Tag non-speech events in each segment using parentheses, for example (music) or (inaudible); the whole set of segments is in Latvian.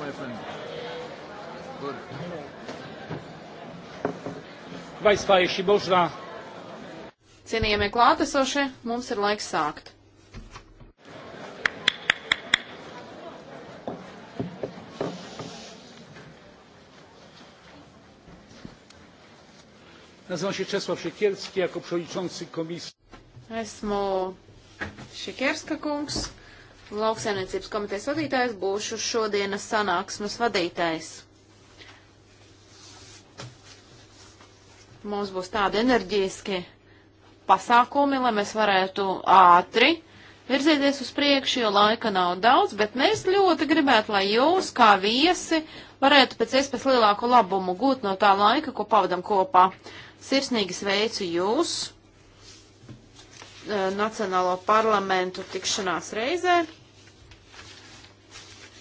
my friend. Good. Państwa, jeśli można. Cienījamie klātesošie, mums ir laiks sākt. Nazywam się Czesław Siekierski jako przewodniczący komisji. Esmu Siekierska kungs lauksainiecības komitejas vadītājs, būšu šodienas sanāksmes vadītājs. Mums būs tādi enerģiski pasākumi, lai mēs varētu ātri virzieties uz priekšu, jo laika nav daudz, bet mēs ļoti gribētu, lai jūs, kā viesi, varētu pēc iespējas lielāku labumu gūt no tā laika, ko pavadam kopā. Sirsnīgi sveicu jūs! Eh, Nacionālo parlamentu tikšanās reizē.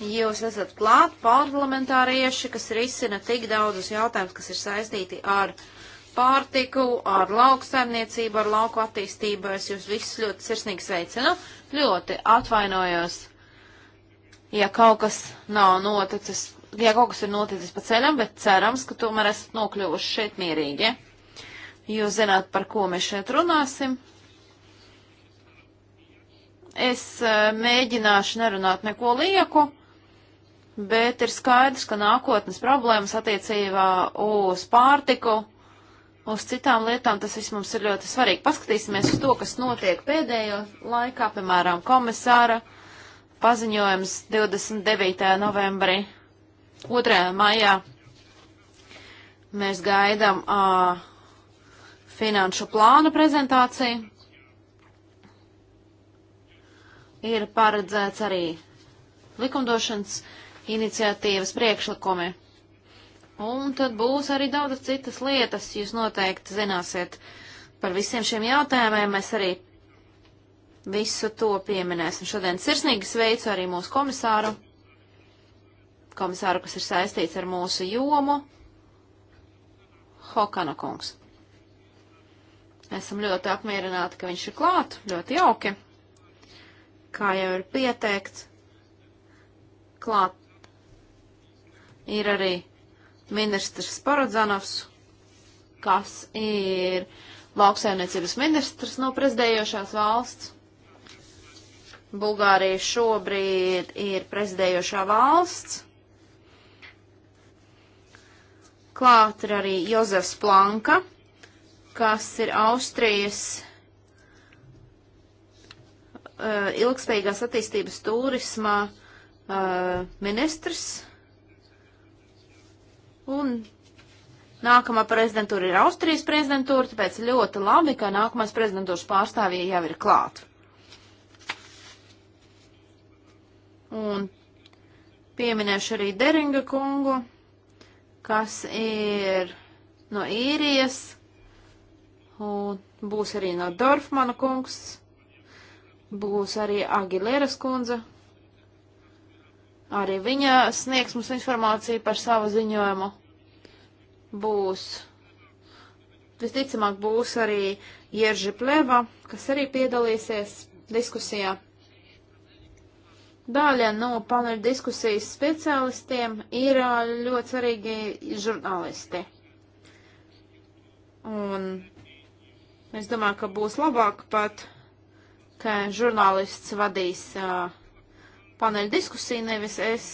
Jūs esat klāt parlamentārieši, kas risina tik daudzus jautājumus, kas ir saistīti ar pārtiku, ar lauksaimniecību, ar lauku attīstību. Es jūs visus ļoti sirsnīgi sveicinu. Ļoti atvainojos, ja kaut kas nav noticis, ja kaut kas ir noticis pa ceļam, bet cerams, ka tomēr esat nokļuvuši šeit mierīgi. Jūs zināt, par ko mēs šeit runāsim. Es eh, mēģināšu nerunāt neko lieku bet ir skaidrs, ka nākotnes problēmas attiecībā uz pārtiku, uz citām lietām, tas viss mums ir ļoti svarīgi. Paskatīsimies uz to, kas notiek pēdējo laikā, piemēram, komisāra paziņojums 29. novembrī, 2. maijā. Mēs gaidām uh, finanšu plānu prezentāciju. Ir paredzēts arī likumdošanas uh, iniciatīvas priekšlikumi. Un tad būs arī daudz citas lietas, jūs noteikti zināsiet par visiem šiem jautājumiem, mēs arī visu to pieminēsim. Šodien sirsnīgi sveicu arī mūsu komisāru, komisāru, kas ir saistīts ar mūsu jomu, Hokana kungs. Esam ļoti apmierināti, ka viņš ir klāt, ļoti jauki, kā jau ir pieteikts, klāt ir arī ministrs Parodzanovs, kas ir lauksaimniecības ministrs no prezidējošās valsts. Bulgārija šobrīd ir prezidējošā valsts. Klāt ir arī Jozefs Planka, kas ir Austrijas uh, ilgspējīgās attīstības turisma uh, ministrs. Un nākamā prezidentūra ir Austrijas prezidentūra, tāpēc ļoti labi, ka nākamais prezidentūras pārstāvja jau ir klāt. Un pieminēšu arī Deringa kungu, kas ir no īrijas, un būs arī no Dorfmana kungs, būs arī Agileras kundze, Arī viņa sniegs mums informāciju par savu ziņojumu. Būs, visticamāk, būs arī Jerži Pleva, kas arī piedalīsies diskusijā. Daļa no paneļa diskusijas speciālistiem ir ļoti svarīgi žurnālisti. Un es domāju, ka būs labāk pat, ka žurnālists vadīs uh, paneļa diskusija, nevis es.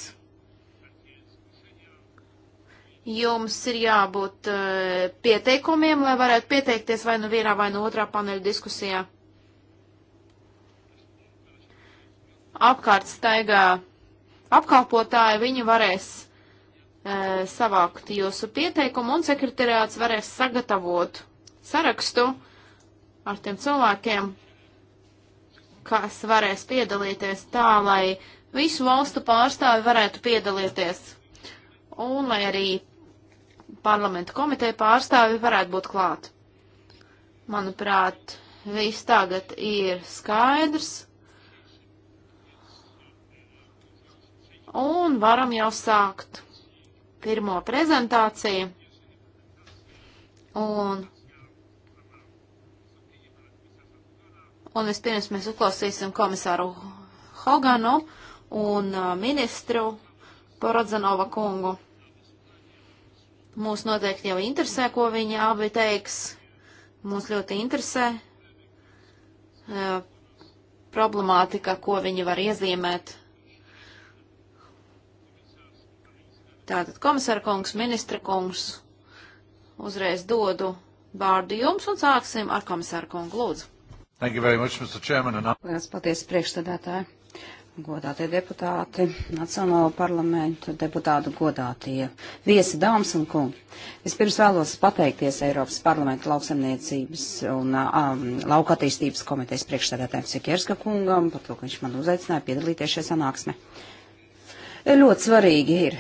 Jums ir jābūt uh, pieteikumiem, lai varētu pieteikties vai nu vienā vai nu otrā paneļa diskusijā. Apkārt staigā apkalpotāji, viņi varēs uh, savākt jūsu pieteikumu un sekretariāts varēs sagatavot sarakstu ar tiem cilvēkiem, kas varēs piedalīties tā, lai visu valstu pārstāvi varētu piedalīties, un lai arī parlamentu komiteja pārstāvi varētu būt klāt. Manuprāt, viss tagad ir skaidrs, un varam jau sākt pirmo prezentāciju. Un, un vispirms mēs uzklausīsim komisāru Hoganu, un ministru Porodzenova kungu. Mūs noteikti jau interesē, ko viņi abi teiks. Mūs ļoti interesē uh, problemātika, ko viņi var iezīmēt. Tātad komisāra kungs, ministra kungs, uzreiz dodu vārdu jums un sāksim ar komisāru kungu lūdzu. Much, Chairman, and... Lielas paldies priekšstādātāji godātie deputāti, Nacionālo parlamentu deputātu godātie viesi, dāmas un kungi. Vispirms vēlos pateikties Eiropas parlamentu lauksamniecības un um, lauka attīstības komitejas priekšstādātājiem Sikierska kungam par to, ka viņš man uzaicināja piedalīties šajā sanāksmē. Ļoti svarīgi ir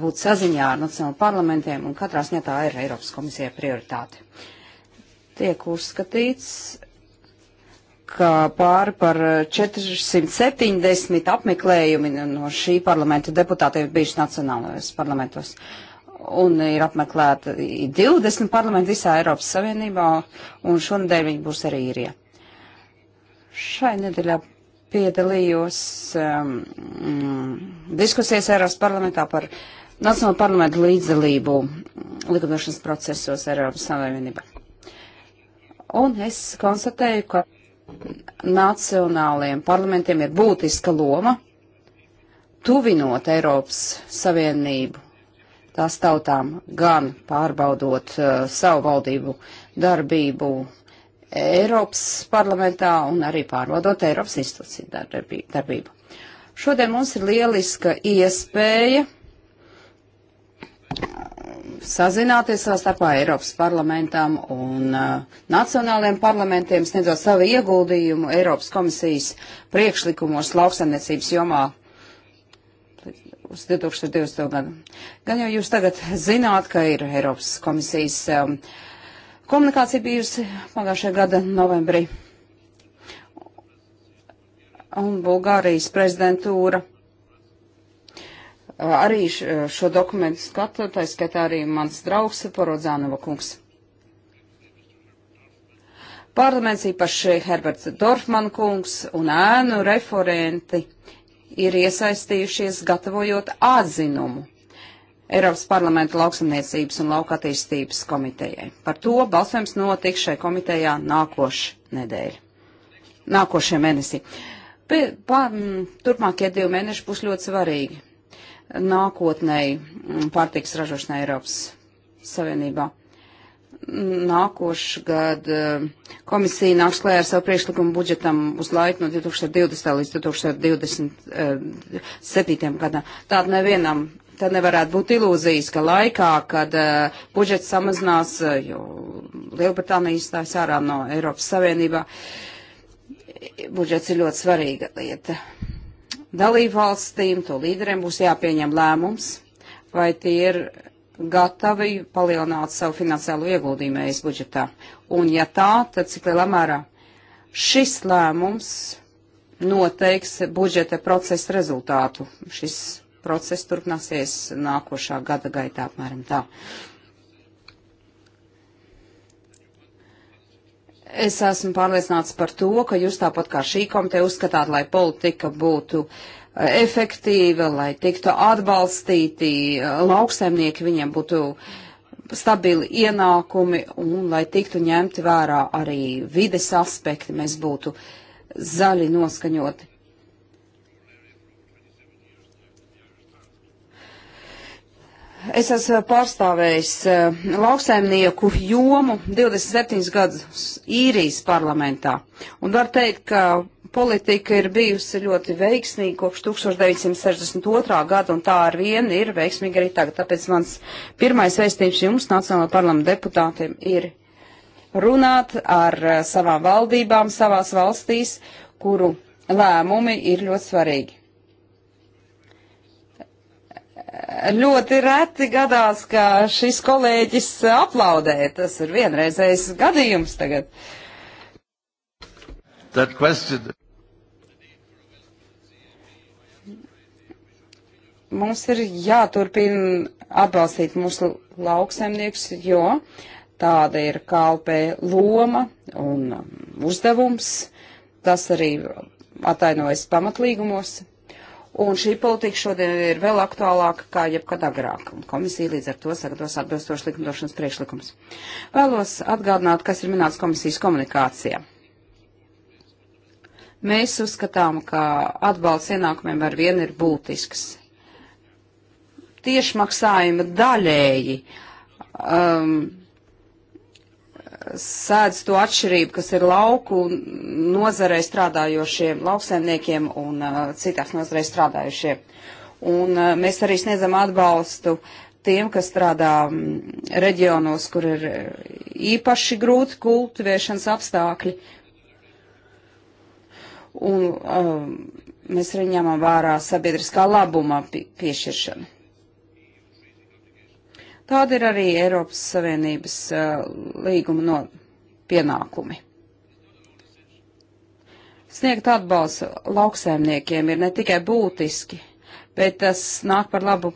būt saziņā ar Nacionālo parlamentiem un katrā ziņā tā ir Eiropas komisija prioritāte. Tiek uzskatīts, ka pāri par 470 apmeklējumi no šī parlamenta deputātiem ir bijuši nacionālajos parlamentos. Un ir apmeklēta 20 parlamenti visā Eiropas Savienībā, un šonadēļ viņi būs arī īrija. Šai nedēļā piedalījos um, diskusijas Eiropas parlamentā par Nacionālo parlamentu līdzdalību likumdošanas procesos Eiropas Savienībā. Un es konstatēju, ka nacionālajiem parlamentiem ir būtiska loma tuvinot Eiropas Savienību tās tautām, gan pārbaudot uh, savu valdību darbību Eiropas parlamentā un arī pārvaldot Eiropas institūciju darbību. Šodien mums ir lieliska iespēja sazināties savā starpā Eiropas parlamentam un uh, nacionāliem parlamentiem, sniedzot savu ieguldījumu Eiropas komisijas priekšlikumos lauksaimniecības jomā uz 2020. gadu. Gan jau jūs tagad zināt, ka ir Eiropas komisijas um, komunikācija bijusi pagājušajā gada novembrī. Un Bulgārijas prezidentūra arī šo dokumentu skata, tā skatā arī mans draugs Porodzānova kungs. Parlaments īpaši Herberts Dorfman kungs un ēnu referenti ir iesaistījušies gatavojot atzinumu Eiropas parlamenta lauksamniecības un lauka attīstības komitejai. Par to balsojums notiks šai komitejā nākošu nedēļu, nākošajā mēnesī. Pie, pār, turpmākie divi mēneši būs ļoti svarīgi nākotnēji mm, pārtiks ražošanai Eiropas Savienībā. Nākošu gadu eh, komisija nāks klējā ar savu priekšlikumu budžetam uz laiku no 2020. līdz 2027. Eh, gadam. Tāda nevienam tad nevarētu būt ilūzijas, ka laikā, kad uh, budžets samazinās, uh, jo Lielbritānija izstājas ārā no Eiropas Savienībā, budžets ir ļoti svarīga lieta dalību valstīm, to līderiem būs jāpieņem lēmums, vai tie ir gatavi palielināt savu finansiālo ieguldījumu ES budžetā. Un ja tā, tad cik lielā mērā šis lēmums noteiks budžeta procesa rezultātu. Šis process turpināsies nākošā gada gaitā apmēram tā. Uh, Es esmu pārliecināts par to, ka jūs tāpat kā šī komiteja uzskatāt, lai politika būtu eh, efektīva, lai tiktu atbalstīti eh, lauksaimnieki, viņiem būtu stabili ienākumi un lai tiktu ņemti vērā arī vides aspekti, mēs būtu zaļi noskaņoti. Es esmu pārstāvējis eh, lauksaimnieku jomu 27 gadus īrijas parlamentā. Un var teikt, ka politika ir bijusi ļoti veiksmīga kopš 1962. gada, un tā ar vienu ir veiksmīga arī tagad. Tāpēc mans pirmais vēstījums jums, Nacionālajā parlamenta deputātiem, ir runāt ar eh, savām valdībām savās valstīs, kuru lēmumi ir ļoti svarīgi. Ļoti reti gadās, ka šis kolēģis aplaudē. Tas ir vienreizējs gadījums tagad. Mums ir jāturpina atbalstīt mūsu lauksaimniekus, jo tāda ir kalpē loma un uzdevums. Tas arī atainojas pamatlīgumos. Un šī politika šodien ir vēl aktuālāka kā jebkad agrāk. Komisija līdz ar to sagatavos atbilstoši likumdošanas priekšlikums. Vēlos atgādināt, kas ir minēts komisijas komunikācijā. Mēs uzskatām, ka atbalsts ienākumiem ar vienu ir būtisks. Tiešmaksājuma daļēji um, sēdz to atšķirību, kas ir lauku nozarei strādājošiem lauksaimniekiem un uh, citās nozarei strādājošiem. Un uh, mēs arī sniedzam atbalstu tiem, kas strādā mm, reģionos, kur ir īpaši grūti kultivēšanas apstākļi. Un um, mēs arī ņemam vērā sabiedriskā labuma piešķiršanu. Tāda ir arī Eiropas Savienības uh, līguma no pienākumi. Sniegt atbalstu lauksaimniekiem ir ne tikai būtiski, bet tas nāk par labu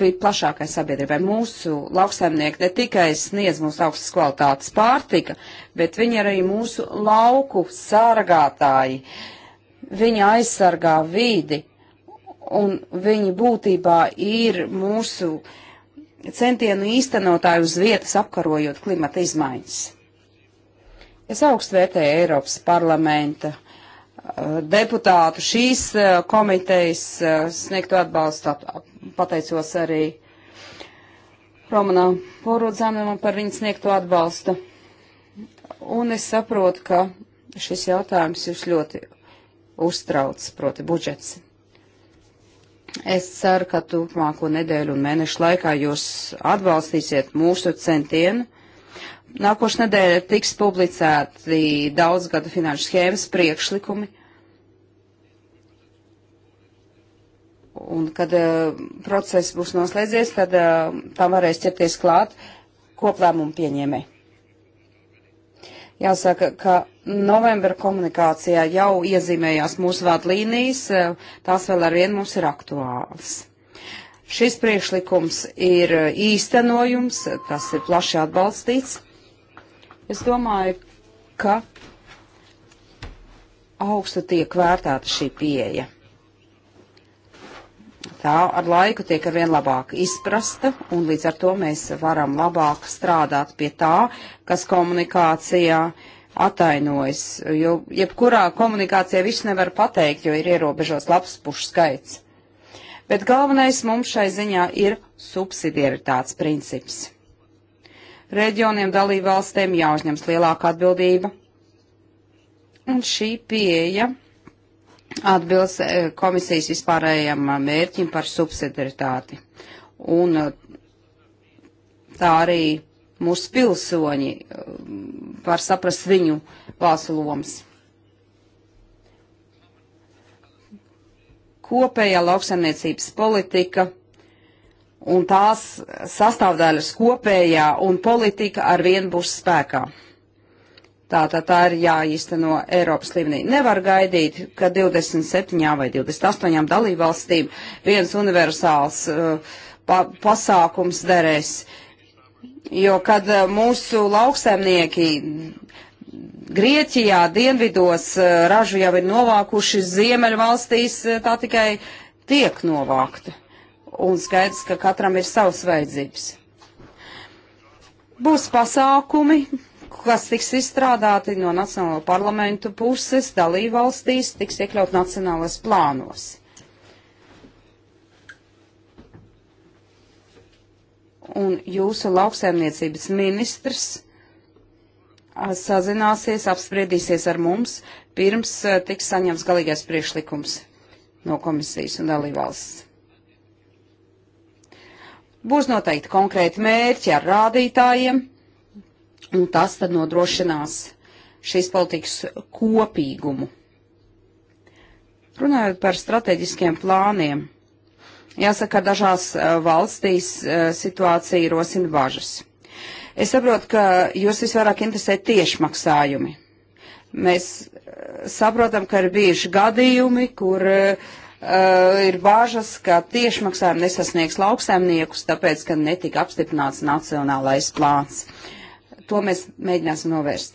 plašākai sabiedrībai. Mūsu lauksaimnieki ne tikai sniedz mums augstas kvalitātes pārtika, bet viņi arī mūsu lauku sargātāji. Viņi aizsargā vīdi, un viņi būtībā ir mūsu uh, centienu īstenotāju uz vietas apkarojot klimata izmaiņas. Es augstu vērtēju Eiropas parlamenta eh, deputātu šīs eh, komitejas eh, sniegto atbalstu, pateicos arī Romanam Porodzēnam par viņu sniegto atbalstu. Un es saprotu, ka šis jautājums jūs ļoti uztrauc, proti budžets. Es ceru, ka turpmāko nedēļu un mēnešu laikā jūs atbalstīsiet mūsu centienu. Nākošais nedēļa tiks publicēti daudzgada finanšu schēmas priekšlikumi. Un, kad uh, process būs noslēdzies, tad uh, tam varēs ķerties klāt koplēmumu pieņēmēji. Jāsaka, ka novembra komunikācijā jau iezīmējās mūsu vārdlīnijas, e, tās vēl arvien mums ir aktuāls. Šis priekšlikums ir īstenojums, tas ir plaši atbalstīts. Es domāju, ka augstu tiek vērtēta šī pieeja tā ar laiku tiek arvien labāk izprasta, un līdz ar to mēs varam labāk strādāt pie tā, kas komunikācijā atainojas, jo jebkurā komunikācijā viss nevar pateikt, jo ir ierobežots labs pušu skaits. Bet galvenais mums šai ziņā ir subsidiaritātes princips. Reģioniem dalībvalstiem jāuzņems lielāka atbildība, un šī pieeja atbilst eh, komisijas vispārējiem eh, mērķim par subsidiaritāti. Un eh, tā arī mūsu pilsoņi var saprast viņu valsts lomas. Kopējā lauksaimniecības politika un tās sastāvdaļas kopējā un politika arvien būs spēkā. Tātad tā ir jāīsteno Eiropas līmenī. Nevar gaidīt, ka 27 vai 28 dalībvalstīm viens universāls uh, pa pasākums derēs. Jo, kad uh, mūsu lauksaimnieki Grieķijā, dienvidos uh, ražu jau ir novākuši, ziemeļvalstīs uh, tā tikai tiek novākta. Un skaidrs, ka katram ir savs vajadzības. Būs pasākumi, kas tiks izstrādāti no Nacionālo parlamentu puses dalībvalstīs, tiks iekļaut nacionālais plānos. Un jūsu lauksaimniecības ministrs sazināsies, apspriedīsies ar mums, pirms tiks saņemts galīgais priekšlikums no komisijas un dalībvalsts. Būs noteikti konkrēti mērķi ar rādītājiem, un tas tad nodrošinās šīs politikas kopīgumu. Runājot par strateģiskiem plāniem, jāsaka, dažās valstīs situācija rosina bažas. Es saprotu, ka jūs visvairāk interesē tiešmaksājumi. Mēs saprotam, ka ir bijuši gadījumi, kur uh, ir bāžas, ka tiešmaksājumi nesasniegs lauksaimniekus, tāpēc, ka netika apstiprināts nacionālais plāns. Uh, To mēs mēģināsim novērst.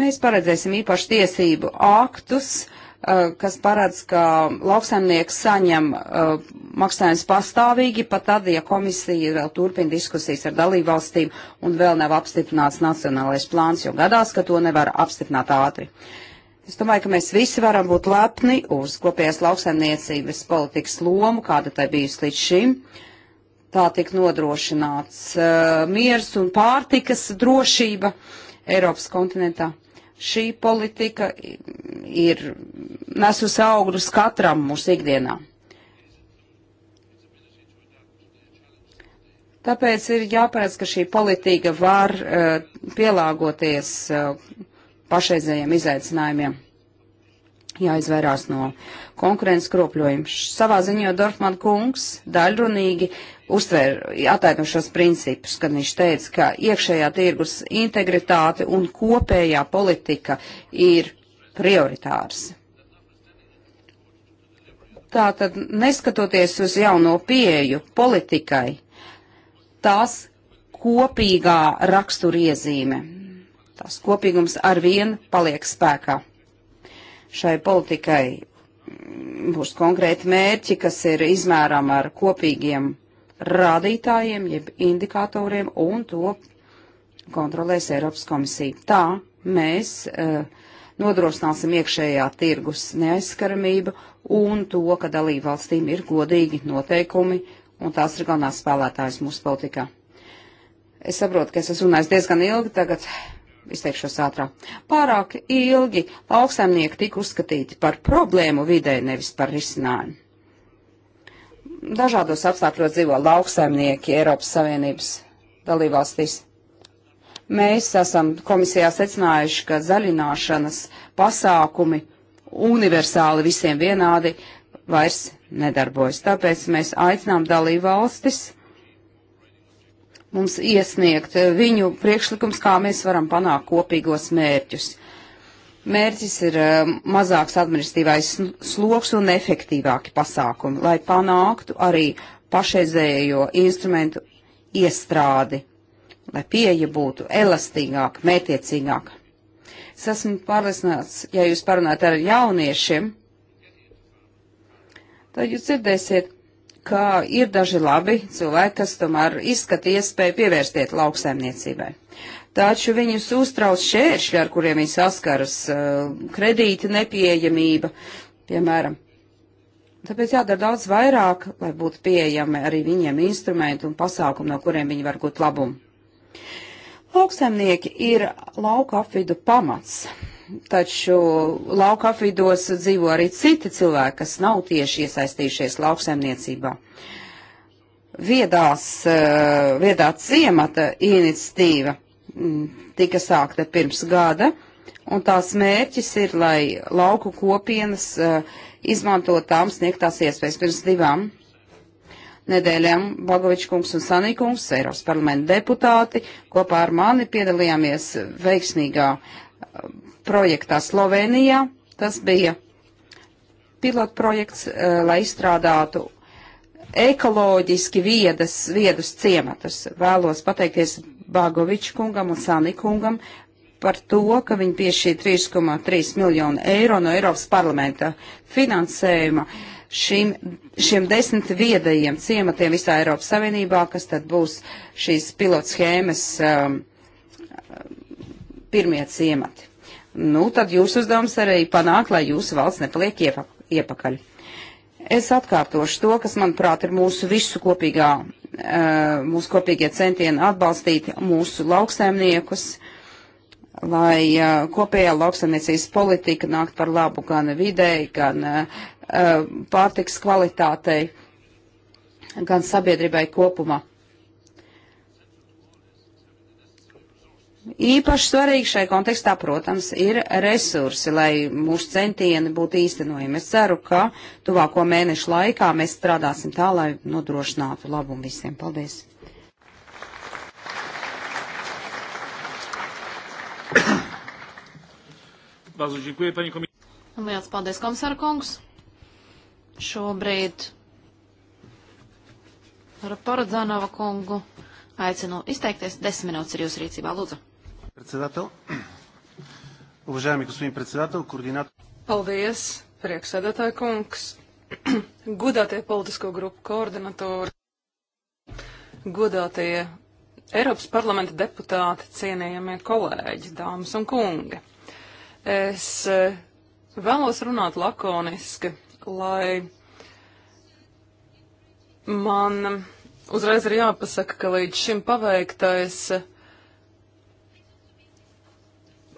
Mēs paredzēsim īpašu tiesību aktus, uh, kas paredz, ka lauksaimnieks saņem uh, maksājums pastāvīgi, pat tad, ja komisija vēl turpina diskusijas ar dalību valstīm un vēl nav apstiprināts nacionālais plāns, jo gadās, ka to nevar apstiprināt ātri. Es domāju, ka mēs visi varam būt lepni uz kopējās lauksaimniecības politikas lomu, kāda tai bijusi līdz šim. Uh, tā tiek nodrošināts uh, miers un pārtikas drošība Eiropas kontinentā. Šī politika ir nesusi augļus katram mūsu ikdienā. Tāpēc ir jāparedz, ka šī politika var uh, pielāgoties uh, pašreizējiem izaicinājumiem jāizvairās no konkurences kropļojuma. Savā ziņā Dorfman kungs daļrunīgi uztvēra attaitnošos principus, kad viņš teica, ka iekšējā tirgus integritāte un kopējā politika ir prioritārs. Tātad, neskatoties uz jauno pieeju politikai, tās kopīgā raksturiezīme, tās kopīgums ar vienu paliek spēkā. Šai politikai būs konkrēti mērķi, kas ir izmērām ar kopīgiem rādītājiem, jeb indikatoriem, un to kontrolēs Eiropas komisija. Tā mēs uh, nodrošināsim iekšējā tirgus neaizskaramību un to, ka dalību valstīm ir godīgi noteikumi, un tās ir galvenās spēlētājas mūsu politikā. Es saprotu, ka es esmu runājis diezgan ilgi, tagad izteikšos ātrāk. Pārāk ilgi lauksaimnieki tika uzskatīti par problēmu vidē, nevis par risinājumu. Dažādos apstākļos dzīvo lauksaimnieki Eiropas Savienības dalībvalstīs. Mēs esam komisijā secinājuši, ka zaļināšanas pasākumi universāli visiem vienādi vairs nedarbojas. Tāpēc mēs aicinām dalībvalstis mums iesniegt eh, viņu priekšlikums, kā mēs varam panākt kopīgos mērķus. Mērķis ir eh, mazāks administratīvais sloks un efektīvāki pasākumi, lai panāktu arī pašreizējo instrumentu iestrādi, lai pieeja būtu elastīgāka, mētiecīgāka. Es esmu pārliecināts, ja jūs parunājat ar jauniešiem, tad jūs dzirdēsiet, ka ir daži labi cilvēki, kas tomēr izskata iespēju pievērstiet lauksaimniecībai. Taču viņus uztrauc šēršļi, ar kuriem viņi saskaras, eh, kredīta nepieejamība, piemēram. Tāpēc jādara daudz vairāk, lai būtu pieejami arī viņiem instrumenti un pasākumi, no kuriem viņi var gūt labumu. Lauksaimnieki ir lauka apvidu pamats taču lauka apvidos dzīvo arī citi cilvēki, kas nav tieši iesaistījušies lauksaimniecībā. Viedās, eh, viedā ciemata iniciatīva mm, tika sākta pirms gada, un tās mērķis ir, lai lauku kopienas eh, izmantot tām sniegtās iespējas pirms divām nedēļām Bagovičs kungs un Sanīkungs, Eiropas parlamenta deputāti, kopā ar mani piedalījāmies veiksmīgā projektā Slovenijā. Tas bija pilotprojekts, eh, lai izstrādātu ekoloģiski viedas, viedus ciematus. Vēlos pateikties Bāgoviču kungam un Sāni kungam par to, ka viņi pie šī 3,3 miljonu eiro no Eiropas parlamenta finansējuma šim, šiem desmit viedajiem ciematiem visā Eiropas Savienībā, kas tad būs šīs pilotschēmas um, pirmie ciemati nu, tad jūsu uzdevums arī panākt, lai jūsu valsts nepaliek iepa iepakaļ. Es atkārtošu to, kas, manuprāt, ir mūsu visu kopīgā, eh, mūsu kopīgie centieni atbalstīt mūsu lauksēmniekus, lai eh, kopējā lauksaimniecības politika nākt par labu gan videi, gan eh, pārtiks kvalitātei, gan sabiedrībai kopumā. Īpaši svarīgi šai kontekstā, protams, ir resursi, lai mūsu centieni būtu īstenojami. Es ceru, ka tuvāko mēnešu laikā mēs strādāsim tā, lai nodrošinātu labumu visiem. Paldies! Liels paldies, komisāra kungs! Šobrīd ar Paradzanova kungu aicinu izteikties. Desmit minūtes ir jūsu rīcībā, lūdzu. Председател. Уважаеми господин председател, координатор. Paldies, priekšsēdētāja kungs. (clears throat) Godātie politisko grupu koordinatori, godātie Eiropas parlamenta deputāti, cienījamie kolēģi, dāmas un kungi. Es eh, vēlos runāt lakoniski, lai man uzreiz ir jāpasaka, ka līdz šim paveiktais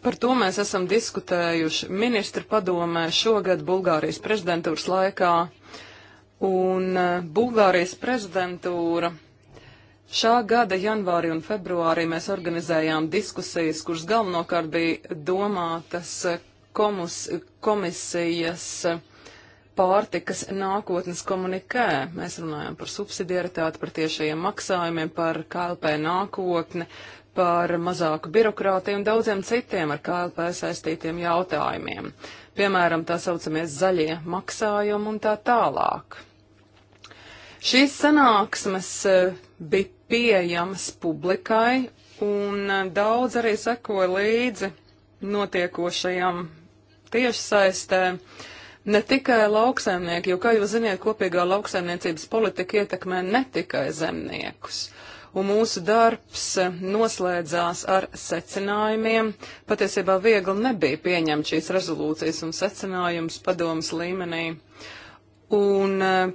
Par to mēs esam diskutējuši ministra padomē šogad Bulgārijas prezidentūras laikā, un e, Bulgārijas prezidentūra šā gada janvārī un februārī mēs organizējām diskusijas, kuras galvenokārt bija domātas e, komus, komisijas e, pārtikas nākotnes komunikē. Mēs runājam par subsidiaritāti, par tiešajiem maksājumiem, par KLP nākotni, par mazāku birokrātiju un daudziem citiem ar KLP saistītiem jautājumiem. Piemēram, tā saucamie zaļie maksājumi un tā tālāk. Šīs sanāksmes eh, bija pieejamas publikai un eh, daudz arī sekoja līdzi notiekošajam tiešsaistē. Ne tikai lauksaimnieki, jo, kā jūs ziniet, kopīgā lauksaimniecības politika ietekmē ne tikai zemniekus. Uh, un mūsu darbs eh, noslēdzās ar secinājumiem. Patiesībā viegli nebija pieņemt šīs rezolūcijas un secinājumus padomas līmenī. Un eh,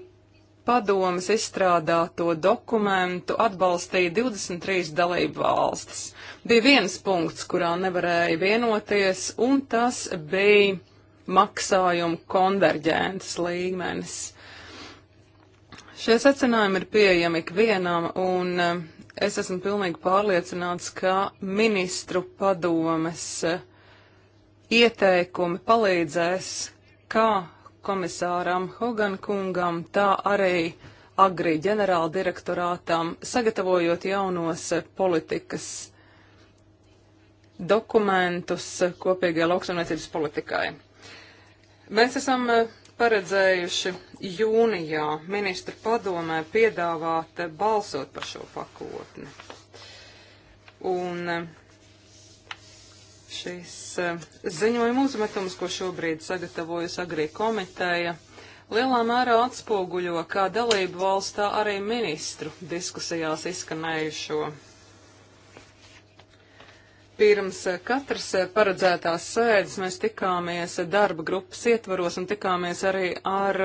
padomas izstrādāto dokumentu atbalstīja 23 dalību valstis. Bija viens punkts, kurā nevarēja vienoties, un tas bija maksājumu konverģences līmenis. Šie secinājumi ir pieejami ikvienam, un eh, es esmu pilnīgi pārliecināts, ka ministru padomes eh, ieteikumi palīdzēs kā komisāram Hogan kungam, tā arī agri ģenerāla direktorātam, sagatavojot jaunos eh, politikas dokumentus kopīgajai lauksaimniecības politikai. Mēs esam paredzējuši jūnijā ministru padomē piedāvāt balsot par šo pakotni. Un eh, šis eh, ziņojuma uzmetums, ko šobrīd sagatavojas agrī komiteja, lielā mērā atspoguļo kā dalību valstā arī ministru diskusijās izskanējušo Pirms eh, katras eh, paredzētās sēdes mēs tikāmies eh, darba grupas ietvaros un tikāmies arī ar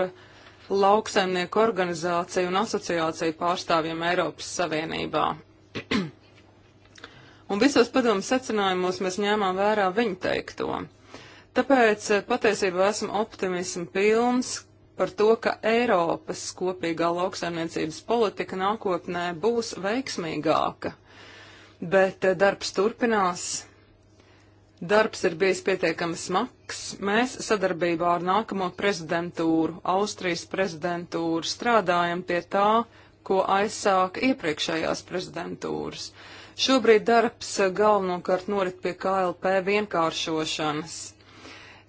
lauksaimnieku organizāciju un asociāciju pārstāvjiem Eiropas Savienībā. (clears throat) un visos padomu secinājumos mēs ņēmām vērā viņu teikto. Tāpēc patiesībā esmu optimismu pilns par to, ka Eiropas kopīgā lauksaimniecības politika nākotnē būs veiksmīgāka bet eh, darbs turpinās. Darbs ir bijis pietiekami smags. Mēs sadarbībā ar nākamo prezidentūru, Austrijas prezidentūru, strādājam pie tā, ko aizsāka iepriekšējās prezidentūras. Šobrīd darbs eh, galvenokārt norit pie KLP vienkāršošanas.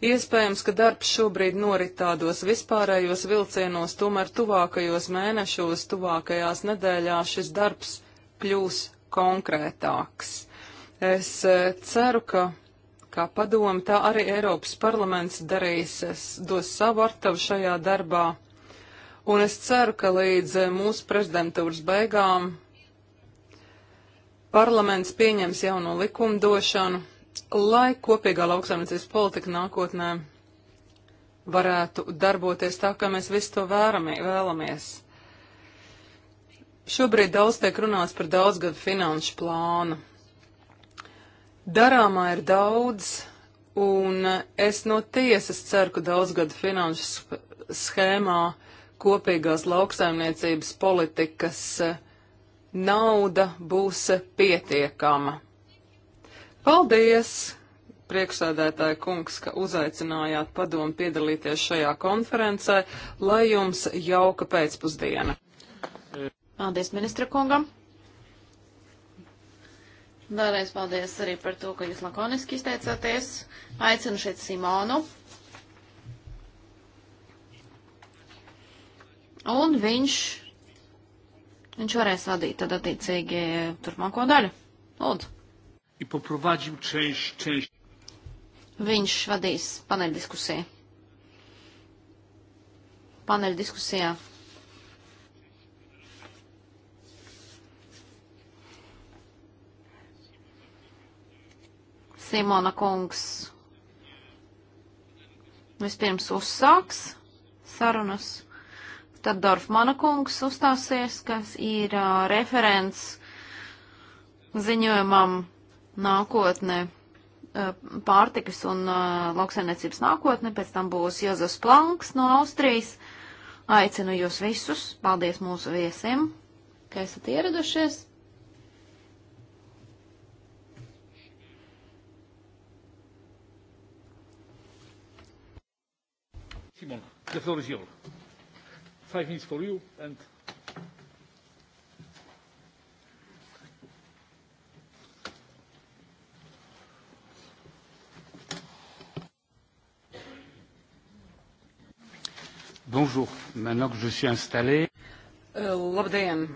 Iespējams, ka darbs šobrīd norit tādos vispārējos vilcienos, tomēr tuvākajos mēnešos, tuvākajās nedēļās šis darbs kļūs konkrētāks. Es eh, ceru, ka kā padomi, tā arī Eiropas parlaments darīs, dos savu artavu šajā darbā. Un es ceru, ka līdz eh, mūsu prezidentūras beigām parlaments pieņems jauno likumdošanu, lai kopīgā lauksaimniecības politika nākotnē varētu darboties tā, kā mēs visi to vēramie, vēlamies. Šobrīd daudz tiek runāts par daudzgadu finanšu plānu. Darāmā ir daudz, un es no tiesas ceru, ka daudzgadu finanšu schēmā kopīgās lauksaimniecības politikas e, nauda būs pietiekama. Paldies, priekšsēdētāja kungs, ka uzaicinājāt padomu piedalīties šajā konferencē, lai jums jauka pēcpusdiena. Paldies ministra kungam. Vēlreiz paldies arī par to, ka jūs lakoniski izteicāties. Aicinu šeit Simonu. Un viņš, viņš varēs vadīt tad attiecīgi turpmāko daļu. Lūdzu. Viņš vadīs paneļdiskusiju. Paneļdiskusijā. Simona kungs vispirms uzsāks sarunas, tad Dorfmana kungs uzstāsies, kas ir uh, referents ziņojumam nākotnē pārtikas un uh, lauksainiecības nākotne, pēc tam būs Jozefs Planks no Austrijas. Aicinu jūs visus, paldies mūsu viesiem, ka esat ieradušies. The floor is yours. Five minutes for you and Bonjour. Maintenant que je suis installé. Labdien!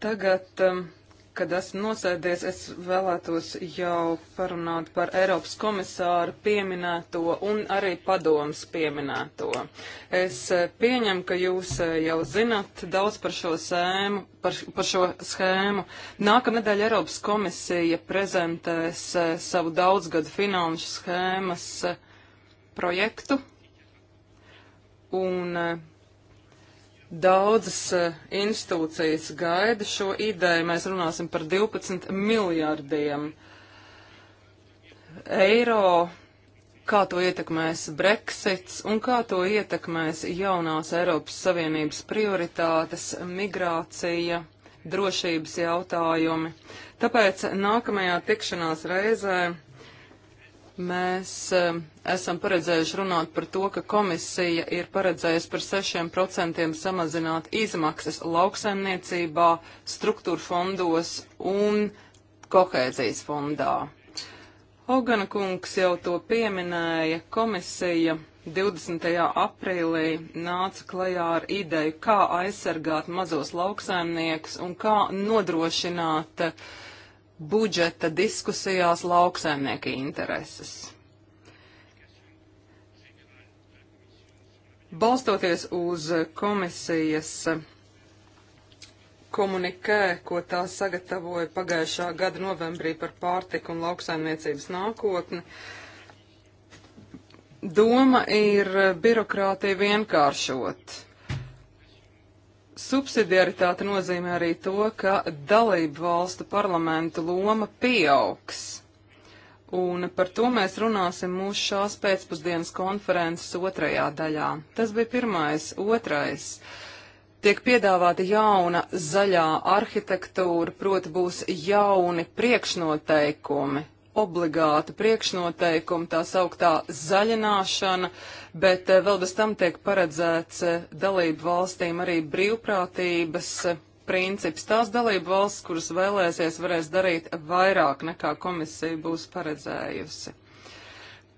Tagad um, kad esmu nosēdies, es vēlētos jau parunāt par Eiropas komisāru pieminēto un arī padomas pieminēto. Es eh, pieņemu, ka jūs eh, jau zinat daudz par šo sēmu, par, par šo schēmu. Nākamnedēļ Eiropas komisija prezentēs eh, savu daudzgadu finanšu schēmas projektu. Un, Daudzas e, institūcijas gaida šo ideju. Mēs runāsim par 12 miljārdiem eiro. Kā to ietekmēs Brexits un kā to ietekmēs jaunās Eiropas Savienības prioritātes - migrācija, drošības jautājumi. Tāpēc nākamajā tikšanās reizē Mēs uh, esam paredzējuši runāt par to, ka komisija ir paredzējusi par 6% samazināt izmaksas lauksaimniecībā, struktūra fondos un kohēzijas fondā. Hogana kungs jau to pieminēja, komisija 20. aprīlī nāca klajā ar ideju, kā aizsargāt mazos lauksaimniekus un kā nodrošināt uh, budžeta diskusijās lauksaimnieka intereses. Balstoties uz komisijas komunikē, ko tā sagatavoja pagājušā gada novembrī par pārtiku un lauksaimniecības nākotni, doma ir birokrātiju vienkāršot. Subsidiaritāte nozīmē arī to, ka dalību valstu parlamentu loma pieaugs. Un par to mēs runāsim mūsu šās pēcpusdienas konferences otrajā daļā. Tas bija pirmais. Otrais. Tiek piedāvāta jauna zaļā arhitektūra, proti būs jauni priekšnoteikumi obligāta priekšnoteikuma, tā sauktā zaļināšana, bet eh, vēl bez tam tiek paredzēts eh, dalību valstīm arī brīvprātības eh, princips. Tās dalību valsts, kuras vēlēsies, varēs darīt vairāk nekā komisija būs paredzējusi.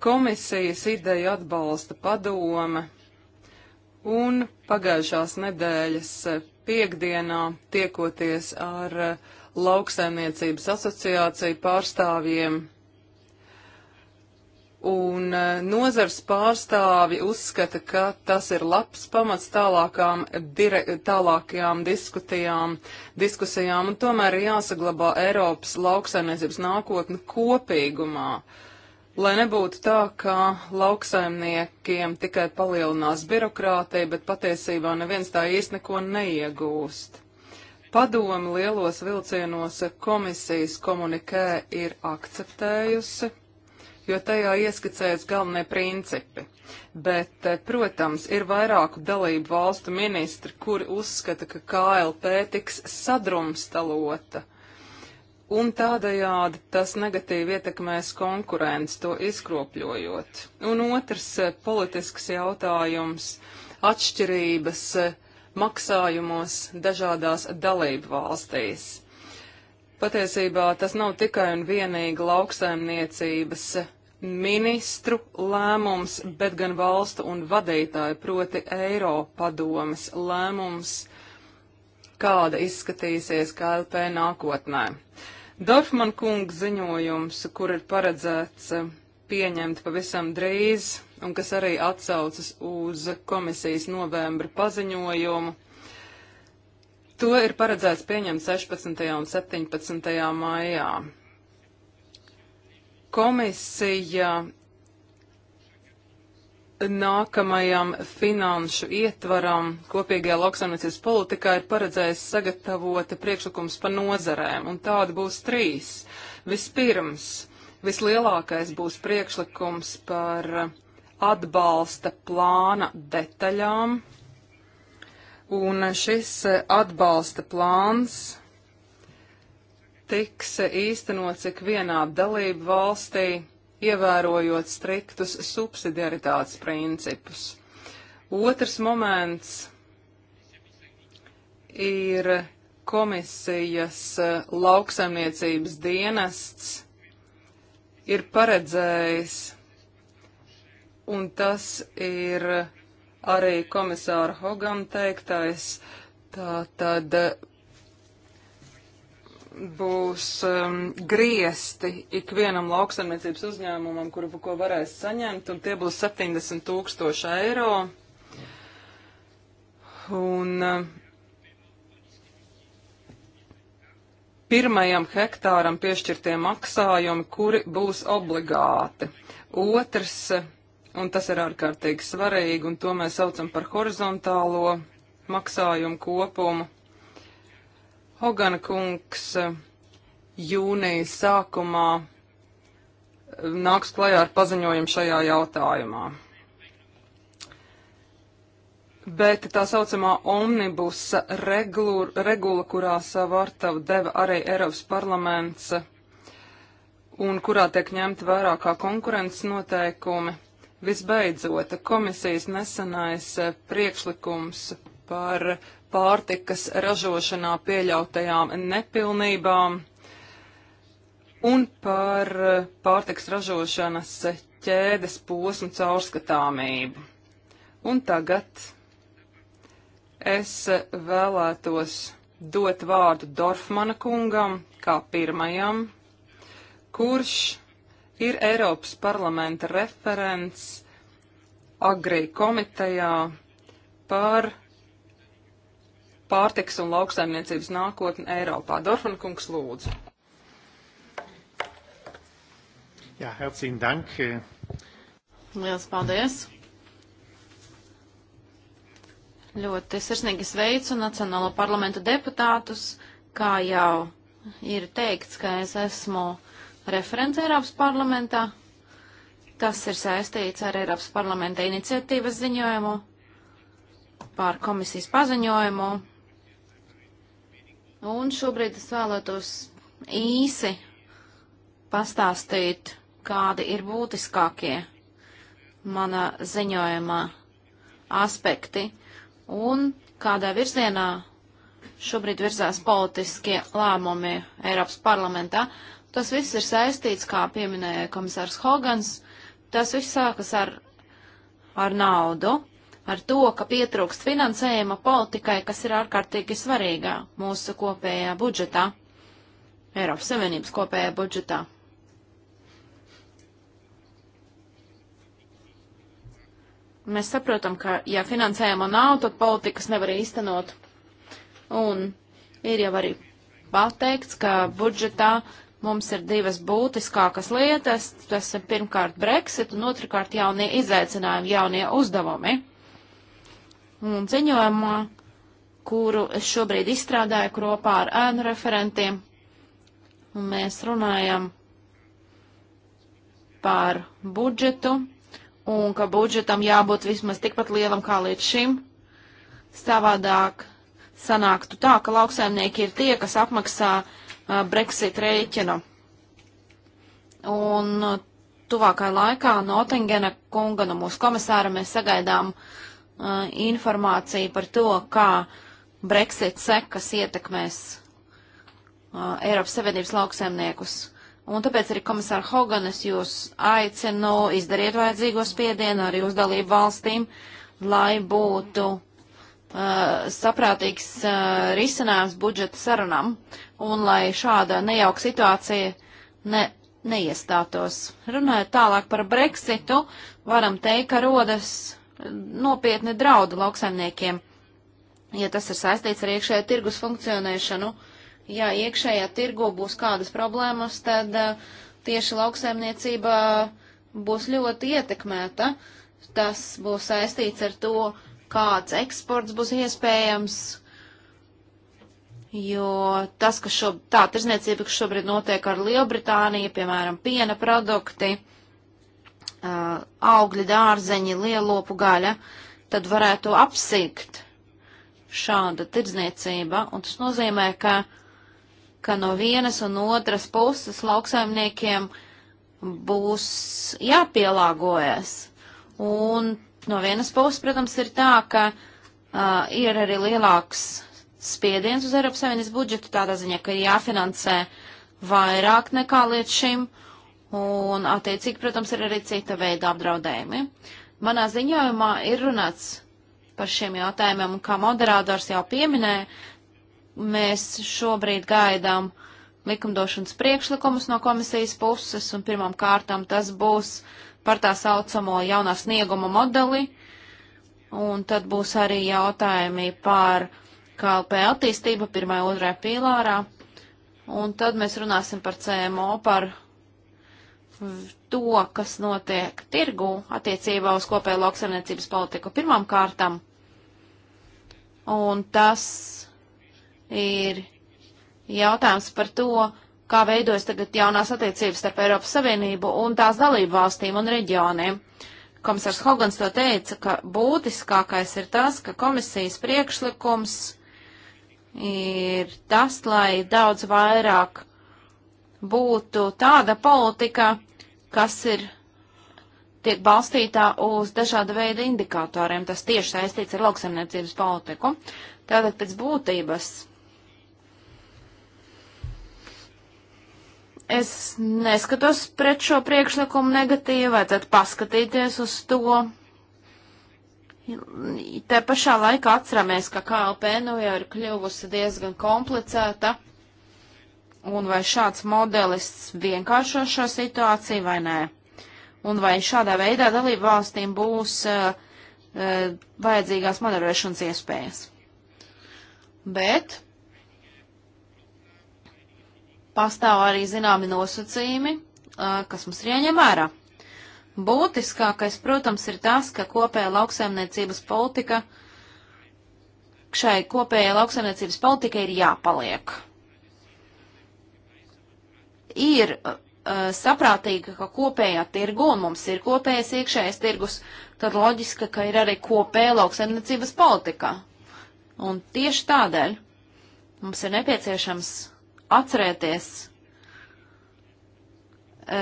Komisijas ideju atbalsta padome un pagājušās nedēļas piekdienā tiekoties ar uh, lauksaimniecības asociāciju pārstāvjiem. Un e, nozars pārstāvi uzskata, ka tas ir labs pamats tālākām, dire, tālākajām diskutijām, diskusijām, un tomēr ir jāsaglabā Eiropas lauksaimniecības nākotne kopīgumā. Lai nebūtu tā, ka lauksaimniekiem tikai palielinās birokrātija, bet patiesībā neviens tā īsti neko neiegūst. Padomi lielos vilcienos komisijas komunikē ir akceptējusi, jo tajā ieskicējas galvenie principi. Bet, eh, protams, ir vairāku dalību valstu ministri, kuri uzskata, ka KLP tiks sadrumstalota. Un tādējādi tas negatīvi ietekmēs konkurents, to izkropļojot. Un otrs eh, politisks jautājums - atšķirības eh, maksājumos dažādās dalību valstīs. Patiesībā tas nav tikai un vienīgi lauksaimniecības ministru lēmums, bet gan valstu un vadītāju, proti Eiropadomes lēmums, kāda izskatīsies KLP nākotnē. Dorfman kunga ziņojums, kur ir paredzēts pieņemt pavisam drīz, un kas arī atsaucas uz komisijas novembra paziņojumu. To ir paredzēts pieņemt 16. un 17. maijā. Komisija nākamajam finanšu ietvaram kopīgajā lauksaimniecības politikā ir paredzējis sagatavot priekšlikums pa nozarēm, un tādi būs trīs. Vispirms, vislielākais būs priekšlikums par atbalsta plāna detaļām, un šis eh, atbalsta plāns tiks eh, īstenots ik vienā dalību valstī, ievērojot striktus subsidiaritātes principus. Otrs moments ir komisijas eh, lauksaimniecības dienests ir paredzējis un tas ir arī komisāra Hogam teiktais. Tā tad eh, būs um, griesti ikvienam lauksaimniecības uzņēmumam, kuru, ko varēs saņemt, un tie būs 70 tūkstoši eiro. Un eh, pirmajam hektāram piešķirtie maksājumi, kuri būs obligāti. Otrs eh, un tas ir ārkārtīgi svarīgi, un to mēs saucam par horizontālo maksājumu kopumu. Hogana kungs eh, jūnijas sākumā eh, nāks klajā ar paziņojumu šajā jautājumā. Bet tā saucamā omnibusa regula, regula kurā savu artavu deva arī Eiropas parlaments un kurā tiek ņemti vērā kā konkurences noteikumi, Visbeidzot, komisijas nesenais eh, priekšlikums par pārtikas ražošanā pieļautajām nepilnībām un par eh, pārtikas ražošanas ķēdes posmu caurskatāmību. Un tagad es eh, vēlētos dot vārdu Dorfmana kungam, kā pirmajam, kurš ir Eiropas parlamenta referents Agri komitejā par pārtiks un lauksaimniecības nākotni Eiropā. Dorfman kungs lūdzu. Jā, herzīgi dank. Liels paldies. Ļoti sirsnīgi sveicu Nacionālo parlamentu deputātus, kā jau ir teikts, ka es esmu referents Eiropas parlamentā. Tas ir saistīts ar Eiropas parlamenta iniciatīvas ziņojumu pār komisijas paziņojumu. Un šobrīd es vēlētos īsi pastāstīt, kādi ir būtiskākie mana ziņojuma aspekti un kādā virzienā šobrīd virzās politiskie lēmumi Eiropas parlamentā. Tas viss ir saistīts, kā pieminēja komisārs Hogans, tas viss sākas ar, ar naudu, ar to, ka pietrūkst finansējuma politikai, kas ir ārkārtīgi svarīga mūsu kopējā budžetā, Eiropas Savienības kopējā budžetā. Mēs saprotam, ka ja finansējuma nav, tad politikas nevar īstenot. Un ir jau arī pateikts, ka budžetā Mums ir divas būtiskākas lietas. Tas ir pirmkārt Brexit un otrkārt jaunie izaicinājumi, jaunie uzdevumi. Un ziņojumā, kuru es šobrīd izstrādāju kopā ar ēnu referentiem, un mēs runājam par budžetu un ka budžetam jābūt vismaz tikpat lielam kā līdz šim. Savādāk sanāktu tā, ka lauksaimnieki ir tie, kas apmaksā uh, Uh, Brexit rēķina. Un uh, tuvākajā laikā no Otengena kunga, no nu, mūsu komisāra, mēs sagaidām uh, informāciju par to, kā Brexit sekas ietekmēs uh, Eiropas Savienības lauksaimniekus. Un tāpēc arī komisāra Hoganes jūs aicinu izdarīt vajadzīgo spiedienu arī uz dalību valstīm, lai būtu Uh, saprātīgs uh, risinājums budžeta sarunam un lai šāda nejauka situācija ne, neiestātos. Runājot tālāk par Brexitu, varam teikt, ka rodas nopietni draudi lauksaimniekiem, ja tas ir saistīts ar iekšējā tirgus funkcionēšanu. Ja iekšējā tirgu būs kādas problēmas, tad uh, tieši lauksaimniecība būs ļoti ietekmēta. Tas būs saistīts ar to, uh, kāds eksports būs iespējams, jo tas, ka šo, tā tirzniecība, kas šobrīd notiek ar Lielbritāniju, piemēram, piena produkti, augļi, dārzeņi, lielopu gaļa, tad varētu apsīkt šāda tirdzniecība, un tas nozīmē, ka, ka no vienas un otras puses lauksaimniekiem būs jāpielāgojas. Un No vienas puses, protams, ir tā, ka uh, ir arī lielāks spiediens uz Eiropas Savienības budžetu tādā ziņā, ka ir jāfinansē vairāk nekā līdz šim, un attiecīgi, protams, ir arī cita veida apdraudējumi. Manā ziņojumā ir runāts par šiem jautājumiem, un kā moderators jau pieminēja, mēs šobrīd gaidām likumdošanas priekšlikumus no komisijas puses, un pirmām kārtām tas būs par tā saucamo jaunā snieguma modeli, un tad būs arī jautājumi par KLP attīstību pirmajā, otrajā pīlārā, un tad mēs runāsim par CMO, par to, kas notiek tirgu attiecībā uz kopēju lauksaimniecības politiku pirmām kārtām. Un tas ir jautājums par to, kā veidojas tagad jaunās attiecības starp Eiropas Savienību un tās dalību valstīm un reģioniem. Komisārs Hogans to teica, ka būtiskākais ir tas, ka komisijas priekšlikums ir tas, lai daudz vairāk būtu tāda politika, kas ir tiek balstītā uz dažāda veida indikatoriem. Tas tieši saistīts ar lauksaimniecības politiku. Tātad pēc būtības Es neskatos pret šo priekšlikumu negatīvi, vajadzētu paskatīties uz to. Te pašā laikā atceramies, ka KLP nu jau ir kļuvusi diezgan komplicēta, un vai šāds modelis vienkāršo šo situāciju vai nē. Un vai šādā veidā dalību valstīm būs uh, uh, vajadzīgās manevrēšanas iespējas. Bet pastāv arī zināmi nosacījumi, kas mums ir jāņem vērā. Būtiskākais, protams, ir tas, ka kopēja lauksaimniecības politika, šai kopējai lauksaimniecības politika ir jāpaliek. Ir uh, saprātīga, ka kopējā tirgu, un mums ir kopējais iekšējais tirgus, tad loģiski, ka ir arī kopēja lauksaimniecības politika. Un tieši tādēļ mums ir nepieciešams atcerēties, e,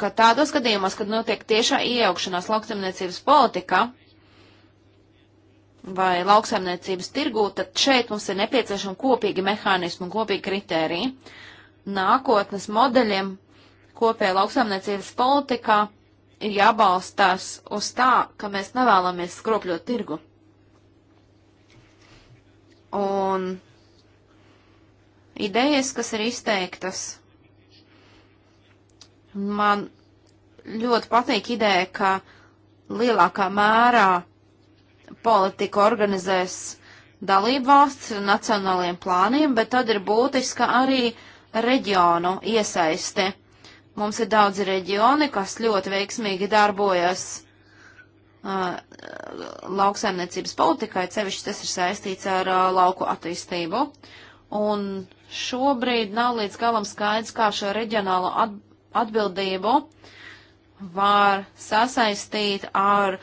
ka tādos gadījumos, kad notiek tiešā iejaukšanās lauksaimniecības politikā vai lauksaimniecības tirgū, tad šeit mums ir nepieciešama kopīga mehānisma un kopīga kritērija. Nākotnes modeļiem kopējā lauksaimniecības politikā ir jābalstās uz tā, ka mēs nevēlamies skropļot tirgu. Un idejas, kas ir izteiktas. Man ļoti patīk ideja, ka lielākā mērā politiku organizēs dalību valsts nacionāliem plāniem, bet tad ir būtiska arī reģionu iesaiste. Mums ir daudzi reģioni, kas ļoti veiksmīgi darbojas uh, lauksaimniecības politikai, cevišķi tas ir saistīts ar uh, lauku attīstību. Un šobrīd nav līdz galam skaidrs, kā šo reģionālo atbildību var sasaistīt ar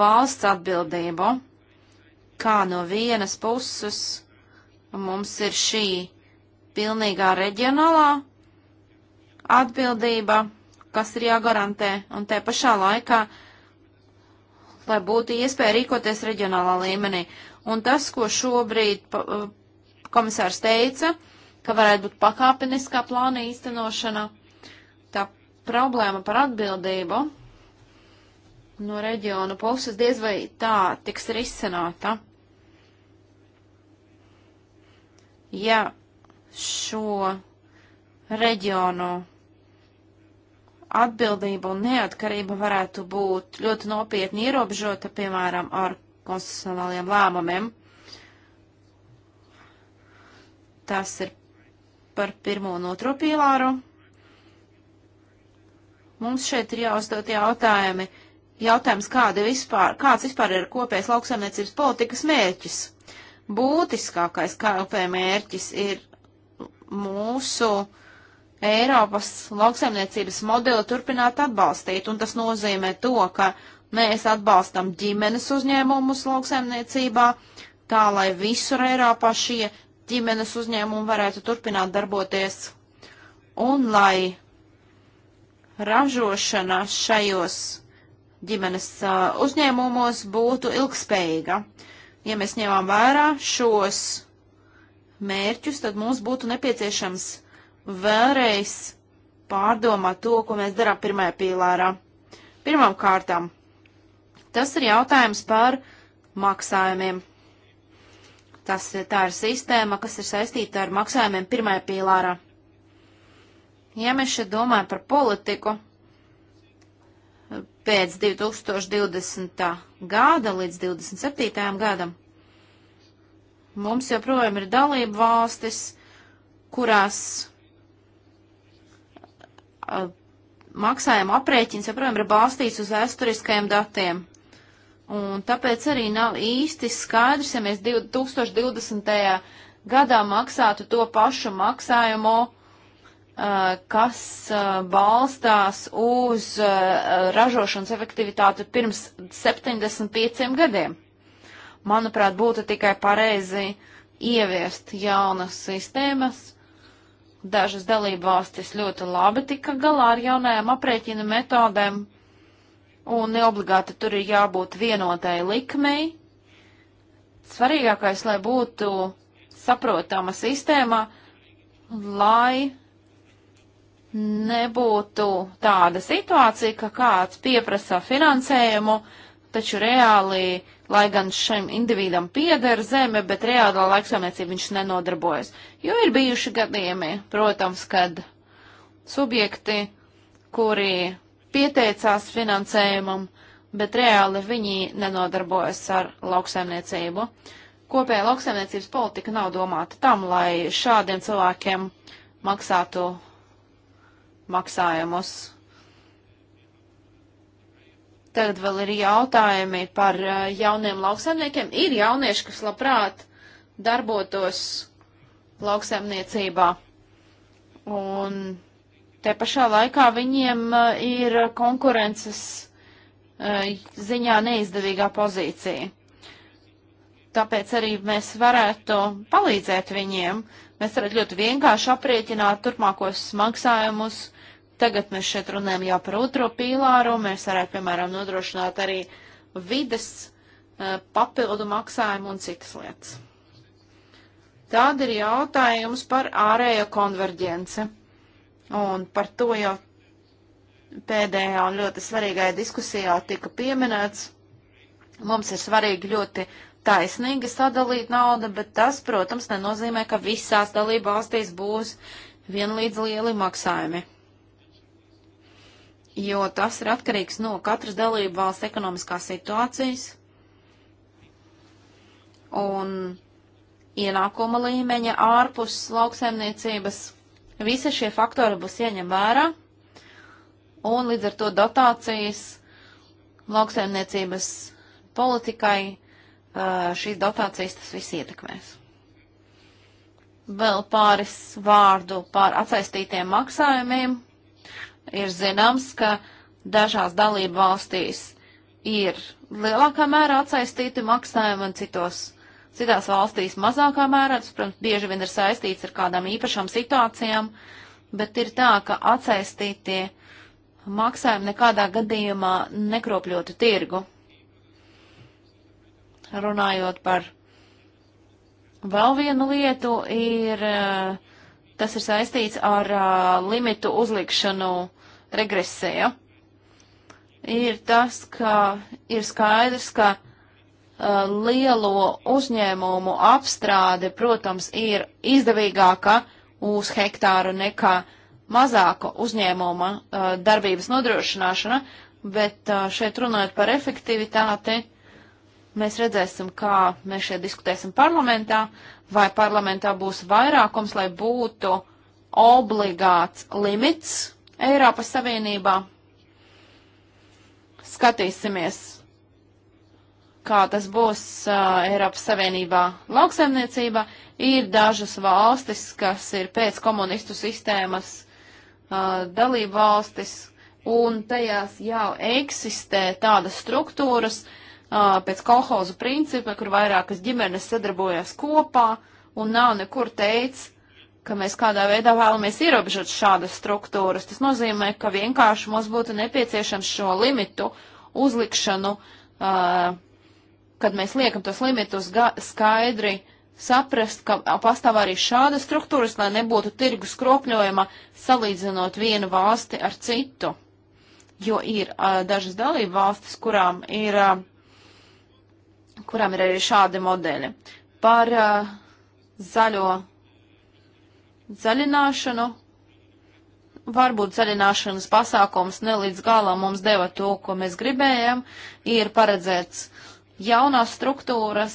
valsts atbildību, kā no vienas puses mums ir šī pilnīgā reģionālā atbildība, kas ir jāgarantē, un te pašā laikā, lai būtu iespēja rīkoties reģionālā līmenī. Un tas, ko šobrīd komisārs teica, uh, ka varētu būt pakāpeniskā plāna īstenošana. Tā problēma par atbildību no reģiona puses diez vai tā tiks risināta. Ja šo reģionu atbildība un neatkarība varētu būt ļoti nopietni ierobežota, piemēram, ar konstitucionāliem lēmumiem. Tas ir par pirmo un otro pīlāru. Mums šeit ir jāuzdot jautājumi. Jautājums, kāda vispār, kāds vispār ir kopējs lauksaimniecības politikas mērķis? Būtiskākais KLP mērķis ir mūsu Eiropas lauksaimniecības modeli turpināt atbalstīt, un tas nozīmē to, ka mēs atbalstam ģimenes uzņēmumus lauksaimniecībā, tā lai visur Eiropā šie ģimenes uzņēmumi varētu turpināt darboties un lai ražošana šajos ģimenes uh, uzņēmumos būtu ilgspējīga. Ja mēs ņemam vērā šos mērķus, tad mums būtu nepieciešams vēlreiz pārdomāt to, ko mēs darām pirmajā pīlārā. Pirmām kārtām, tas ir jautājums par maksājumiem. Tas, eh, tā ir sistēma, kas ir saistīta ar maksājumiem pirmajā pīlārā. Ja mēs šeit domājam par politiku pēc 2020. gada līdz 2027. gadam, mums joprojām ir dalība valstis, kurās eh, maksājuma aprēķins joprojām ir balstīts uz vēsturiskajiem datiem. Un tāpēc arī nav īsti skaidrs, ja mēs 2020. gadā maksātu to pašu maksājumu, kas balstās uz ražošanas efektivitāti pirms 75 gadiem. Manuprāt, būtu tikai pareizi ieviest jaunas sistēmas. Dažas dalību valstis ļoti labi tika galā ar jaunajām aprēķina metodēm, un neobligāti tur ir jābūt vienotai likmei. Svarīgākais, lai būtu saprotama sistēma, lai nebūtu tāda situācija, ka kāds pieprasa finansējumu, taču reāli, lai gan šim individam pieder zeme, bet reālā laiksaimniecība viņš nenodarbojas. Jo ir bijuši gadījumi, protams, kad subjekti, kuri pieteicās finansējumam, bet reāli viņi nenodarbojas ar lauksaimniecību. Kopējā lauksaimniecības politika nav domāta tam, lai šādiem cilvēkiem maksātu maksājumus. Tagad vēl ir jautājumi par eh, jauniem lauksaimniekiem. Ir jaunieši, kas labprāt darbotos lauksaimniecībā. Un Te pašā laikā viņiem eh, ir konkurences eh, ziņā neizdevīgā pozīcija. Tāpēc arī mēs varētu palīdzēt viņiem. Mēs varētu ļoti vienkārši aprieķināt turpmākos maksājumus. Tagad mēs šeit runājam jau par otro pīlāru. Mēs varētu, piemēram, nodrošināt arī vides eh, papildu maksājumu un citas lietas. Tāda ir jautājums par ārējo konverģenci. Un par to jau pēdējā un ļoti svarīgajā diskusijā tika pieminēts. Mums ir svarīgi ļoti taisnīgi sadalīt naudu, bet tas, protams, nenozīmē, ka visās dalība valstīs būs vienlīdz lieli maksājumi. Jo tas ir atkarīgs no katras dalība valsts ekonomiskās situācijas un ienākuma līmeņa ārpus lauksaimniecības Visi šie faktori būs ieņem vērā, un līdz ar to dotācijas lauksaimniecības politikai šīs dotācijas tas viss ietekmēs. Vēl pāris vārdu par atsaistītiem maksājumiem. Ir zināms, ka dažās dalību valstīs ir lielākā mērā atsaistīti maksājumi un citos Citās valstīs mazākā mērā, tas, protams, bieži vien ir saistīts ar kādām īpašām situācijām, bet ir tā, ka atsaistītie maksājumi nekādā gadījumā nekropļotu tirgu. Runājot par vēl vienu lietu, ir, eh, tas ir saistīts ar eh, limitu uzlikšanu regresiju. Ir tas, ka ir skaidrs, ka Uh, lielo uzņēmumu apstrāde, protams, ir izdevīgāka uz hektāru nekā mazāka uzņēmuma uh, darbības nodrošināšana, bet uh, šeit runājot par efektivitāti, mēs redzēsim, kā mēs šeit diskutēsim parlamentā, vai parlamentā būs vairākums, lai būtu obligāts limits Eiropas Savienībā. Skatīsimies, kā tas būs uh, Eiropas Savienībā lauksaimniecībā, ir dažas valstis, kas ir pēc komunistu sistēmas uh, dalība valstis, un tajās jau eksistē tādas struktūras uh, pēc kolhozu principa, kur vairākas ģimenes sadarbojas kopā, un nav nekur teicis, ka mēs kādā veidā vēlamies ierobežot šādas struktūras. Tas nozīmē, ka vienkārši mums būtu nepieciešams šo limitu uzlikšanu uh, kad mēs liekam tos limitus skaidri saprast, ka pastāv arī šāda struktūras, lai nebūtu tirgus kropļojuma salīdzinot vienu valsti ar citu. Jo ir uh, dažas dalība valstis, kurām ir, uh, kurām ir arī šādi modeļi. Par uh, zaļo zaļināšanu. Varbūt zaļināšanas pasākums nelīdz galā mums deva to, ko mēs gribējam. Ir paredzēts uh, jaunās struktūras,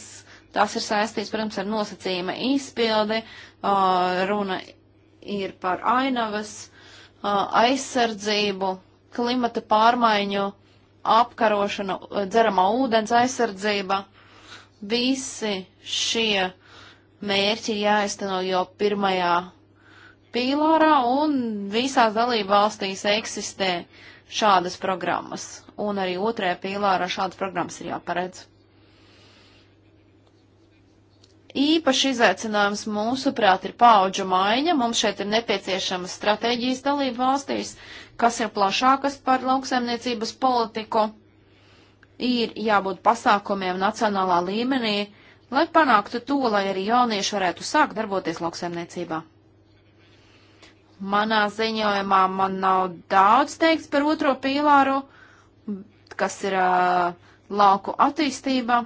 tās ir saistīts, protams, ar nosacījuma izpildi, uh, runa ir par ainavas uh, aizsardzību, klimata pārmaiņu apkarošanu, dzeramā ūdens aizsardzība. Visi šie mērķi ir jāizteno jau pirmajā pīlārā, un visās dalība valstīs eksistē šādas programmas un arī otrajā pīlārā šādas programmas ir jāparedz. Īpaši izaicinājums mūsuprāt ir paauģu maiņa. Mums šeit ir nepieciešama stratēģijas dalība valstīs, kas ir plašākas par lauksaimniecības politiku. Ir jābūt pasākumiem nacionālā līmenī, lai panāktu to, lai arī jaunieši varētu sākt darboties lauksaimniecībā. Manā ziņojumā man nav daudz teiks par otro pīlāru kas ir lauku attīstība,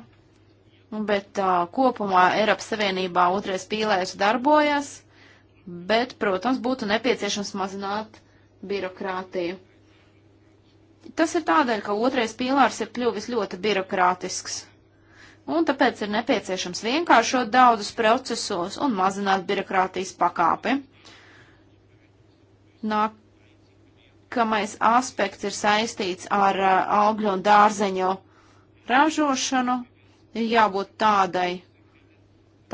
bet kopumā Eiropas Savienībā otrais pīlērs darbojas, bet, protams, būtu nepieciešams mazināt birokrātiju. Tas ir tādēļ, ka otrais pīlārs ir kļuvis ļoti birokrātisks. Un tāpēc ir nepieciešams vienkāršot daudzus procesos un mazināt birokrātijas pakāpi. Nāk, nākamais aspekts ir saistīts ar uh, augļu un dārzeņu ražošanu. Ir jābūt tādai,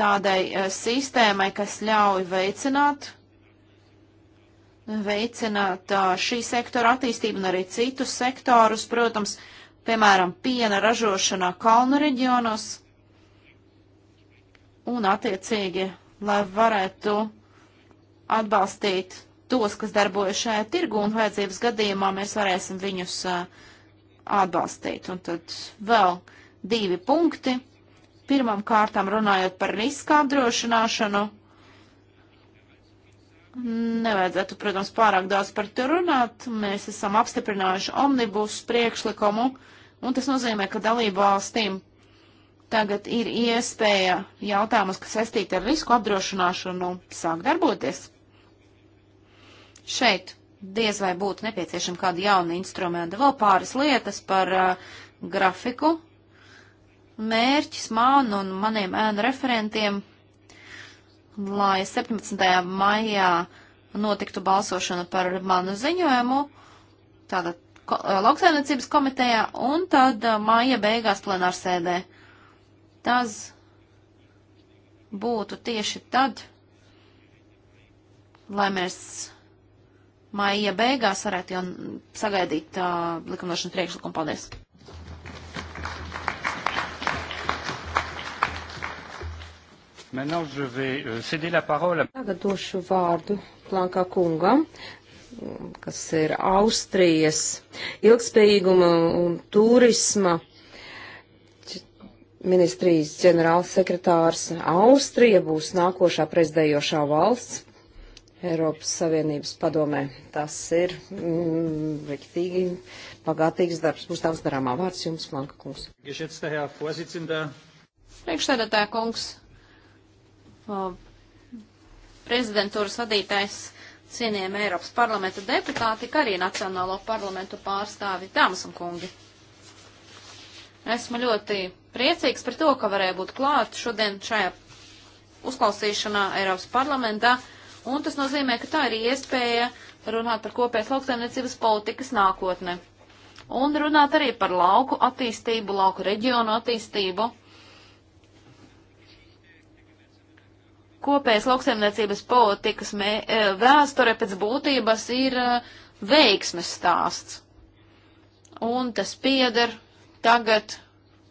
tādai uh, sistēmai, kas ļauj veicināt, veicināt uh, šī sektora attīstību un arī citus sektorus, protams, piemēram, piena ražošanā kalnu reģionos un attiecīgi, lai varētu atbalstīt tos, kas darbojas šajā tirgu, un vajadzības gadījumā mēs varēsim viņus uh, atbalstīt. Un tad vēl divi punkti. Pirmam kārtām runājot par riska apdrošināšanu. Nevajadzētu, protams, pārāk daudz par to runāt. Mēs esam apstiprinājuši omnibus priekšlikumu, un tas nozīmē, ka dalību valstīm tagad ir iespēja jautājumus, kas saistīti ar risku apdrošināšanu, sāk darboties. Šeit diez vai būtu nepieciešama kāda jauna instrumenta. Vēl pāris lietas par uh, grafiku. Mērķis man un maniem ēnu referentiem, lai 17. maijā notiktu balsošana par manu ziņojumu, tātad ko, uh, lauksaimniecības komitejā, un tad uh, maija beigās plenārsēdē. Tas būtu tieši tad, lai mēs maija beigās varētu jau sagaidīt uh, likumdošanas priekšlikumu. Paldies! Euh, Tagad došu vārdu Plankā kungam, kas ir Austrijas ilgspējīguma un turisma ministrijas ģenerālsekretārs. Austrija būs nākošā prezidējošā valsts Eiropas Savienības padomē. Tas ir mm, riktīgi pagātīgs darbs. Būs tavs darāmā vārds jums, Manka kungs. Priekšsēdētāja kungs, prezidentūras vadītājs, cienījami Eiropas parlamenta deputāti, kā arī Nacionālo parlamentu pārstāvi, dāmas un kungi. Esmu ļoti priecīgs par to, ka varēju būt klāt šodien šajā uzklausīšanā Eiropas parlamentā Un tas nozīmē, ka tā ir iespēja runāt par kopējas lauksaimniecības politikas nākotne. Un runāt arī par lauku attīstību, lauku reģionu attīstību. Kopējas lauksaimniecības politikas mē, e, vēsture pēc būtības ir e, veiksmes stāsts. Un tas pieder tagad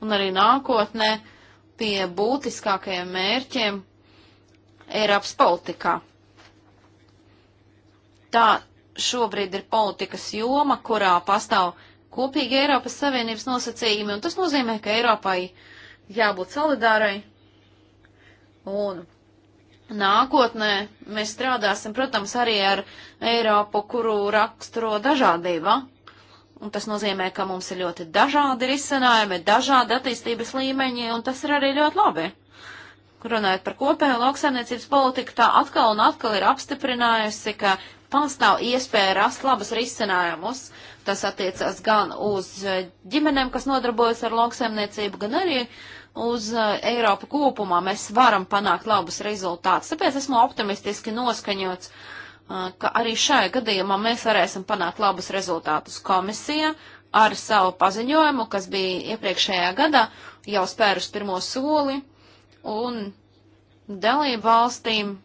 un arī nākotnē pie būtiskākajiem mērķiem Eiropas politikā. Tā šobrīd ir politikas joma, kurā pastāv kopīgi Eiropas Savienības nosacījumi, un tas nozīmē, ka Eiropai jābūt solidārai. Un nākotnē mēs strādāsim, protams, arī ar Eiropu, kuru raksturo dažādība. Un tas nozīmē, ka mums ir ļoti dažādi risinājumi, dažādi attīstības līmeņi, un tas ir arī ļoti labi. Runājot par kopējo lauksaimniecības politiku, tā atkal un atkal ir apstiprinājusi, ka pastāv iespēja rast labus risinājumus. Tas attiecas gan uz eh, ģimenēm, kas nodarbojas ar lauksaimniecību, gan arī uz eh, Eiropu kopumā. Mēs varam panākt labus rezultātus. Tāpēc esmu optimistiski noskaņots, eh, ka arī šajā gadījumā mēs varēsim panākt labus rezultātus. Komisija ar savu paziņojumu, kas bija iepriekšējā gadā, jau spērus pirmo soli, un dalību valstīm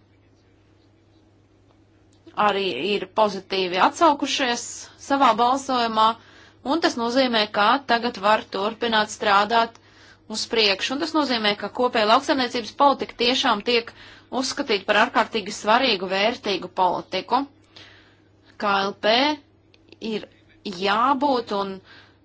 arī ir pozitīvi atsaukušies savā balsojumā, un tas nozīmē, ka tagad var turpināt strādāt uz priekšu, un tas nozīmē, ka kopēja lauksaimniecības politika tiešām tiek uzskatīta par ārkārtīgi svarīgu, vērtīgu politiku. KLP ir jābūt un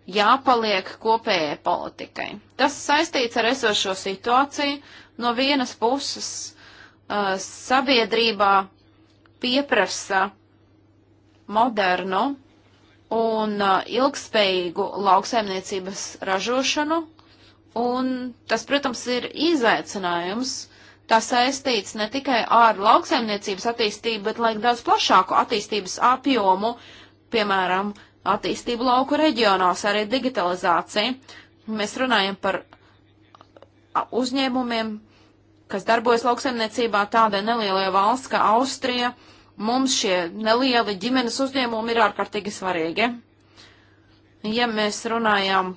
jāpaliek kopējai politikai. Tas saistīts ar esošo situāciju. No vienas puses uh, sabiedrībā pieprasa modernu un uh, ilgspējīgu lauksaimniecības ražošanu, un tas, protams, ir izaicinājums. Tas saistīts ne tikai ar lauksaimniecības attīstību, bet laik daudz plašāku attīstības apjomu, piemēram, attīstību lauku reģionos, arī digitalizāciju. Mēs runājam par uzņēmumiem, kas darbojas lauksaimniecībā tādai nelielai valsts kā Austrija, mums šie nelieli ģimenes uzņēmumi ir ārkārtīgi svarīgi. Ja mēs runājam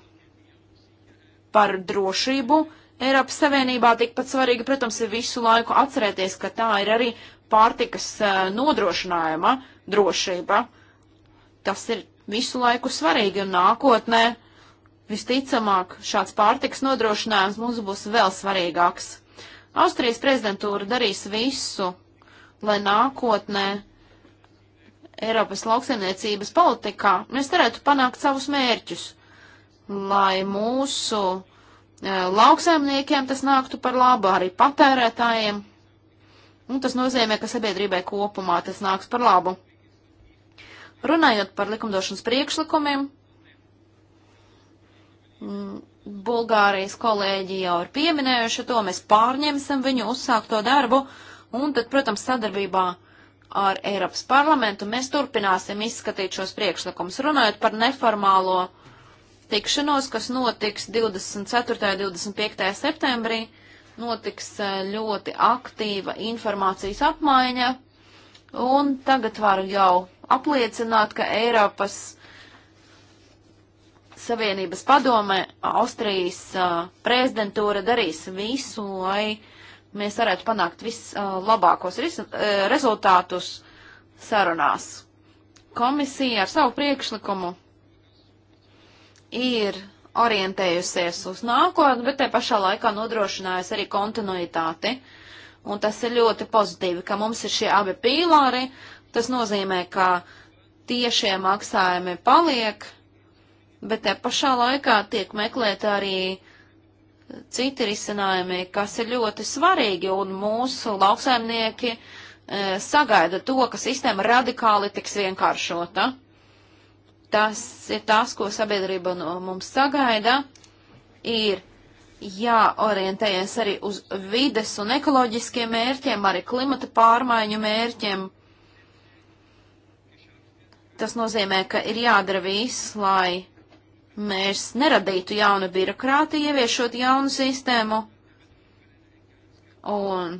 par drošību, Eiropas Savienībā tikpat svarīgi, protams, ir visu laiku atcerēties, ka tā ir arī pārtikas nodrošinājuma drošība. Tas ir visu laiku svarīgi un nākotnē visticamāk šāds pārtikas nodrošinājums mums būs vēl svarīgāks. Austrijas prezidentūra darīs visu, lai nākotnē Eiropas lauksaimniecības politikā mēs varētu panākt savus mērķus, lai mūsu e, lauksaimniekiem tas nāktu par labu arī patērētājiem, un tas nozīmē, ka sabiedrībai kopumā tas nāks par labu. Runājot par likumdošanas priekšlikumiem, mm, Bulgārijas kolēģi jau ir pieminējuši to, mēs pārņemsim viņu uzsākto darbu, un tad, protams, sadarbībā ar Eiropas parlamentu mēs turpināsim izskatīt šos priekšlikumus, runājot par neformālo tikšanos, kas notiks 24. un 25. septembrī. Notiks e, ļoti aktīva informācijas apmaiņa, un tagad varu jau apliecināt, ka Eiropas Savienības padomē Austrijas uh, prezidentūra darīs visu, lai mēs varētu panākt vislabākos uh, rezultātus sarunās. Komisija ar savu priekšlikumu ir orientējusies uz nākotni, bet te pašā laikā nodrošinājusi arī kontinuitāti. Un tas ir ļoti pozitīvi, ka mums ir šie abi pīlāri. Tas nozīmē, ka tiešie maksājumi paliek, bet te pašā laikā tiek meklēt arī citi risinājumi, kas ir ļoti svarīgi, un mūsu lauksaimnieki e, sagaida to, ka sistēma radikāli tiks vienkāršota. Tas ir tas, ko sabiedrība no mums sagaida, ir jāorientējas arī uz vides un ekoloģiskiem mērķiem, arī klimata pārmaiņu mērķiem. Tas nozīmē, ka ir jādara viss, lai mēs neradītu jaunu birokrātiju, ieviešot jaunu sistēmu, un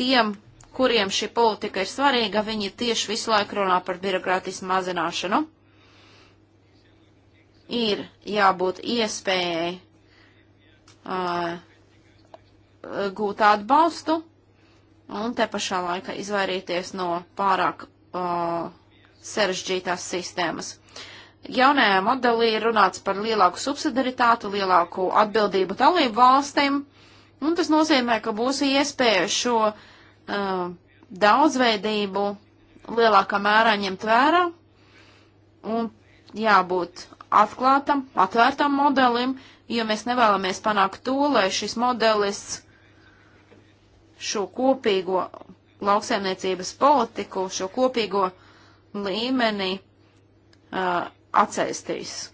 tiem, kuriem šī politika ir svarīga, viņi tieši visu laiku runā par birokrātismu mazināšanu. Ir jābūt iespējai uh, gūt atbalstu un te pašā laikā izvairīties no pārāk uh, sarežģītās sistēmas. Uh, jaunajā modelī ir runāts par lielāku subsidaritātu, lielāku atbildību dalību valstīm, un tas nozīmē, ka būs iespēja šo uh, daudzveidību lielākā mērā ņemt vērā, un jābūt atklātam, atvērtam modelim, jo mēs nevēlamies panākt to, lai šis modelis šo kopīgo lauksaimniecības politiku, šo kopīgo līmeni uh, atsaistīs.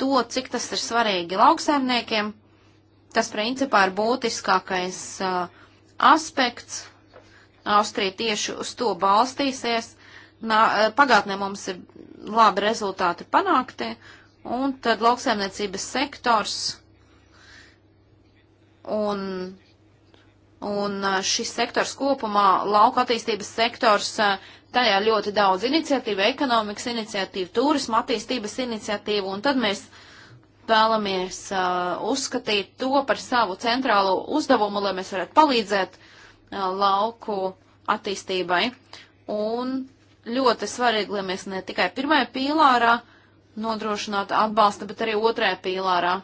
To, cik tas ir svarīgi lauksaimniekiem, tas principā ir būtiskākais uh, aspekts. Austrija tieši uz to balstīsies. Nā, uh, pagātnē mums ir labi rezultāti panākti, un tad lauksaimniecības sektors un, un uh, šis sektors kopumā, lauka attīstības sektors, uh, Tajā ļoti daudz iniciatīva, ekonomikas iniciatīva, turisma attīstības iniciatīva, un tad mēs vēlamies uh, uzskatīt to par savu centrālo uzdevumu, lai mēs varētu palīdzēt uh, lauku attīstībai. Un ļoti svarīgi, lai mēs ne tikai pirmajā pīlārā nodrošinātu atbalstu, bet arī otrajā pīlārā.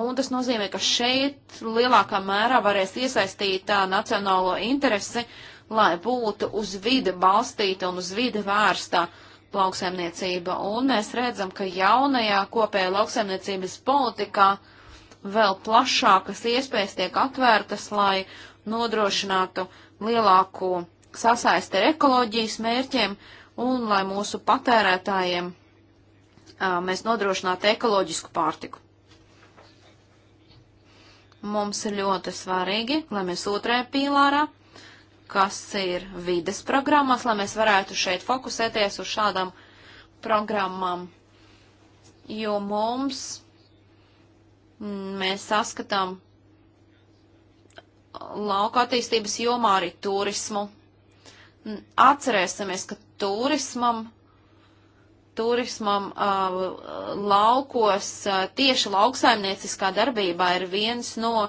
Un tas nozīmē, ka šeit lielākā mērā varēs iesaistīt tā uh, nacionālo interesi lai būtu uz vidi balstīta un uz vidi vērsta lauksaimniecība. Un mēs redzam, ka jaunajā kopējā lauksaimniecības politikā vēl plašākas iespējas tiek atvērtas, lai nodrošinātu lielāku sasaisti ar ekoloģijas mērķiem un lai mūsu patērētājiem a, mēs nodrošinātu ekoloģisku pārtiku. Mums ir ļoti svarīgi, lai mēs otrajā pīlārā kas ir vides programmas, lai mēs varētu šeit fokusēties uz šādām programmām, jo mums mm, mēs saskatām lauka attīstības jomā arī turismu. Mm, atcerēsimies, ka turismam, turismam uh, laukos uh, tieši lauksaimnieciskā darbībā ir viens no uh,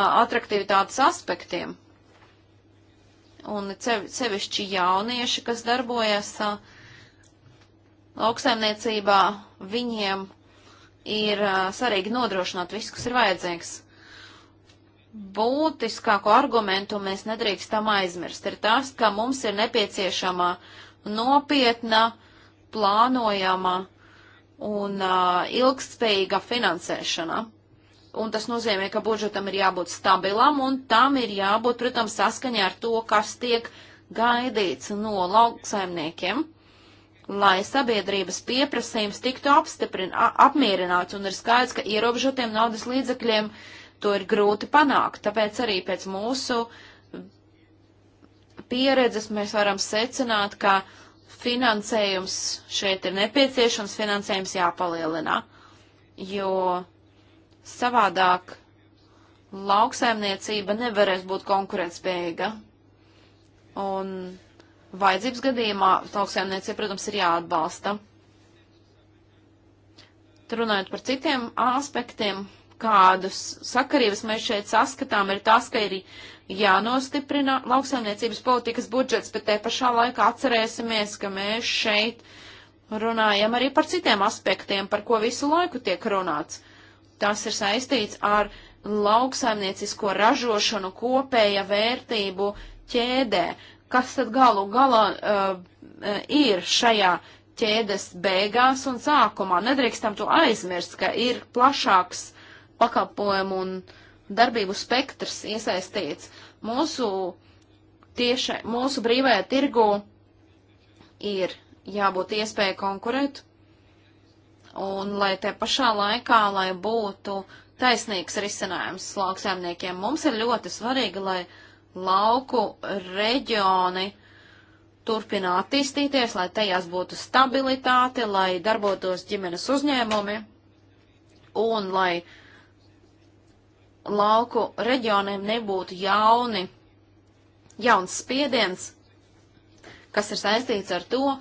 atraktivitātes aspektiem un sevišķi jaunieši, kas darbojas lauksaimniecībā, viņiem ir svarīgi nodrošināt visu, kas ir vajadzīgs. Būtiskāko argumentu mēs nedrīkstam aizmirst ir tas, ka mums ir nepieciešama nopietna, plānojama un uh, ilgspējīga finansēšana un tas nozīmē, ka budžetam ir jābūt stabilam, un tam ir jābūt, protams, saskaņā ar to, kas tiek gaidīts no lauksaimniekiem, lai sabiedrības pieprasījums tiktu apmierināts, un ir skaidrs, ka ierobežotiem naudas līdzekļiem to ir grūti panākt. Tāpēc arī pēc mūsu pieredzes mēs varam secināt, ka finansējums šeit ir nepieciešams, finansējums jāpalielina, jo Savādāk lauksaimniecība nevarēs būt konkurētspējīga. Un vajadzības gadījumā lauksaimniecība, protams, ir jāatbalsta. Tur runājot par citiem aspektiem, kādus sakarības mēs šeit saskatām, ir tas, ka ir jānostiprina lauksaimniecības politikas budžets, bet te pašā laikā atcerēsimies, ka mēs šeit runājam arī par citiem aspektiem, par ko visu laiku tiek runāts Tas ir saistīts ar lauksaimniecisko ražošanu kopēja vērtību ķēdē. Kas tad galu galā uh, ir šajā ķēdes beigās un sākumā? Nedrīkstam to aizmirst, ka ir plašāks pakalpojumu un darbību spektrs iesaistīts. Mūsu tieši mūsu brīvajā tirgu ir jābūt iespēja konkurēt, Un lai te pašā laikā, lai būtu taisnīgs risinājums lauksaimniekiem, mums ir ļoti svarīgi, lai lauku reģioni turpina attīstīties, lai tajās būtu stabilitāte, lai darbotos ģimenes uzņēmumi un lai lauku reģioniem nebūtu jauni, jauns spiediens, kas ir saistīts ar to,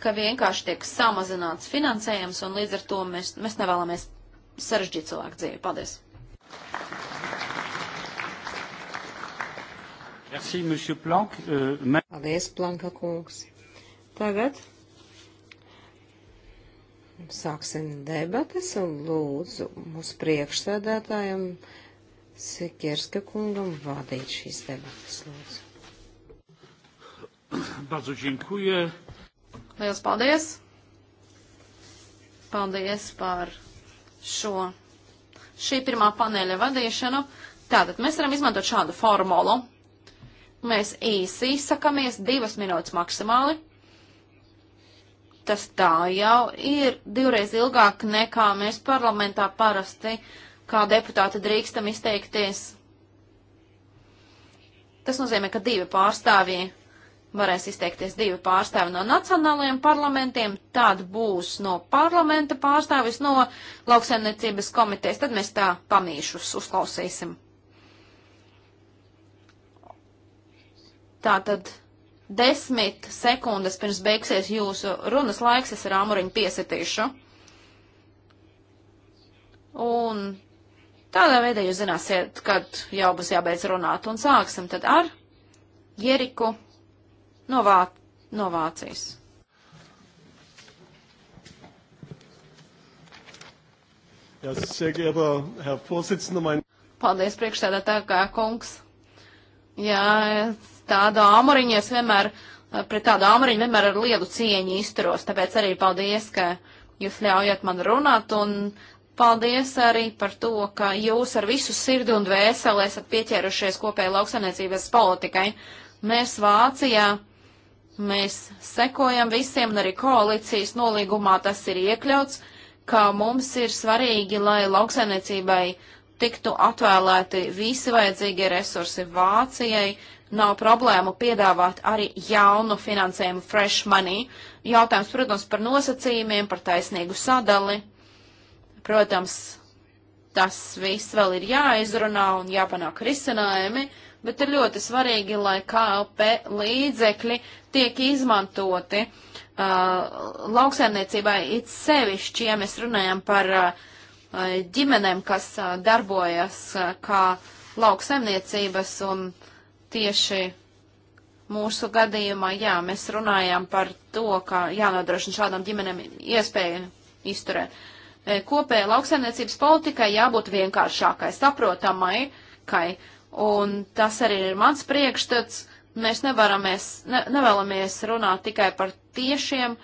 ka vienkārši tiek samazināts finansējums, un līdz ar to mēs, mēs nevēlamies sarežģīt cilvēku dzīvi. Paldies! Merci, monsieur Plank. Uh, Paldies, Planka kungs. Tagad sāksim debates un lūdzu mūsu priekšsēdētājiem Sikierska kungam vadīt šīs debates, lūdzu. Bardzo dziękuję. Liels paldies! Paldies par šo šī pirmā paneļa vadīšanu. Tātad mēs varam izmantot šādu formulu. Mēs īsi izsakamies divas minūtes maksimāli. Tas tā jau ir divreiz ilgāk nekā mēs parlamentā parasti kā deputāti drīkstam izteikties. Tas nozīmē, ka divi pārstāvji varēs izteikties divi pārstāvi no nacionālajiem parlamentiem, tad būs no parlamenta pārstāvis no lauksaimniecības komitejas, tad mēs tā pamīšus uzklausīsim. Tātad desmit sekundes pirms beigsies jūsu runas laiks, es ar āmuriņu piesitīšu. Un tādā veidā jūs zināsiet, kad jau būs jābeidz runāt un sāksim tad ar Jeriku no, Vā no Vācijas. Ja, sehr geehrter Herr Vorsitzender, mein. Paldies, priekšsēdētāj, kā kungs. Jā, tādu āmuriņu es vienmēr, pret tādu āmuriņu vienmēr ar lielu cieņu izturos, tāpēc arī paldies, ka jūs ļaujat man runāt un paldies arī par to, ka jūs ar visu sirdi un dvēseli esat pieķērušies kopēji lauksaimniecības politikai. Mēs Vācijā Mēs sekojam visiem, un arī koalīcijas nolīgumā tas ir iekļauts, ka mums ir svarīgi, lai lauksainiecībai tiktu atvēlēti visi vajadzīgie resursi Vācijai. Nav problēmu piedāvāt arī jaunu finansējumu fresh money. Jautājums, protams, par nosacījumiem, par taisnīgu sadali. Protams, tas viss vēl ir jāizrunā un jāpanāk risinājumi. Uh, bet ir ļoti svarīgi, lai KLP līdzekļi tiek izmantoti uh, lauksaimniecībai it sevišķi, ja mēs runājam par uh, ģimenēm, kas uh, darbojas uh, kā lauksaimniecības un tieši mūsu gadījumā, jā, mēs runājām par to, ka jānodrošina šādām ģimenēm iespēju izturēt. E, kopējai lauksaimniecības politikai jābūt vienkāršākai, saprotamai, kai Un tas arī ir mans priekšstats. Mēs nevaramies, ne, nevēlamies runāt tikai par tiešiem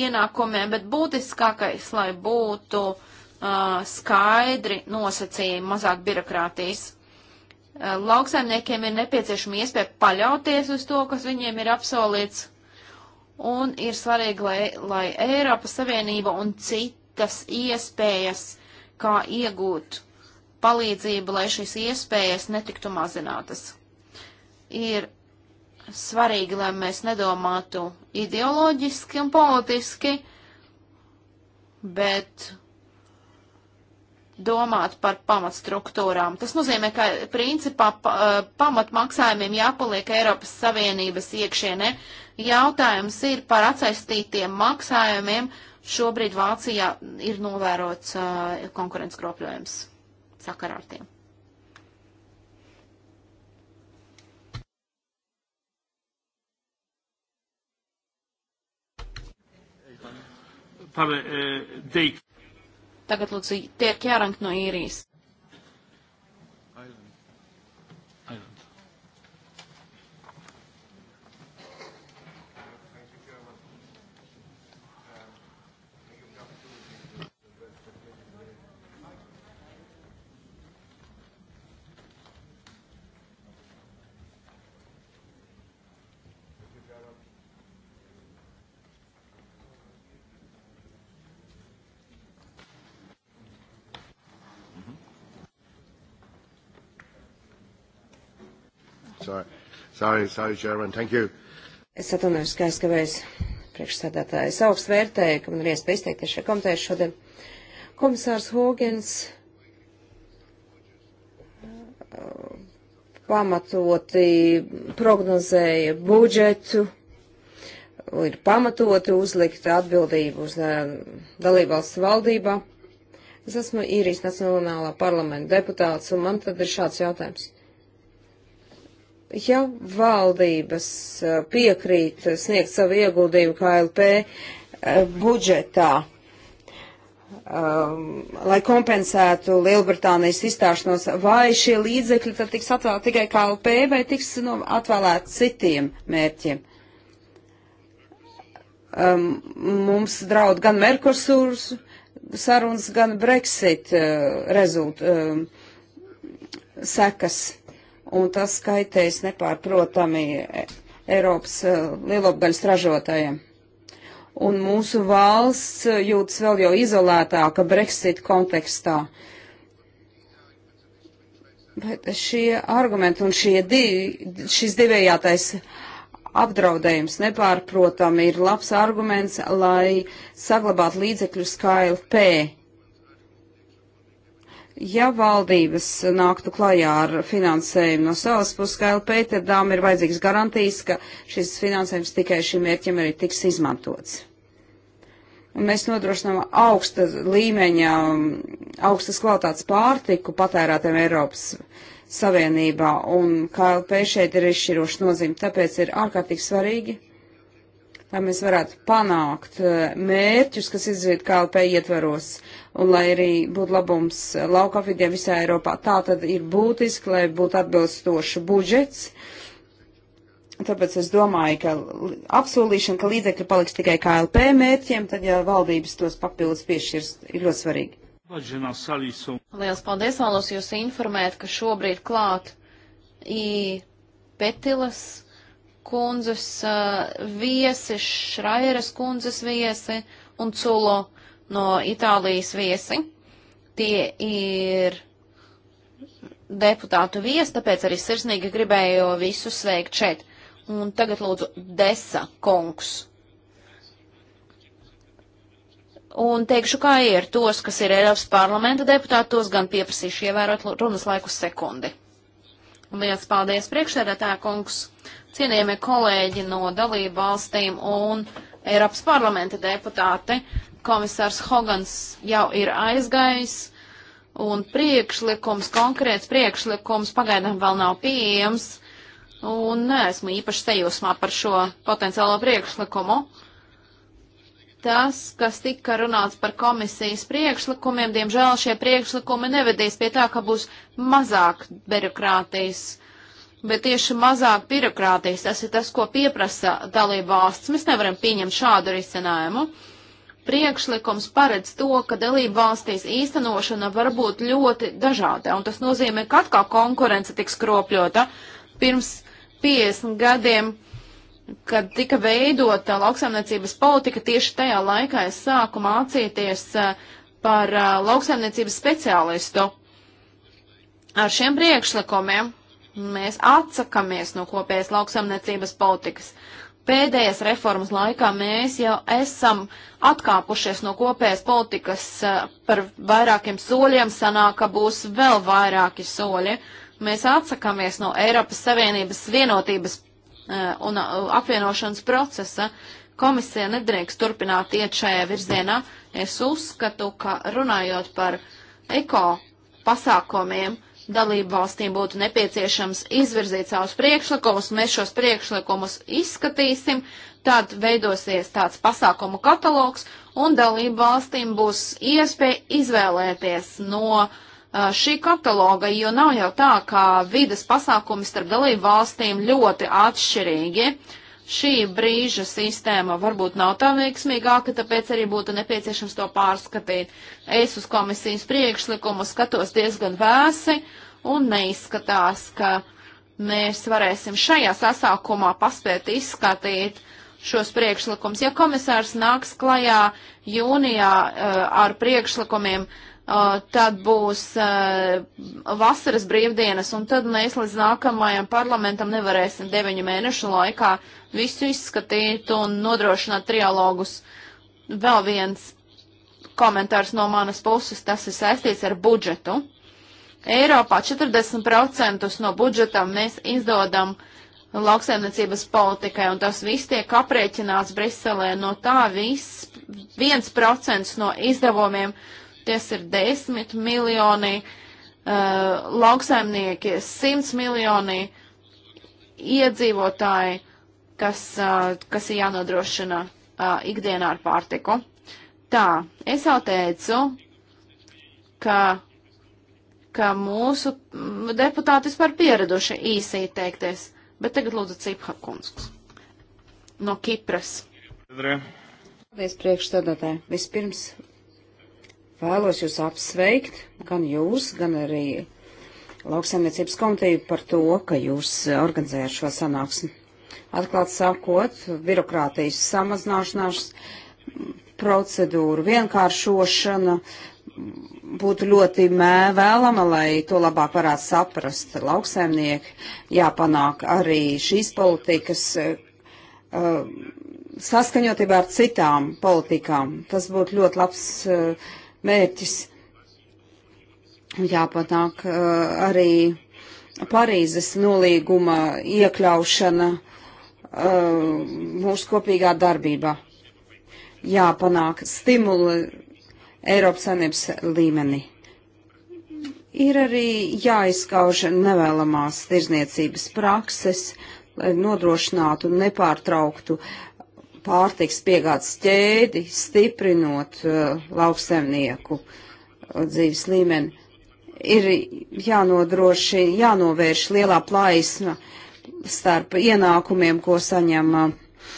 ienākumiem, bet būtiskākais, lai būtu uh, skaidri nosacījumi, mazāk birokrātijas. Uh, lauksaimniekiem ir nepieciešama iespēja paļauties uz to, kas viņiem ir apsolīts, un ir svarīgi, lai, lai Eiropas Savienība un citas iespējas, kā iegūt palīdzību, lai šīs iespējas netiktu mazinātas. Ir svarīgi, lai mēs nedomātu ideoloģiski un politiski, bet domāt par pamatstruktūrām. Tas nozīmē, ka principā pa, eh, pamatmaksājumiem jāpaliek Eiropas Savienības iekšienē. Jautājums ir par atsaistītiem maksājumiem. Šobrīd Vācijā ir novērots uh, konkurences kropļojums sakarā ar tiem. Eh, Tagad lūdzu Tierk Jārank no īrijas. Sorry, sorry, sorry Chairman. Thank you. Es atvainojos, ka aizkavējos priekšsēdētāju. Es augstu vērtēju, ka man ir iespēja izteikties šajā komitē šodien. Komisārs Hogens uh, pamatoti prognozēja budžetu, ir pamatoti uzlikt atbildību uz uh, dalībvalsts valdībā. Es esmu īrijas nacionālā parlamenta deputāts, un man tad ir šāds jautājums. Ja valdības eh, piekrīt eh, sniegt savu ieguldījumu KLP eh, budžetā, um, lai kompensētu Lielbritānijas izstāšanos, vai šie līdzekļi tad tiks atvēlēti tikai KLP vai tiks nu, atvēlēti citiem mērķiem? Um, mums draud gan Merkursūras sarunas, gan Brexit uh, rezult, uh, sekas un tas kaitēs nepārprotami Eiropas eh, lielopgaļas ražotājiem. Un mūsu valsts eh, jūtas vēl jau izolētāka Brexit kontekstā. Bet šie argumenti un šie divi, šis divējātais apdraudējums nepārprotami ir labs arguments, lai saglabātu līdzekļu skailu P Ja valdības nāktu klajā ar finansējumu no savas puses, kā LP, tad tām ir vajadzīgs garantijas, ka šis finansējums tikai šim mērķim arī tiks izmantots. Un mēs nodrošinām augsta līmeņa, augstas kvalitātes pārtiku patērētiem Eiropas Savienībā, un KLP šeit ir izšķiroši nozīme, tāpēc ir ārkārtīgi svarīgi lai mēs varētu panākt eh, mērķus, kas izviet KLP ietvaros, un lai arī būtu labums eh, lauka apvidiem visā Eiropā. Tā tad ir būtiski, lai būtu atbilstoši budžets. Tāpēc es domāju, ka apsolīšana, ka līdzekļi paliks tikai KLP mērķiem, tad ja valdības tos papildus piešķirs, ir ļoti svarīgi. Lielas paldies, vēlos jūs informēt, ka šobrīd klāt ir Petilas kundzes uh, viesi, Šrajeras kundzes viesi un Culo no Itālijas viesi. Tie ir deputātu viesi, tāpēc arī sirsnīgi gribēju visus sveikt šeit. Un tagad lūdzu Desa kungs. Un teikšu, kā ir tos, kas ir Eiropas parlamenta deputāti, tos gan pieprasīšu ievērot runas laiku sekundi. Liels paldies priekšsēdētāja kungs cienījamie kolēģi no dalību valstīm un Eiropas parlamenta deputāti. Komisārs Hogans jau ir aizgājis, un priekšlikums, konkrēts priekšlikums pagaidām vēl nav pieejams, un neesmu īpaši sajūsmā par šo potenciālo priekšlikumu. Tas, kas tika runāts par komisijas priekšlikumiem, diemžēl šie priekšlikumi nevedīs pie tā, ka būs mazāk birokrātijas bet tieši mazāk birokrātijas. Tas ir tas, ko pieprasa dalība valsts. Mēs nevaram pieņemt šādu risinājumu. Priekšlikums paredz to, ka dalība valstīs īstenošana var būt ļoti dažāda, un tas nozīmē, ka atkal konkurence tiks kropļota. Pirms 50 gadiem, kad tika veidota lauksaimniecības politika, tieši tajā laikā es sāku mācīties eh, par eh, lauksaimniecības speciālistu. Ar šiem priekšlikumiem Mēs atsakamies no kopējas lauksamniecības politikas. Pēdējās reformas laikā mēs jau esam atkāpušies no kopējas politikas eh, par vairākiem soļiem, sanāk, ka būs vēl vairāki soļi. Mēs atsakamies no Eiropas Savienības vienotības eh, un eh, apvienošanas procesa, komisija nedrīkst turpināt iet šajā virzienā. Es uzskatu, ka runājot par eko pasākumiem, uh, dalību valstīm būtu nepieciešams izvirzīt savus priekšlikumus, mēs šos priekšlikumus izskatīsim, tad veidosies tāds pasākumu katalogs, un dalību valstīm būs iespēja izvēlēties no šī kataloga, jo nav jau tā, ka vides pasākumi starp dalību valstīm ļoti atšķirīgi. Uh, šī brīža sistēma varbūt nav tā veiksmīgāka, tāpēc arī būtu nepieciešams to pārskatīt. Es uz komisijas priekšlikumu skatos diezgan vēsi un neizskatās, ka mēs varēsim šajā sasākumā paspēt izskatīt šos priekšlikumus. Ja komisārs nāks klajā jūnijā uh, ar priekšlikumiem, uh, tad būs vasaras brīvdienas, un tad mēs līdz nākamajam parlamentam nevarēsim deviņu mēnešu laikā visu izskatīt un nodrošināt trialogus. Vēl viens komentārs no manas puses, tas ir saistīts ar budžetu. Eiropā 40% no budžeta mēs izdodam lauksaimniecības politikai, un tas viss tiek aprēķināts Briselē. No tā viss 1% no izdevumiem uh, Ties ir desmit miljoni uh, lauksaimnieki, simts miljoni iedzīvotāji, kas, uh, kas ir jānodrošina uh, ikdienā ar pārtiku. Tā, es jau teicu, ka, ka mūsu mm, deputāti vispār pieraduši īsī teikties, bet tagad lūdzu Cipha Kunsks no Kipras. Paldies priekšstādātāji. Vispirms Vēlos jūs apsveikt, gan jūs, gan arī lauksaimniecības komiteju par to, ka jūs organizējat šo sanāksmi. Atklāt sakot, birokrātijas samazināšanās procedūru vienkāršošana būtu ļoti vēlama, lai to labāk varētu saprast lauksaimnieki, jāpanāk arī šīs politikas uh, saskaņotībā ar citām politikām. Tas būtu ļoti labs uh, mērķis. Jāpanāk uh, arī Parīzes nolīguma iekļaušana uh, mūsu kopīgā darbībā. Jāpanāk stimuli Eiropas saimnības līmenī. Ir arī jāizskauž nevēlamās tirzniecības prakses, lai nodrošinātu nepārtrauktu pārtiks piegādes ķēdi, stiprinot uh, lauksemnieku uh, dzīves līmeni. Ir jānodrošina, jānovērš lielā plaisma starp ienākumiem, ko saņem uh,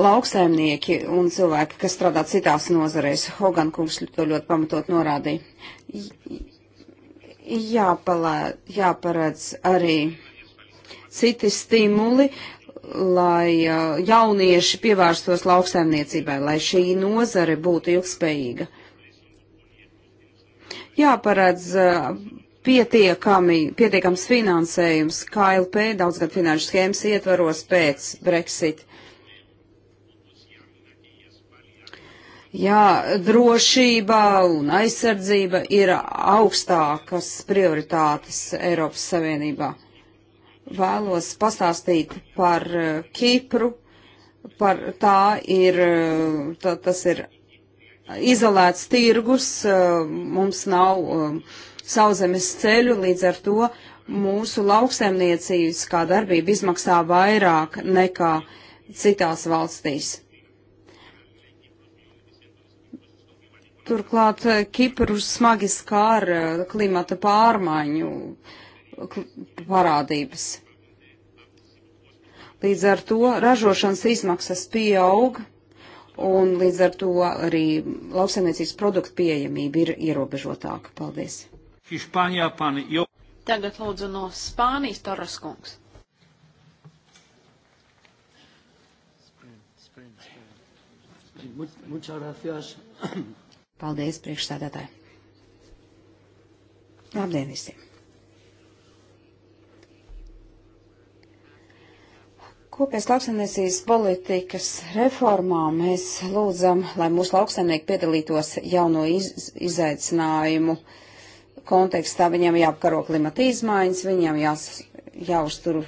lauksaimnieki un cilvēki, kas strādā citās nozarēs. Hogan kungs to ļoti pamatot norādīja. Jāpalē, jāparedz arī citi stimuli, lai jaunieši pievērstos lauksaimniecībai, lai šī nozare būtu ilgspējīga. Jāparedz pietiekami, pietiekams finansējums KLP daudzgad finanšu schēmas ietvaros pēc Brexit. Jā, drošība un aizsardzība ir augstākas prioritātes Eiropas Savienībā vēlos pastāstīt par eh, Kipru. Par tā ir, eh, tā, tas ir izolēts tirgus, eh, mums nav sauzemes ceļu, līdz ar to mūsu lauksaimniecīskā darbība izmaksā vairāk nekā citās valstīs. Turklāt Kiprus smagi skāra klimata pārmaiņu uh, parādības. Līdz ar to ražošanas izmaksas pieaug, un līdz ar to arī lauksaimniecības produktu pieejamība ir ierobežotāka. Paldies! Hispānijā, pani, jo... Tagad lūdzu no Spānijas Torres kungs. Muchas gracias. Paldies, priekšsēdētāji. Labdien visiem! Kopējas lauksaimniecības politikas reformā mēs lūdzam, lai mūsu lauksaimnieki piedalītos jauno iz, izaicinājumu kontekstā. Viņam jāapkaro klimata izmaiņas, viņam jās, jāuztur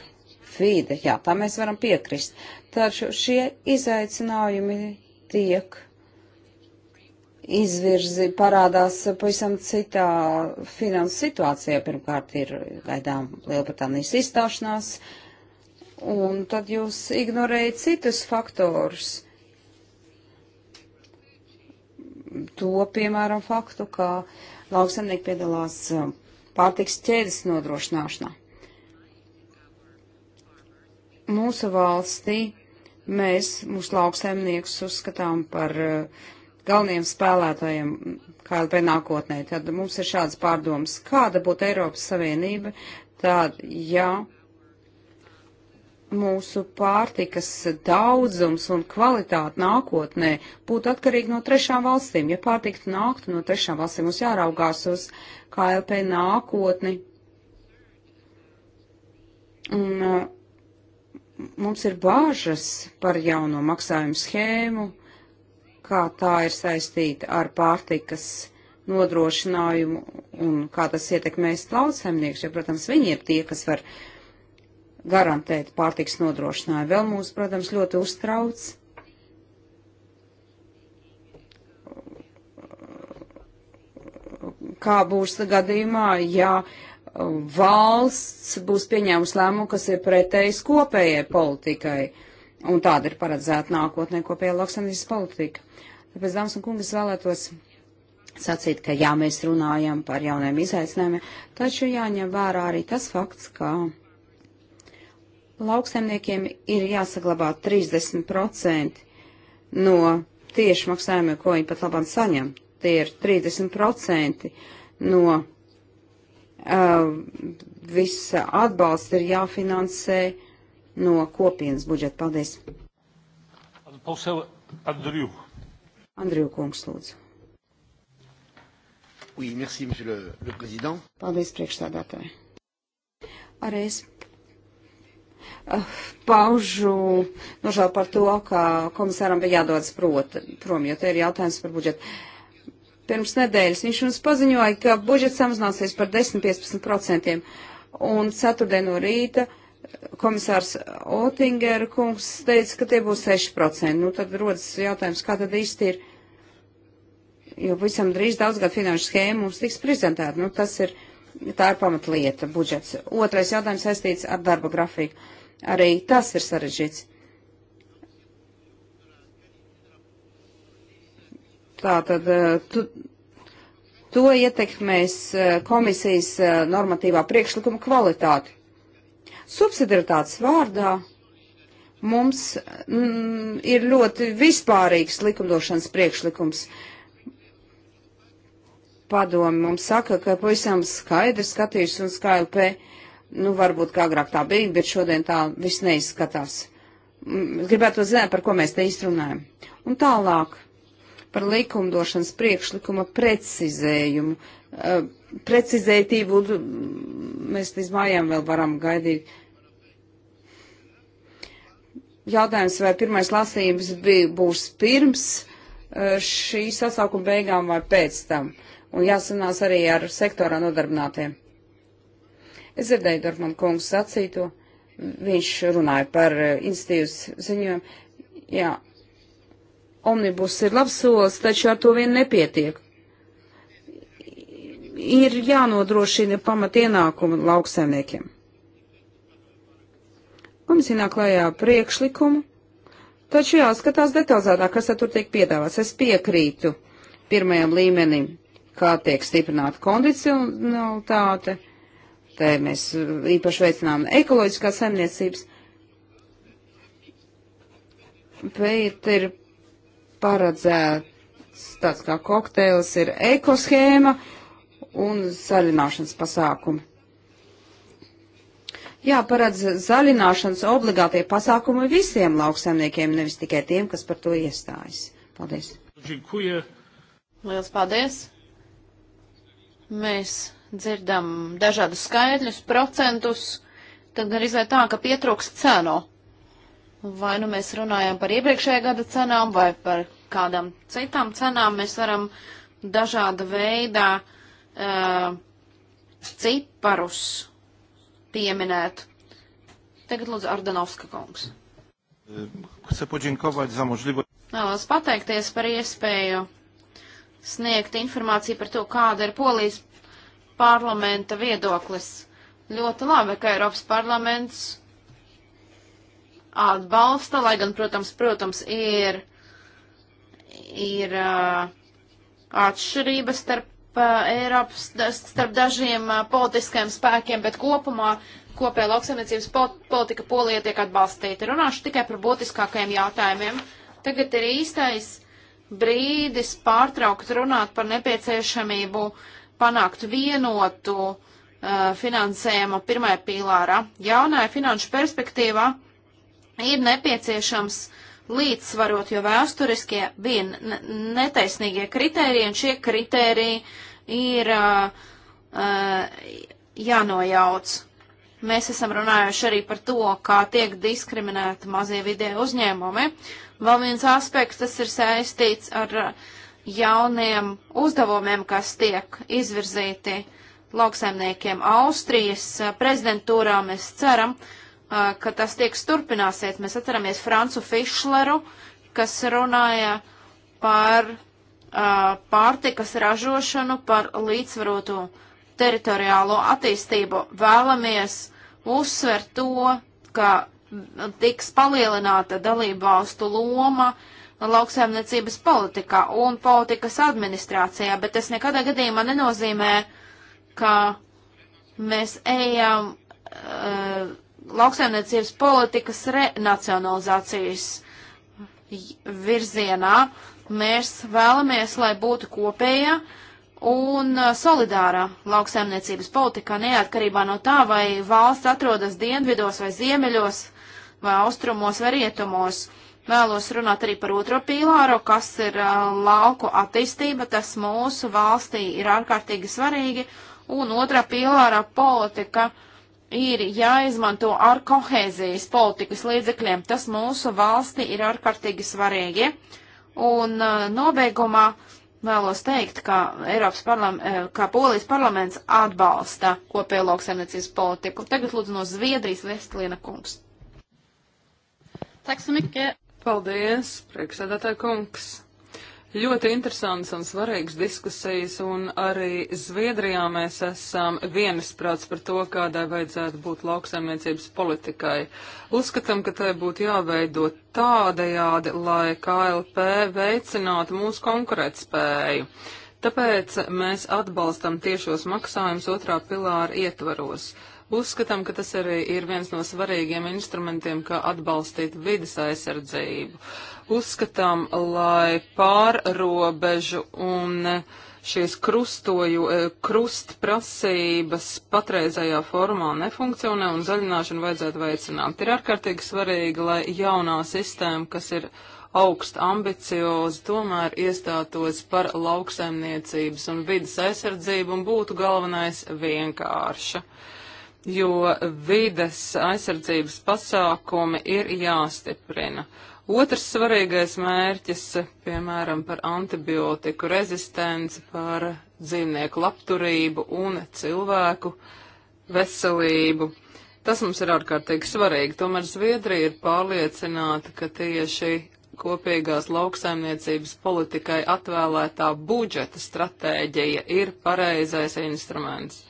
vīde. Jā, tā mēs varam piekrist. Taču šie izaicinājumi tiek izvirzi, parādās pavisam citā finanses situācijā. Pirmkārt ir gaidām Lielbritānijas izstāšanās un tad jūs ignorējat citus faktorus. To, piemēram, faktu, ka lauksaimnieki piedalās uh, pārtiks ķēdes nodrošināšanā. Mūsu valstī mēs, mūsu lauksaimniekus, uzskatām par uh, galveniem spēlētājiem KLP nākotnē. Tad mums ir šāds pārdoms, kāda būtu Eiropas Savienība, tad, ja mūsu pārtikas daudzums un kvalitāte nākotnē būtu atkarīgi no trešām valstīm. Ja pārtika nāktu no trešām valstīm, mums jāraugās uz KLP nākotni. Un uh, mums ir bāžas par jauno maksājumu schēmu, kā tā ir saistīta ar pārtikas nodrošinājumu un kā tas ietekmēs lauksaimnieks, jo, protams, viņi ir tie, kas var uh, garantēt pārtiks nodrošinājumu. Vēl mūs, protams, ļoti uztrauc kā būs gadījumā, ja valsts būs pieņēmusi lēmumu, kas ir pretējs kopējai politikai. Un tāda ir paredzēta nākotnē kopējā lauksanības politika. Tāpēc, dāmas un kungas, vēlētos sacīt, ka jā, mēs runājam par jauniem izaicinājumiem, taču jāņem vērā arī tas fakts, ka lauksaimniekiem ir jāsaglabā 30% no tieši maksājumiem, ko viņi pat labāk saņem. Tie ir 30% no uh, visa atbalsta ir jāfinansē no kopienas budžeta. Paldies. Andriju. Andriju kungs, lūdzu. Oui, merci, le, le Paldies, priekšstādātāji. Arī es Eh, paužu nožēlu par to, ka komisāram bija jādodas prot, prom, jo te ir jautājums par budžetu. Pirms nedēļas viņš mums paziņoja, ka budžets samazināsies par 10-15%, un ceturtdien no rīta komisārs Otingera kungs teica, ka tie būs 6%. Nu, tad rodas jautājums, kā tad īsti ir, jo visam drīz daudzgad finanšu schēma mums tiks prezentēta. Nu, tas ir tā ir pamatlieta budžets. Otrais jautājums saistīts ar darba grafiku. Arī tas ir sarežģīts. Tātad eh, tu, to ietekmēs eh, komisijas eh, normatīvā priekšlikuma kvalitāti. Subsidiaritātes vārdā mums mm, ir ļoti vispārīgs likumdošanas priekšlikums. Uh, padomi mums saka, ka pavisam skaidrs skatījums uz KLP, nu varbūt kā agrāk tā bija, bet šodien tā viss neizskatās. Mm, gribētu zināt, par ko mēs te izrunājam. Un tālāk par likumdošanas priekšlikuma precizējumu. Uh, precizētību mm, mēs līdz mājām vēl varam gaidīt. Jautājums, vai pirmais lasījums bija, būs pirms eh, šī sasaukuma beigām vai pēc tam. Uh, un jāsanās arī ar sektorā nodarbinātiem. Es dzirdēju Dortmund kungs sacīto, viņš runāja par eh, institīvas ziņojumu. Jā, omnibus ir labs solis, taču ar to vien nepietiek. Ir jānodrošina pamatienākumi lauksaimniekiem. Komisija nāk klajā priekšlikumu, taču jāskatās detalizētāk, kas tur tiek piedāvāts. Es piekrītu pirmajam līmenim kā tiek stiprināta kondicionalitāte. Te mēs īpaši veicinām ekoloģiskās saimniecības. Bet ir paredzēts tāds kā kokteils, ir ekoshēma un zaļināšanas pasākumi. Jā, paredz zaļināšanas obligātie pasākumi visiem lauksaimniekiem, nevis tikai tiem, kas par to iestājas. Paldies. Liels paldies. Mēs dzirdam dažādus skaidrus, procentus, tad arī vai tā, ka pietrūks cenu. Vai nu mēs runājam par iepriekšējā gada cenām vai par kādām citām cenām, mēs varam dažāda veidā uh, eh, ciparus pieminēt. Tagad lūdzu Ardanovska kungs. Vēlos pateikties par iespēju sniegt informāciju par to, kāda ir polijas parlamenta viedoklis. Ļoti labi, ka Eiropas parlaments atbalsta, lai gan, protams, protams ir, ir uh, atšķirības starp uh, Eiropas, starp dažiem uh, politiskajiem spēkiem, bet kopumā kopējā lauksaimniecības politika polija tiek atbalstīta. Runāšu tikai par būtiskākajiem jautājumiem. Tagad ir īstais brīdis pārtraukt runāt par nepieciešamību panākt vienotu uh, finansējumu pirmajā pīlārā. Jaunajā finanšu perspektīvā ir nepieciešams līdzsvarot, jo vēsturiskie vien netaisnīgie kritēriji un šie kritēriji ir uh, uh, jānojauc. Mēs esam runājuši arī par to, kā tiek diskriminēti mazie vidē uzņēmumi. Vēl viens aspekts, tas ir saistīts ar uh, jauniem uzdevumiem, kas tiek izvirzīti lauksaimniekiem Austrijas uh, prezidentūrā. Mēs ceram, uh, ka tas tiek turpināsies. Mēs atceramies Francu Fišleru, kas runāja par pārtikas ražošanu, par līdzsvarotu teritoriālo attīstību. Vēlamies uzsvert to, ka tiks palielināta dalībvalstu loma lauksaimniecības politikā un politikas administrācijā, bet tas nekadā gadījumā nenozīmē, ka mēs ejam uh, lauksaimniecības politikas renacionalizācijas virzienā. Mēs vēlamies, lai būtu kopēja un eh, solidārā lauksaimniecības politikā, neatkarībā no tā, vai valsts atrodas dienvidos vai ziemeļos. Uh, vai austrumos vai rietumos. Vēlos runāt arī par otro pīlāru, kas ir uh, lauku attīstība, tas mūsu valstī ir ārkārtīgi svarīgi, un otrā pīlāra politika ir jāizmanto ar kohēzijas politikas līdzekļiem, tas mūsu valstī ir ārkārtīgi svarīgi. Un uh, nobeigumā vēlos teikt, ka, Eiropas parlam, ka Polijas parlaments atbalsta kopējo lauksaimniecības politiku. Tagad lūdzu no Zviedrijas Vestlīna kungs. Paldies, priekšsēdētāja kungs! Ļoti interesants un svarīgs diskusijas, un arī Zviedrijā mēs esam vienisprāts par to, kādai vajadzētu būt lauksaimniecības politikai. Uzskatām, ka tai būtu jāveido tādajādi, lai KLP veicinātu mūsu konkurētspēju. Tāpēc mēs atbalstam tiešos maksājumus otrā pilāra ietvaros. Uzskatām, ka tas arī ir viens no svarīgiem instrumentiem, kā atbalstīt vidas aizsardzību. Uzskatām, lai pārrobežu un šīs krustoju, e, krustprasības patreizējā formā nefunkcionē un zaļināšanu vajadzētu veicināt. Ir ārkārtīgi svarīgi, lai jaunā sistēma, kas ir augst ambiciozi, tomēr iestātos par lauksaimniecības un vidas aizsardzību un būtu galvenais vienkārša jo vides aizsardzības pasākumi ir jāstiprina. Otrs svarīgais mērķis, piemēram, par antibiotiku rezistenci, par dzīvnieku labturību un cilvēku veselību. Tas mums ir ārkārtīgi svarīgi. Tomēr Zviedrija ir pārliecināta, ka tieši kopīgās lauksaimniecības politikai atvēlētā budžeta stratēģija ir pareizais instruments.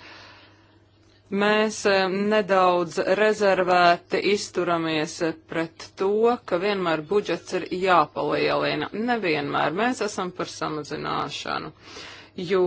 Mēs e, nedaudz rezervēti izturamies e, pret to, ka vienmēr budžets ir jāpalielina. Nevienmēr mēs esam par samazināšanu. Jo,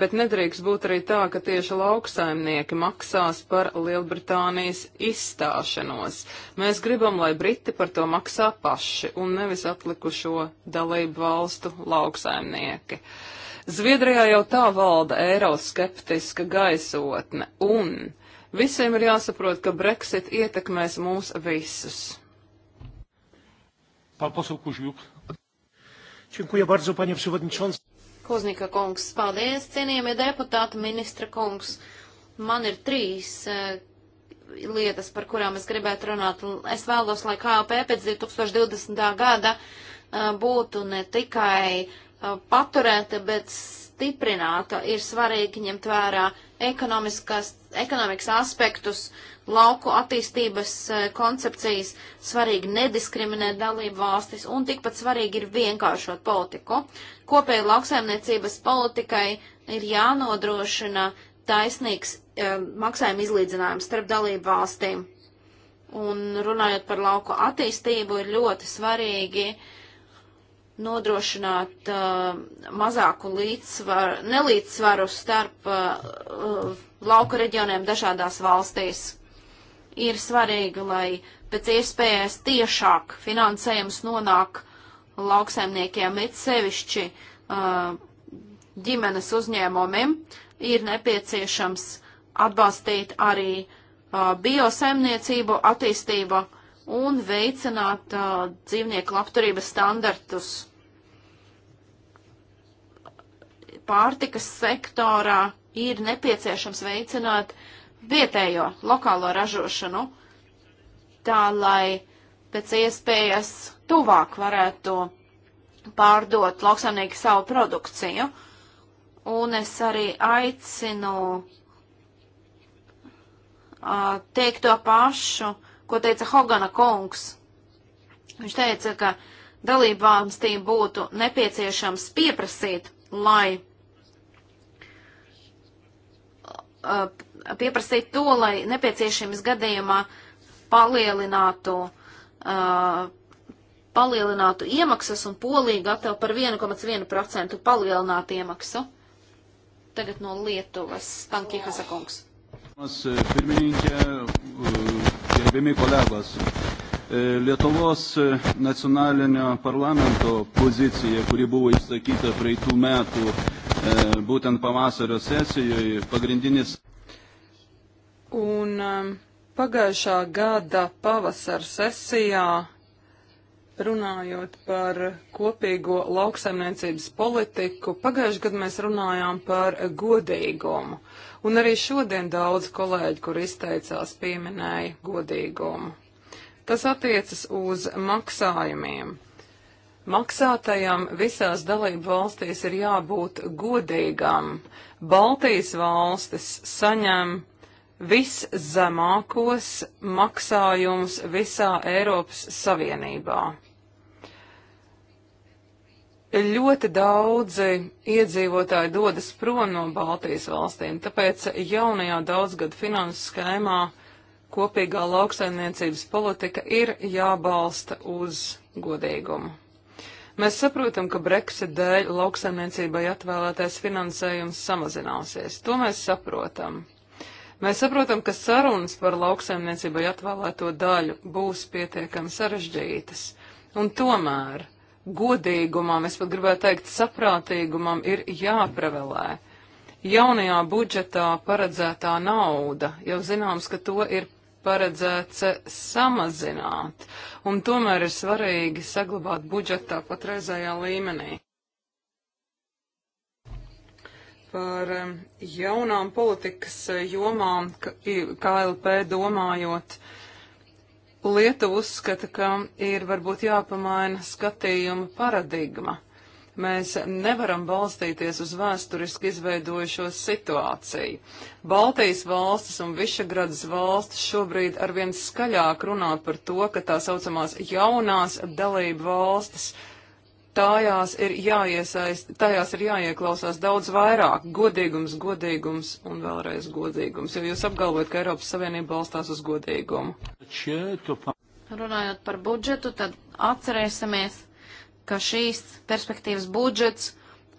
bet nedrīkst būt arī tā, ka tieši lauksaimnieki maksās par Lielbritānijas izstāšanos. Mēs gribam, lai Briti par to maksā paši un nevis atlikušo dalību valstu lauksaimnieki. Uh, Zviedrijā jau tā valda eiroskeptiska gaisotne, un visiem ir jāsaprot, ka Brexit ietekmēs mūs visus. Kuznika kungs, paldies, cienījamie deputāti, ministra kungs. Man ir trīs eh, lietas, par kurām es gribētu runāt. Es vēlos, lai KLP pēc 2020. gada eh, būtu ne tikai paturēta, bet stiprināta, ir svarīgi ņemt vērā ekonomikas aspektus, lauku attīstības e, koncepcijas, svarīgi nediskriminēt dalību valstis un tikpat svarīgi ir vienkāršot politiku. Kopēji lauksaimniecības politikai ir jānodrošina taisnīgs e, maksājuma izlīdzinājums starp dalību valstīm. Un runājot par lauku attīstību, ir ļoti svarīgi uh, nodrošināt uh, mazāku līdzsvaru, nelīdzsvaru starp uh, uh, lauka reģioniem dažādās valstīs. Ir svarīgi, lai pēc iespējas tiešāk finansējums nonāk lauksaimniekiem, it sevišķi uh, ģimenes uzņēmumiem, ir nepieciešams atbalstīt arī uh, biosaimniecību attīstību un veicināt uh, dzīvnieku labturības standartus pārtikas sektorā ir nepieciešams veicināt vietējo lokālo ražošanu, tā lai pēc iespējas tuvāk varētu pārdot lauksaimnieki savu produkciju. Un es arī aicinu uh, teikt to pašu uh, ko teica Hogana kungs. Viņš teica, ka dalību valstīm būtu nepieciešams pieprasīt, lai pieprasīt to, lai nepieciešams gadījumā palielinātu, uh, palielinātu iemaksas un polīgi gatavu par 1,1% palielināt iemaksu. Tagad no Lietuvas, Tankī Hasakungs. Pirmininkė, gerbimi kolegos. Lietuvos nacionalinio parlamento pozicija, kuri buvo išsakyta praeitų metų būtent pavasario sesijoje, pagrindinis. Un pagājušā gada pavasara sesijā, runājot par kopīgo lauksaimniecības politiku, pagājušajā gadā mēs runājām par godīgumu. Un arī šodien daudz kolēģi, kur izteicās, pieminēja godīgumu. Tas attiecas uz maksājumiem. Maksātajam visās dalību valstīs ir jābūt godīgam. Baltijas valstis saņem viszemākos maksājumus visā Eiropas Savienībā. Ļoti daudzi iedzīvotāji dodas prom no Baltijas valstīm, tāpēc jaunajā daudzgadu finanses skēmā kopīgā lauksaimniecības politika ir jābalsta uz godīgumu. Mēs saprotam, ka Brexit dēļ lauksaimniecībai atvēlētais finansējums samazināsies. To mēs saprotam. Mēs saprotam, ka sarunas par lauksaimniecībai atvēlēto daļu būs pietiekami sarežģītas. Un tomēr godīgumam, es pat gribētu teikt saprātīgumam, ir jāprevelē. Jaunajā budžetā paredzētā nauda jau zināms, ka to ir paredzēts samazināt, un tomēr ir svarīgi saglabāt budžetā patreizējā līmenī. Par jaunām politikas eh, jomām KLP domājot, uh, Lietuva uzskata, ka ir varbūt jāpamaina skatījuma paradigma. Mēs nevaram balstīties uz vēsturiski izveidojušos situāciju. Baltijas valstis un Višagradas valstis šobrīd arvien skaļāk runā par to, ka tā saucamās jaunās dalību valstis tajās ir jāiesaist, tajās ir jāieklausās daudz vairāk. Godīgums, godīgums un vēlreiz godīgums, jo jūs apgalvojat, ka Eiropas Savienība balstās uz godīgumu. Runājot par budžetu, tad atcerēsimies, ka šīs perspektīvas budžets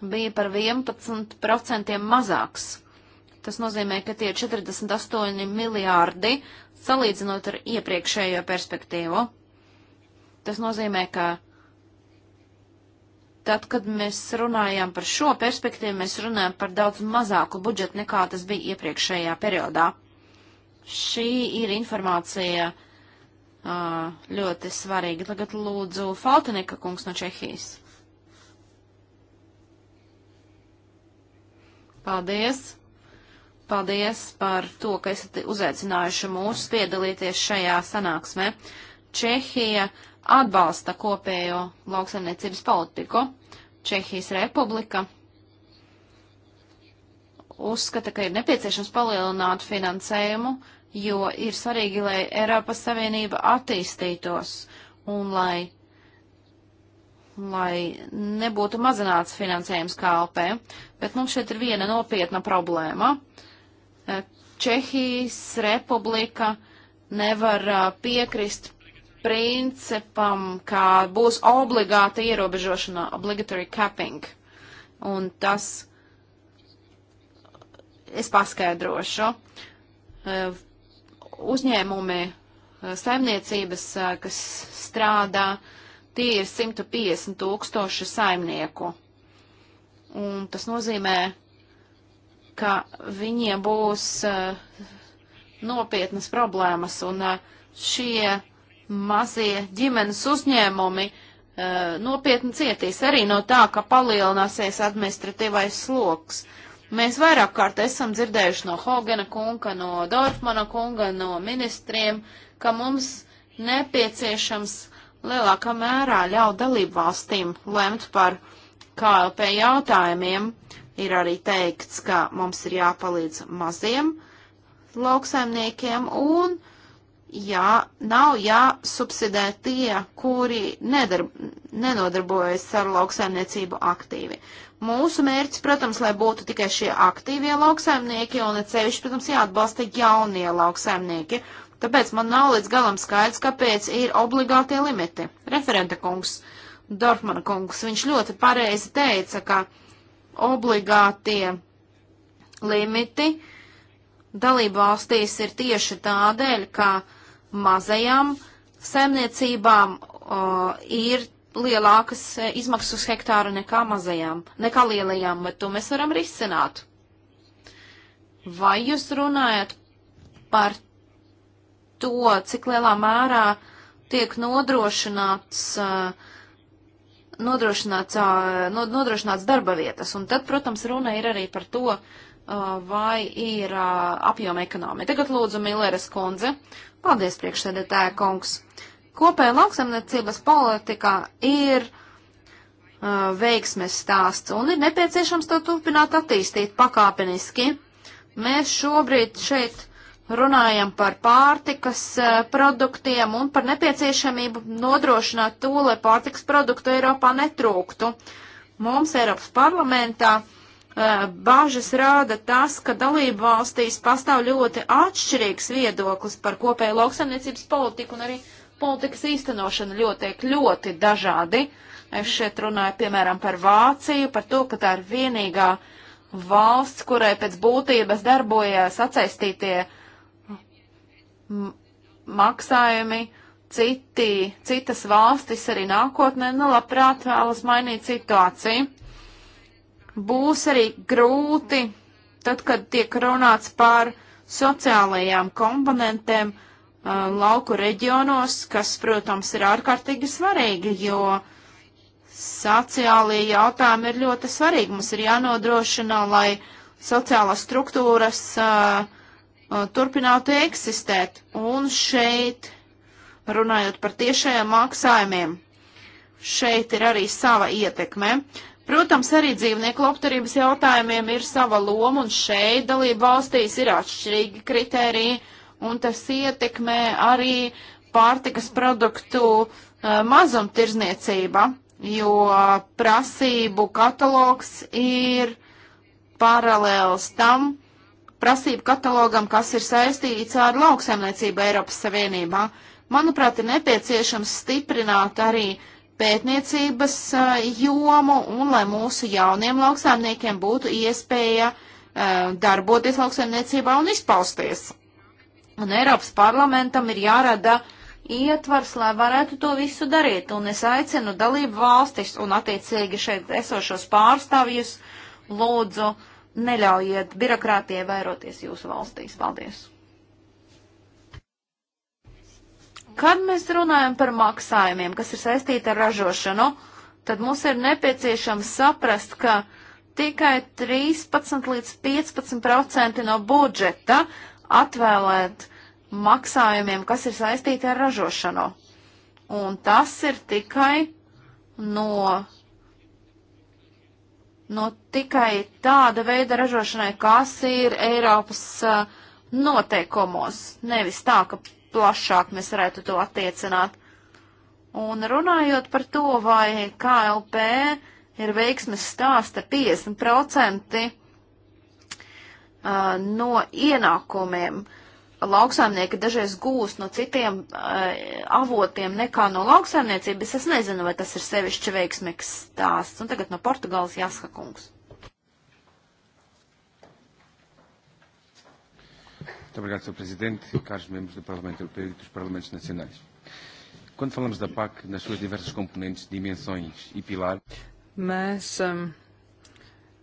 bija par 11% mazāks. Tas nozīmē, ka tie 48 miljārdi salīdzinot ar iepriekšējo perspektīvu. Tas nozīmē, ka Tad, kad mēs runājām par šo perspektīvu, mēs runājām par daudz mazāku budžetu nekā tas bija iepriekšējā periodā. Šī ir informācija ļoti svarīga. Tagad lūdzu Faltenika kungs no Čehijas. Paldies! Paldies par to, ka esat uzaicinājuši mūs piedalīties šajā sanāksmē. Čehija atbalsta kopējo lauksaimniecības politiku. Čehijas republika uzskata, ka ir nepieciešams palielināt finansējumu, jo ir svarīgi, lai Eiropas Savienība attīstītos un lai, lai nebūtu mazināts finansējums KLP. Bet mums šeit ir viena nopietna problēma. Čehijas republika nevar piekrist principam, ka būs obligāta ierobežošana, obligatory capping. Un tas es paskaidrošu. Eh, uzņēmumi, eh, saimniecības, eh, kas strādā, tie ir 150 tūkstoši saimnieku. Un tas nozīmē, ka viņiem būs nopietnas problēmas un šie mazie ģimenes uzņēmumi uh, nopietni cietīs arī no tā, ka palielināsies administratīvais sloks. Mēs vairāk kārt esam dzirdējuši no Hogana kunga, no Dorfmana kunga, no ministriem, ka mums nepieciešams lielākā mērā ļaut dalību valstīm lemt par KLP jautājumiem. Ir arī teikts, ka mums ir jāpalīdz maziem lauksaimniekiem un uh, jā, nav jāsubsidē tie, kuri nedarb, nenodarbojas ar lauksaimniecību aktīvi. Mūsu mērķis, protams, lai būtu tikai šie aktīvie lauksaimnieki, un cevišķi, protams, jāatbalsta jaunie lauksaimnieki. Tāpēc man nav līdz galam skaidrs, kāpēc ir obligātie limiti. Referenta kungs, Dorfmana kungs, viņš ļoti pareizi teica, ka obligātie limiti dalību valstīs ir tieši tādēļ, ka uh, mazajām saimniecībām uh, ir lielākas e, izmaksas uz hektāru nekā mazajām, nekā lielajām, bet to mēs varam risināt. Vai jūs runājat par to, cik lielā mērā tiek nodrošināts, e, nodrošināts, e, nodrošināts darba vietas? Un tad, protams, runa ir arī par to, uh, Uh, vai ir uh, apjoma ekonomija. Tagad lūdzu Milleres kundze. Paldies, priekšsēdētāja kungs. Kopēja lauksamniecības politikā ir uh, veiksmes stāsts un ir nepieciešams to turpināt attīstīt pakāpeniski. Mēs šobrīd šeit runājam par pārtikas uh, produktiem un par nepieciešamību nodrošināt to, lai pārtikas produktu Eiropā netrūktu. Mums Eiropas parlamentā uh, Eh, Bāžas rāda tas, ka dalību valstīs pastāv ļoti atšķirīgs viedoklis par kopēju lauksaimniecības politiku un arī politikas īstenošana ļoti, ļoti dažādi. Es šeit runāju, piemēram, par Vāciju, par to, ka tā ir vienīgā valsts, kurai pēc būtības darbojas atsaistītie maksājumi, citi, citas valstis arī nākotnē, nu, labprāt vēlas mainīt situāciju būs arī grūti, tad, kad tiek runāts par sociālajām komponentēm uh, lauku reģionos, kas, protams, ir ārkārtīgi svarīgi, jo sociālie jautājumi ir ļoti svarīgi. Mums ir jānodrošina, lai sociālās struktūras uh, uh, turpinātu eksistēt. Un šeit, runājot par tiešajiem maksājumiem, šeit ir arī sava ietekme. Protams, arī dzīvnieku labturības jautājumiem ir sava loma, un šeit dalība valstīs ir atšķirīgi kritēriji, un tas ietekmē arī pārtikas produktu uh, mazumtirzniecība, jo prasību katalogs ir paralēls tam prasību katalogam, kas ir saistīts ar lauksaimniecību Eiropas Savienībā. Manuprāt, ir nepieciešams stiprināt arī uh, pētniecības jomu un lai mūsu jauniem lauksaimniekiem būtu iespēja darboties lauksaimniecībā un izpausties. Un Eiropas parlamentam ir jārada ietvars, lai varētu to visu darīt. Un es aicinu dalību valstis un attiecīgi šeit esošos pārstāvjus lūdzu neļaujiet birokrātie vairoties jūsu valstīs. Paldies! Kad mēs runājam par maksājumiem, kas ir saistīti ar ražošanu, tad mums ir nepieciešams saprast, ka tikai 13 līdz 15% no budžeta atvēlēt maksājumiem, kas ir saistīti ar ražošanu. Un tas ir tikai no, no tikai tāda veida ražošanai, kas ir Eiropas uh, noteikumos, nevis tā, ka plašāk mēs varētu to attiecināt. Un runājot par to, vai KLP ir veiksmes stāsta 50% uh, no ienākumiem lauksaimnieki dažreiz gūst no citiem uh, avotiem nekā no lauksaimniecības. Es nezinu, vai tas ir sevišķi veiksmīgs stāsts. Un tagad no Portugāles jāsaka kungs. Muito obrigado, Sr. Presidente, caros membros do Parlamento Europeu e dos Parlamentos Nacionais. Quando falamos da PAC, nas suas diversas componentes, dimensões e pilar... Mēs um,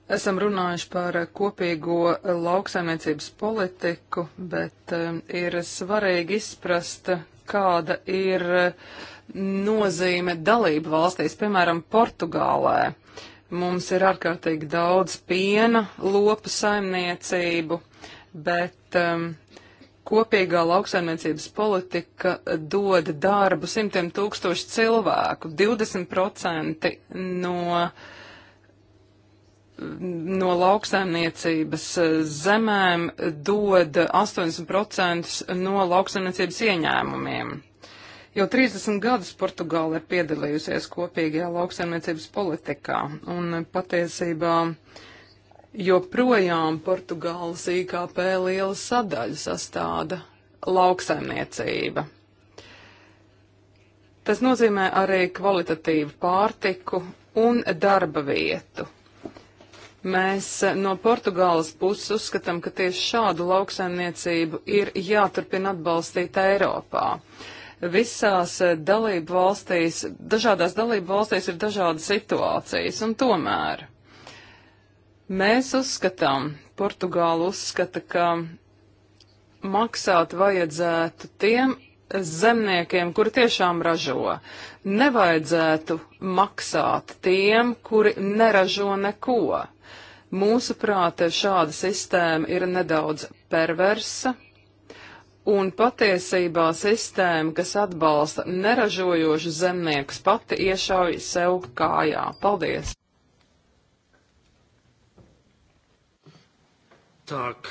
esam runājuši par kopīgo lauksaimniecības politiku, bet um, ir svarīgi izprast, kāda ir nozīme dalību valstīs, piemēram, Portugālē. Mums ir ārkārtīgi daudz piena, lopu saimniecību, bet bet um, kopīgā lauksaimniecības politika dod darbu simtiem tūkstošu cilvēku, 20% no no lauksaimniecības zemēm dod 80% no lauksaimniecības ieņēmumiem. Jau 30 gadus Portugāla ir piedalījusies kopīgajā lauksaimniecības politikā, un patiesībā uh, joprojām Portugāles IKP liela sadaļa sastāda lauksaimniecība. Tas nozīmē arī kvalitatīvu pārtiku un darba vietu. Mēs no Portugāles puses uzskatām, ka tieši šādu lauksaimniecību ir jāturpina atbalstīt Eiropā. Visās dalību valstīs, dažādās dalību valstīs ir dažādas situācijas, un tomēr Mēs uzskatām, Portugāla uzskata, ka maksāt vajadzētu tiem zemniekiem, kuri tiešām ražo. Nevajadzētu maksāt tiem, kuri neražo neko. Mūsuprāt, šāda sistēma ir nedaudz perversa, un patiesībā sistēma, kas atbalsta neražojošu zemniekus, pati iešauj sev kājā. Paldies! Tak.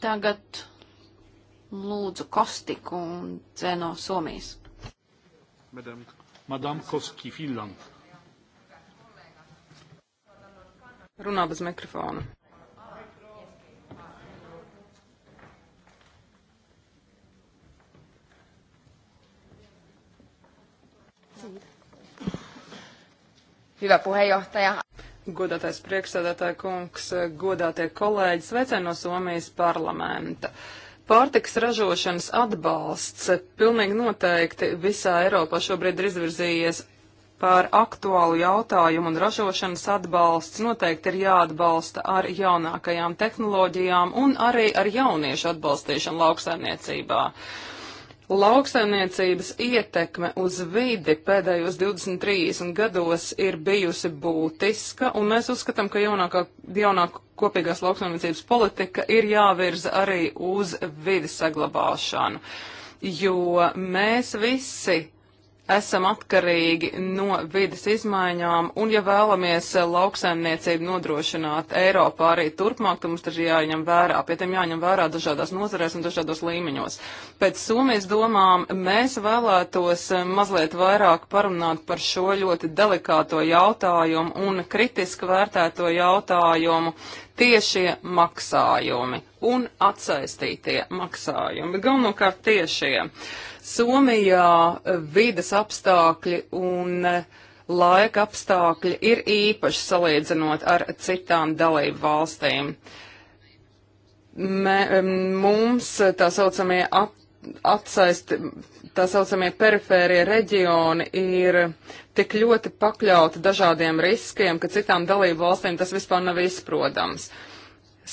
Tagad lūdzu Kostiku un Dzeno Somijas. Madam, Madam Koski, Finland. Runā bez mikrofona. Hyvä puheenjohtaja godātais priekšsēdētāja kungs, godātie kolēģi, sveicien no Somijas parlamenta. Pārtiks ražošanas atbalsts pilnīgi noteikti visā Eiropā šobrīd ir izvirzījies par aktuālu jautājumu un ražošanas atbalsts noteikti ir jāatbalsta ar jaunākajām tehnoloģijām un arī ar jauniešu atbalstīšanu lauksaimniecībā. Uh, Lauksaimniecības ietekme uz vidi pēdējos 20-30 gados ir bijusi būtiska, un mēs uzskatām, ka jaunākā, jaunākā kopīgās lauksaimniecības politika ir jāvirza arī uz vidi saglabāšanu, jo mēs visi esam atkarīgi no vidas izmaiņām, un ja vēlamies lauksaimniecību nodrošināt Eiropā arī turpmāk, tad mums taču jāņem vērā, pie tiem jāņem vērā dažādās nozarēs un dažādos līmeņos. Pēc Somijas domām mēs vēlētos mazliet vairāk parunāt par šo ļoti delikāto jautājumu un kritiski vērtēto jautājumu tiešie maksājumi un atsaistītie maksājumi, galvenokārt tiešie. Somijā eh, vides apstākļi un eh, laika apstākļi ir īpaši salīdzinot ar citām dalību valstīm. Me, mums tā saucamie at, atsaisti, tā saucamie perifērie reģioni ir tik ļoti pakļauti dažādiem riskiem, ka citām dalību valstīm tas vispār nav izprotams.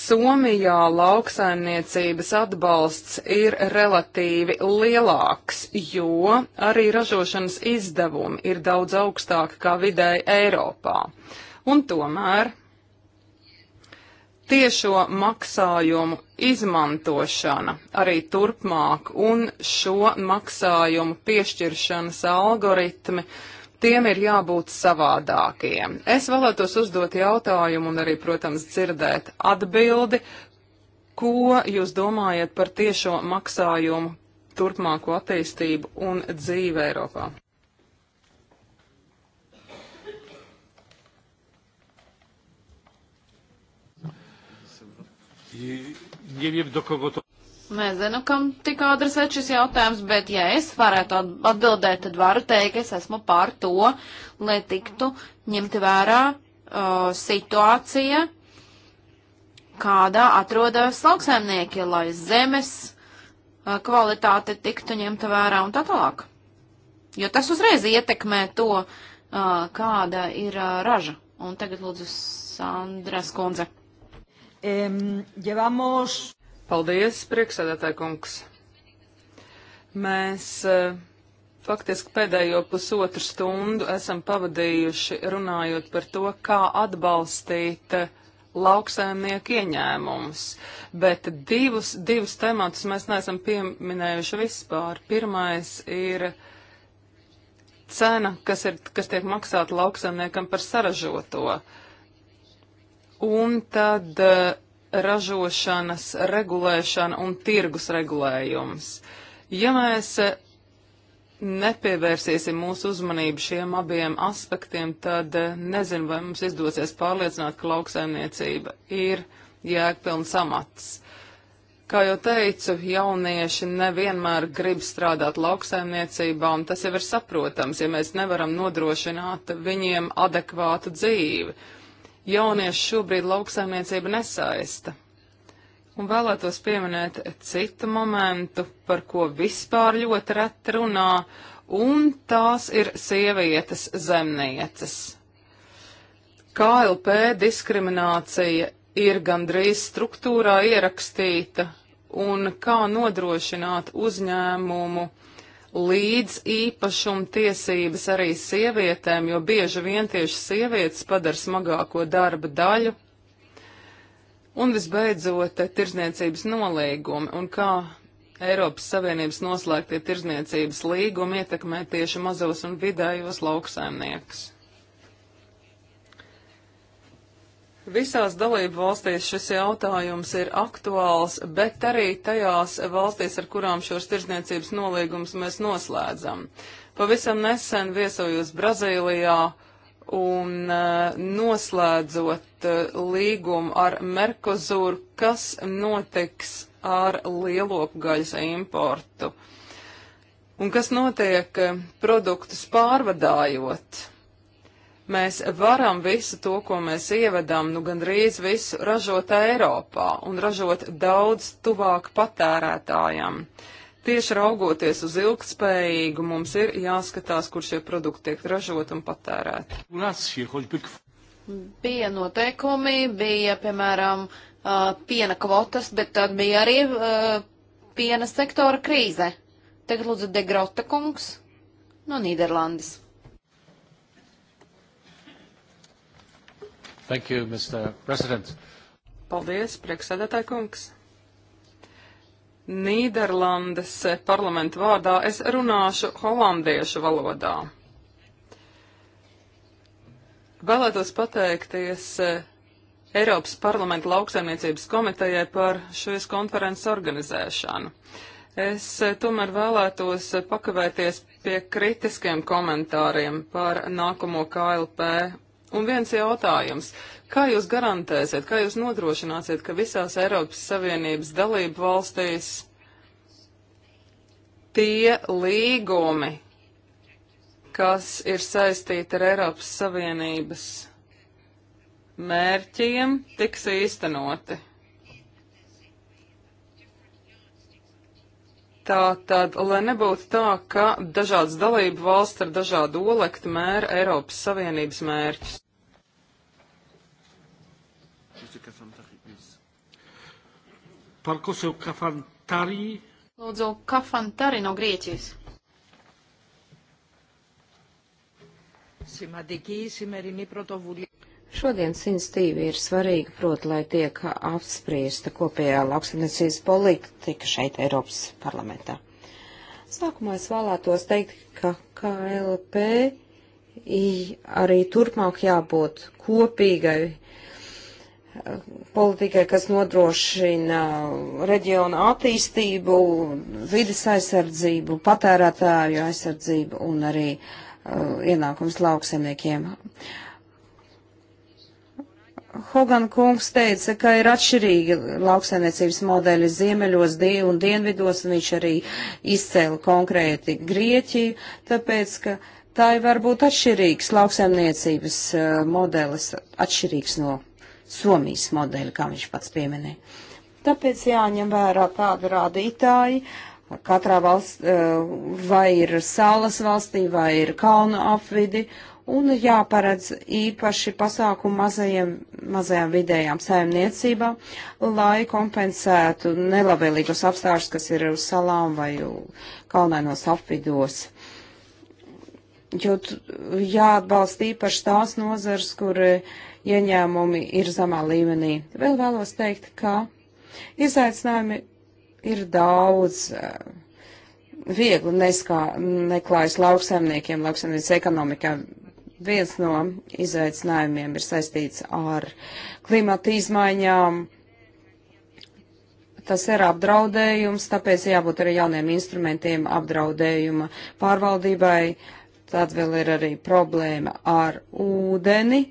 Somijā lauksaimniecības atbalsts ir relatīvi lielāks, jo arī ražošanas izdevumi ir daudz augstāki kā vidēji Eiropā. Un tomēr tiešo maksājumu izmantošana arī turpmāk un šo maksājumu piešķiršanas algoritmi uh, tiem ir jābūt savādākiem. Es vēlētos uzdot jautājumu un arī, protams, dzirdēt atbildi, ko jūs domājat par tiešo maksājumu turpmāko attīstību un dzīvi Eiropā? Nie wiem, do kogo to. Nezinu, kam tika adresēts šis jautājums, bet ja es varētu atbildēt, tad varu teikt, es esmu pār to, lai tiktu ņemti vērā uh, situācija, kādā atrodas lauksaimnieki, lai zemes uh, kvalitāte tiktu ņemta vērā un tā tālāk. Jo tas uzreiz ietekmē to, uh, kāda ir uh, raža. Un tagad lūdzu Sandra Skundze. Um, llevamos Paldies, priekšsēdētāji kungs. Mēs uh, faktiski pēdējo pusotru stundu esam pavadījuši runājot par to, kā atbalstīt eh, lauksaimnieku ieņēmumus, bet divus, divus tematus mēs neesam pieminējuši vispār. Pirmais ir cena, kas, ir, kas tiek maksāta lauksaimniekam par saražoto. Un tad uh, ražošanas regulēšana un tirgus regulējums. Ja mēs nepievērsīsim mūsu uzmanību šiem abiem aspektiem, tad eh, nezinu, vai mums izdosies pārliecināt, ka lauksaimniecība ir jēgpilns amats. Kā jau teicu, jaunieši nevienmēr grib strādāt lauksaimniecībā, un tas jau ir saprotams, ja mēs nevaram nodrošināt viņiem adekvātu dzīvi jaunieši šobrīd lauksaimniecība nesaista. Un vēlētos pieminēt citu momentu, par ko vispār ļoti reti runā, un tās ir sievietes zemnieces. KLP diskriminācija ir gandrīz struktūrā ierakstīta, un kā nodrošināt uzņēmumu uh, līdz īpašuma tiesības arī sievietēm, jo bieži vien tieši sievietes padara smagāko darba daļu. Un visbeidzot, tirzniecības nolīgumi un kā Eiropas Savienības noslēgtie tirzniecības līgumi ietekmē tieši mazos un vidējos lauksaimniekus. Visās dalību valstīs šis jautājums ir aktuāls, bet arī tajās valstīs, ar kurām šos tirdzniecības nolīgumus mēs noslēdzam. Pavisam nesen viesojos Brazīlijā un eh, noslēdzot eh, līgumu ar Merkozūru, kas notiks ar lielopgaļas importu. Un kas notiek eh, produktus pārvadājot? Mēs varam visu to, ko mēs ievedam, nu gandrīz visu ražot Eiropā un ražot daudz tuvāk patērētājam. Tieši raugoties uz ilgtspējīgu, mums ir jāskatās, kur šie produkti tiek ražot un patērēt. Bija noteikumi, bija, piemēram, piena kvotas, bet tad bija arī piena sektora krīze. Tagad lūdzu Degrota kungs no Nīderlandes. Thank you, Mr. President. Paldies, priekšsēdētāji kungs. Nīderlandes parlamentu vārdā es runāšu holandiešu valodā. Vēlētos pateikties eh, Eiropas parlamenta lauksaimniecības komitejai par šīs konferences organizēšanu. Es eh, tomēr vēlētos pakavēties pie kritiskiem komentāriem par nākamo KLP Un viens jautājums. Kā jūs garantēsiet, kā jūs nodrošināsiet, ka visās Eiropas Savienības dalību valstīs tie līgumi, kas ir saistīti ar Eiropas Savienības mērķiem, tiks īstenoti? Tā tad, lai nebūtu tā, ka dažādas dalību valsts ar dažādu olektu mēra Eiropas Savienības mērķus. Parkosu Kafantari. Lūdzu, Kafantari no Grieķijas. Σημαντική η σημερινή πρωτοβουλία. Šodienas institīva ir svarīga, proti, lai tiek apspriesta kopējā lauksaimniecības politika šeit Eiropas parlamentā. Sākumā es vēlētos teikt, ka KLP arī turpmāk jābūt kopīgai eh, politikai, kas nodrošina reģiona attīstību, vidas aizsardzību, patērētāju aizsardzību un arī uh, ienākums lauksemniekiem. Uh, Hogan kungs teica, ka ir atšķirīgi lauksainiecības modeļi ziemeļos die un dienvidos, un viņš arī izcēla konkrēti Grieķiju, tāpēc, ka tā ir varbūt atšķirīgs lauksainiecības uh, modelis, atšķirīgs no Somijas modeļa, kā viņš pats pieminēja. Tāpēc jāņem vērā tādi rādītāji, katrā valsts, vai ir salas valstī, vai ir kalnu apvidi, un jāparedz īpaši pasākumu mazajiem, mazajām vidējām saimniecībām, lai kompensētu nelabvēlīgos apstākļus, kas ir uz salām vai kalnainos apvidos. Jo jāatbalsta īpaši tās nozars, kur e, ieņēmumi ir zemā līmenī. Vēl vēlos teikt, ka izaicinājumi ir daudz e, viegli neskā, neklājas lauksaimniekiem, lauksaimniecības ekonomikā Viens no izaicinājumiem ir saistīts ar klimata izmaiņām. Tas ir apdraudējums, tāpēc jābūt arī jauniem instrumentiem apdraudējuma pārvaldībai. Tad vēl ir arī problēma ar ūdeni.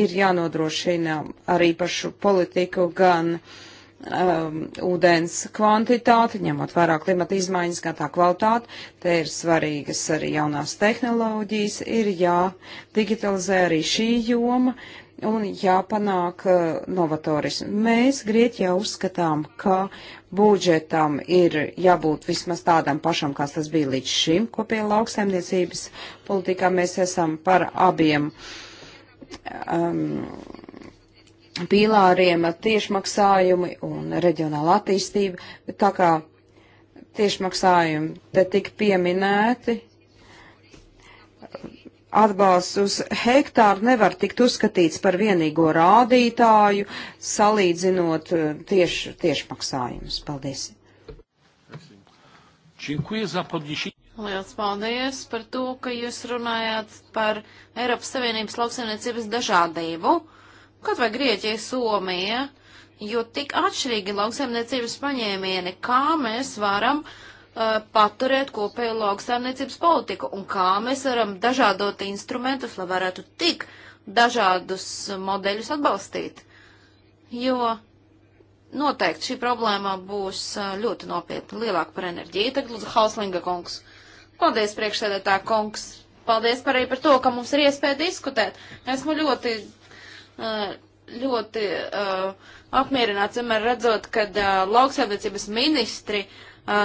Ir jānodrošina ar īpašu politiku gan uh, um, ūdens kvantitāti, ņemot vērā klimata izmaiņas, kā tā kvalitāte. Te ir svarīgas arī jaunās tehnoloģijas, ir jādigitalizē arī šī joma un jāpanāk uh, novatorismu. Mēs Grieķijā uzskatām, ka budžetam ir jābūt vismaz tādam pašam, kāds tas bija līdz šim kopējā lauksaimniecības politikā. Mēs esam par abiem. Um, pīlāriem tiešmaksājumi un reģionāla attīstība, bet tā kā tiešmaksājumi te tik pieminēti, atbalsts uz hektāru nevar tikt uzskatīts par vienīgo rādītāju, salīdzinot eh, tieši tiešmaksājumus. Paldies! Liels paldies par to, ka jūs runājāt par Eiropas Savienības lauksaimniecības dažādību kaut vai Grieķija, Somija, jo tik atšķirīgi lauksaimniecības paņēmieni, kā mēs varam uh, paturēt kopēju lauksaimniecības politiku un kā mēs varam dažādot instrumentus, lai varētu tik dažādus modeļus atbalstīt. Jo noteikti šī problēma būs uh, ļoti nopietna, lielāka par enerģiju. Tagad lūdzu Hauslinga kungs. Paldies priekšsēdētā kungs. Paldies par arī par to, ka mums ir iespēja diskutēt. Esmu ļoti Eh, ļoti eh, apmierināts, vienmēr redzot, kad eh, lauksaimniecības ministri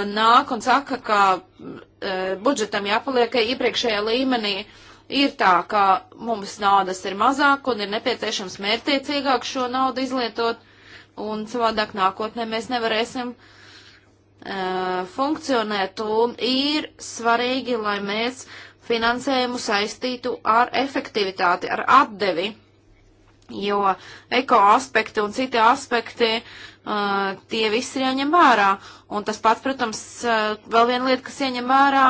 nāk un saka, ka budžetam jāpaliek iepriekšējā līmenī. Ir tā, ka mums naudas ir mazāk un ir nepieciešams mērtiecīgāk šo naudu izlietot, un savādāk nākotnē mēs nevarēsim uh, funkcionēt, un ir svarīgi, lai mēs finansējumu saistītu ar efektivitāti, ar atdevi jo eko aspekti un citi aspekti, uh, tie visi ir jāņem vērā. Un tas pats, protams, uh, vēl viena lieta, kas jāņem vērā,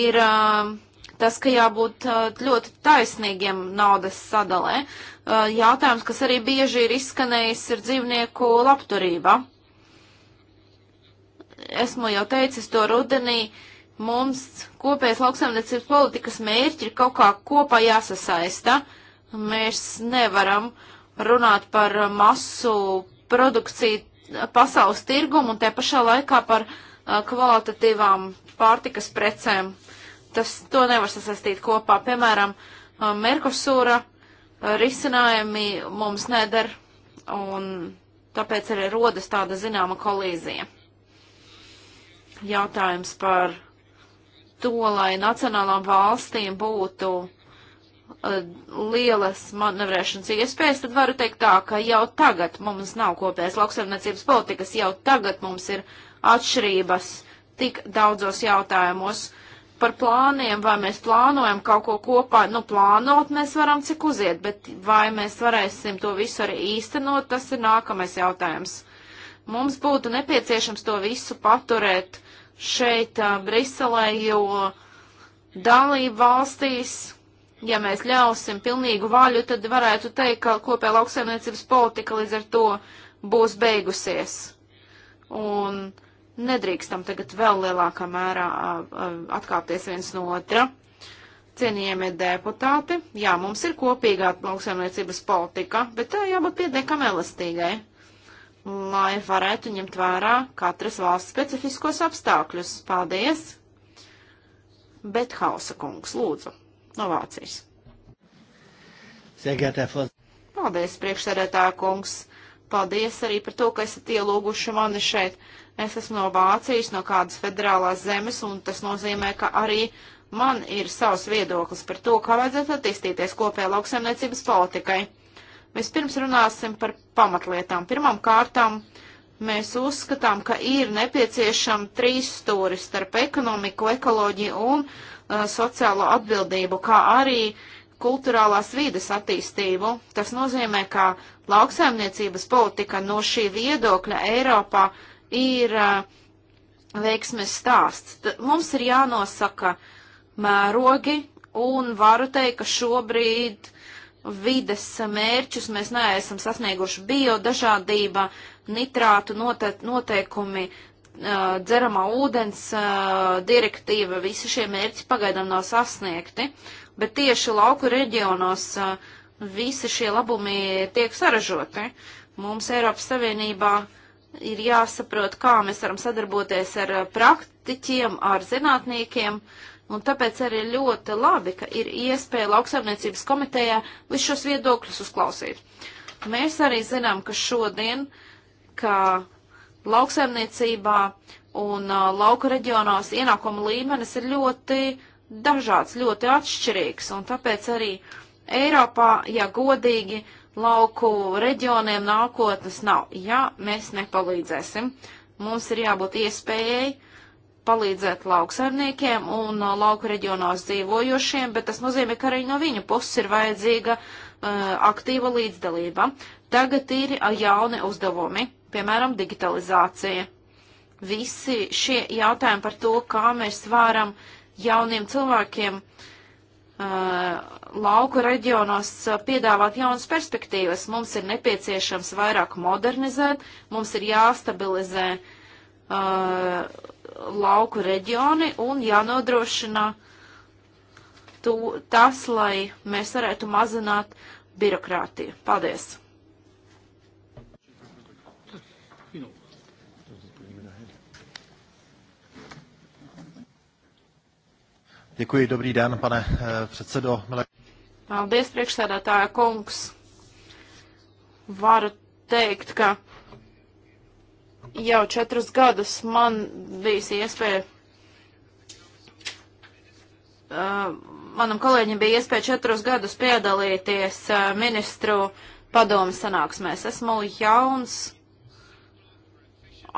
ir uh, tas, ka jābūt uh, ļoti taisnīgiem naudas sadalē. Uh, jautājums, kas arī bieži ir izskanējis, ir dzīvnieku labturība. Esmu jau teicis to rudenī, mums kopējas lauksaimniecības politikas mērķi ir kaut kā kopā jāsasaista. Uh, Mēs nevaram runāt par masu produkciju pasaules tirgumu un te pašā laikā par kvalitatīvām pārtikas precēm. Tas to nevar sasaistīt kopā. Piemēram, Merkosūra risinājumi mums neder un tāpēc arī rodas tāda zināma kolīzija. Jautājums par to, lai nacionālām valstīm būtu Uh, lielas manevrēšanas iespējas, tad varu teikt tā, ka jau tagad mums nav kopējas lauksaimniecības politikas, jau tagad mums ir atšķirības tik daudzos jautājumos par plāniem, vai mēs plānojam kaut ko kopā, nu plānot mēs varam cik uziet, bet vai mēs varēsim to visu arī īstenot, tas ir nākamais jautājums. Mums būtu nepieciešams to visu paturēt šeit, uh, Briselē, jo dalību valstīs ja mēs ļausim pilnīgu vaļu, tad varētu teikt, ka kopējā lauksaimniecības politika līdz ar to būs beigusies. Un nedrīkstam tagad vēl lielākā mērā atkāpties viens no otra. Cienījamie deputāti, jā, mums ir kopīgā lauksaimniecības politika, bet tā jābūt pietiekam elastīgai, lai varētu ņemt vērā katras valsts specifiskos apstākļus. Paldies! Bet Hausa kungs, lūdzu! no Vācijas. Paldies, priekšsēdētā kungs. Paldies arī par to, ka esat ielūguši mani šeit. Es esmu no Vācijas, no kādas federālās zemes, un tas nozīmē, ka arī man ir savs viedoklis par to, kā vajadzētu attīstīties kopējā lauksaimniecības politikai. Vispirms runāsim par pamatlietām. Pirmām kārtām mēs uzskatām, ka ir nepieciešama trīs stūri starp ekonomiku, ekoloģiju un Uh, sociālo atbildību, kā arī kultūrālās vīdes attīstību. Tas nozīmē, ka lauksaimniecības politika no šī viedokļa Eiropā ir uh, veiksmes stāsts. T mums ir jānosaka mērogi, un varu teikt, ka šobrīd vides mērķus mēs neesam sasnieguši bio dažādība, nitrātu note, noteikumi dzeramā ūdens direktīva, visi šie mērķi pagaidām nav sasniegti, bet tieši lauku reģionos visi šie labumi tiek saražoti. Mums Eiropas Savienībā ir jāsaprot, kā mēs varam sadarboties ar praktiķiem, ar zinātniekiem, un tāpēc arī ļoti labi, ka ir iespēja lauksaimniecības komitejā visus šos viedokļus uzklausīt. Mēs arī zinām, ka šodien, ka lauksaimniecībā un uh, lauka reģionos ienākuma līmenis ir ļoti dažāds, ļoti atšķirīgs, un tāpēc arī Eiropā, ja godīgi, lauku reģioniem nākotnes nav, ja mēs nepalīdzēsim. Mums ir jābūt iespējai palīdzēt lauksaimniekiem un uh, lauku reģionos dzīvojošiem, bet tas nozīmē, ka arī no viņu puses ir vajadzīga uh, aktīva līdzdalība. Tagad ir jauni uzdevumi piemēram, digitalizācija. Visi šie jautājumi par to, kā mēs varam jauniem cilvēkiem uh, lauku reģionos piedāvāt jaunas perspektīvas. Mums ir nepieciešams vairāk modernizēt, mums ir jāstabilizē uh, lauku reģioni un jānodrošina tu, tas, lai mēs varētu mazināt birokrātiju. Paldies! Děkuji, dobrý den, pane eh, předsedo. Paldies, priekšsēdētāja kungs. Varu teikt, ka jau četrus gadus man bijis iespēja, uh, manam kolēģim bija iespēja četrus gadus piedalīties uh, ministru padomu sanāksmēs. Esmu jauns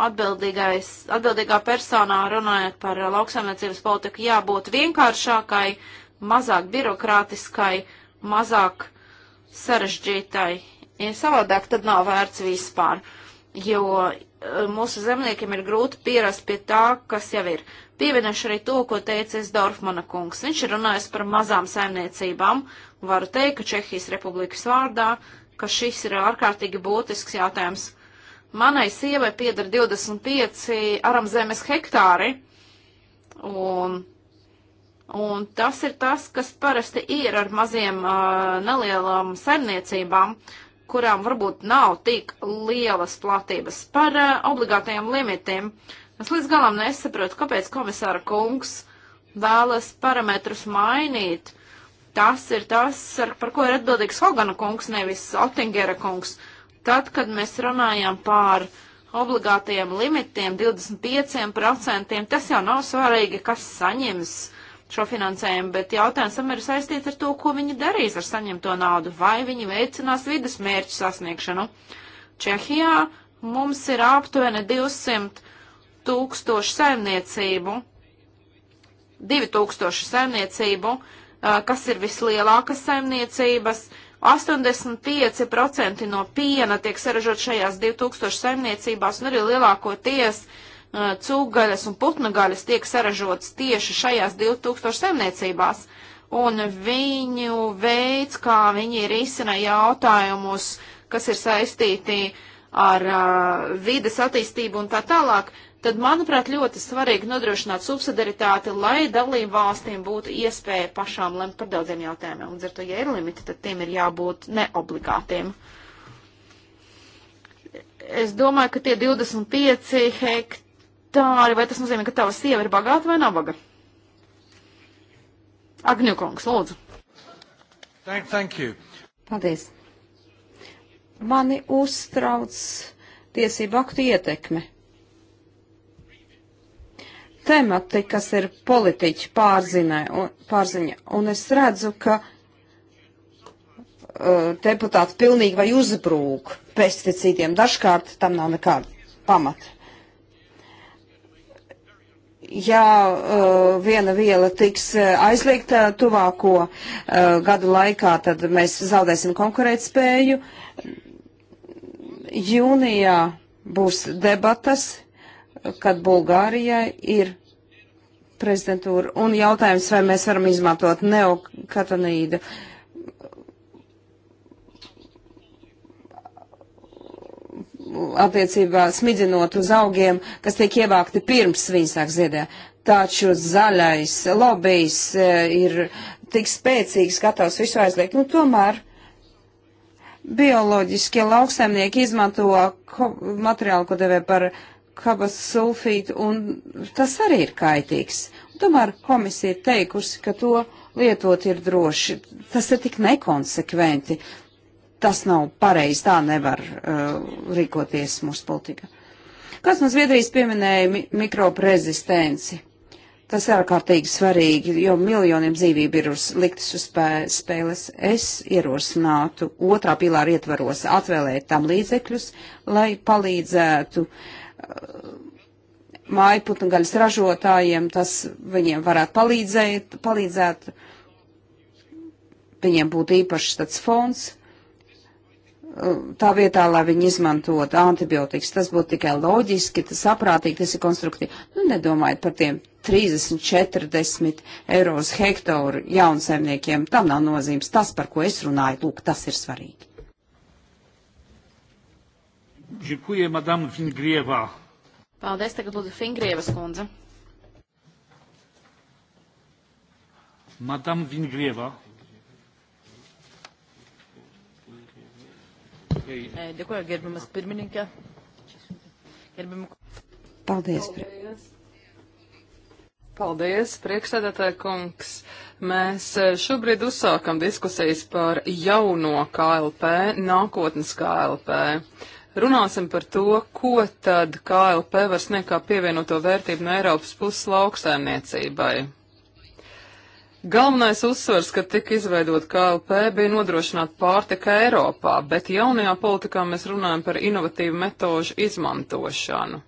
atbildīgā personā runājot par lauksaimniecības politiku jābūt vienkāršākai, mazāk birokrātiskai, mazāk sarežģītai. Ja savādāk tad nav vērts vispār, jo eh, mūsu zemniekiem ir grūti pierast pie tā, kas jau ir. Pievienošu arī to, ko teicis Dorfmana kungs. Viņš ir runājis par mazām saimniecībām. Varu teikt, ka Čehijas republikas vārdā, ka šis ir ārkārtīgi būtisks jautājums. Manai sievai pieder 25 aramzemes hektāri, un, un tas ir tas, kas parasti ir ar maziem uh, nelielām saimniecībām, kurām varbūt nav tik lielas platības par uh, obligātajiem limitiem. Es līdz galam nesaprotu, kāpēc komisāra kungs vēlas parametrus mainīt. Tas ir tas, ar, par ko ir atbildīgs Hogana kungs, nevis Otingera kungs. Tad, kad mēs runājam par obligātajiem limitiem, 25%, tas jau nav svarīgi, kas saņems šo finansējumu, bet jautājums tam ir saistīts ar to, ko viņi darīs ar saņemto naudu, vai viņi veicinās vidas mērķu sasniegšanu. Čehijā mums ir aptuveni 200 tūkstošu saimniecību, 2000 saimniecību, eh, kas ir vislielākas saimniecības, uh, 85% no piena tiek saražot šajās 2000 saimniecībās, un arī lielākoties uh, cūgaļas un putnagaļas tiek saražotas tieši šajās 2000 saimniecībās. Un viņu veids, kā viņi risina jautājumus, kas ir saistīti ar uh, vides attīstību un tā tālāk, uh, tad, manuprāt, ļoti svarīgi nodrošināt subsidaritāti, lai dalību valstīm būtu iespēja pašām lemt par daudziem jautājumiem. Līdz ar to, ja ir limiti, tad tiem ir jābūt neobligātiem. Es domāju, ka tie 25 hektāri, vai tas nozīmē, ka tava sieva ir bagāta vai nabaga? Agņukungs, lūdzu. Thank, thank you. Paldies. Mani uztrauc tiesību aktu ietekme temati, kas ir politiķi pārzinē, un, pārziņa, un es redzu, ka uh, deputāti pilnīgi vai uzbrūk pesticīdiem. Dažkārt tam nav nekāda pamata. Ja uh, viena viela tiks uh, aizliegta tuvāko uh, gadu laikā, tad mēs zaudēsim konkurētspēju. Jūnijā būs debatas kad Bulgārijai ir prezidentūra. Un jautājums, vai mēs varam izmantot neokatanīdu. attiecībā smidzinot uz augiem, kas tiek ievākti pirms viņi sāk ziedē. Taču zaļais lobijs e, ir tik spēcīgs, gatavs visu aizliegt. Nu, tomēr bioloģiskie lauksaimnieki izmanto ko, materiālu, ko devē par uh, kabas sulfītu, un tas arī ir kaitīgs. Un tomēr komisija ir teikusi, ka to lietot ir droši. Tas ir tik nekonsekventi. Tas nav pareizi, tā nevar uh, rīkoties mūsu politika. Kāds no Zviedrijas pieminēja mi mikroprezistenci? Tas ir ārkārtīgi svarīgi, jo miljoniem dzīvību ir uz, liktas uz spē, spēles. Es ierosinātu otrā pilāra ietvaros atvēlēt tam līdzekļus, lai palīdzētu uh, mājputnu gaļas ražotājiem, tas viņiem varētu palīdzēt, palīdzēt. Viņiem būtu īpašs tāds fonds, tā vietā, lai viņi izmantotu antibiotikas. Tas būtu tikai loģiski, tas saprātīgi, tas ir konstruktīvi. Nu, nedomājiet par tiem 30, 40 eiro uz hektāru jaunsaimniekiem, tam nav nozīmes. Tas, par ko es runāju, lūk, tas ir svarīgi. Žikuja, madam Fingrievā. Paldies, tagad lūdzu Fingrievas kundze. Madam Vingrieva. Dėkuoju, gerbiamas pirmininkė. Gerbiam... Paldies. Paldies. Paldies, priekšsēdētāja kungs. Mēs e, šobrīd uzsākam diskusijas par jauno KLP, nākotnes KLP. Runāsim par to, ko tad KLP var sniegt kā pievienoto vērtību no Eiropas puses lauksaimniecībai. Galvenais uzsvers, kad tika izveidot KLP, bija nodrošināt pārtika Eiropā, bet jaunajā politikā mēs runājam par inovatīvu metožu izmantošanu.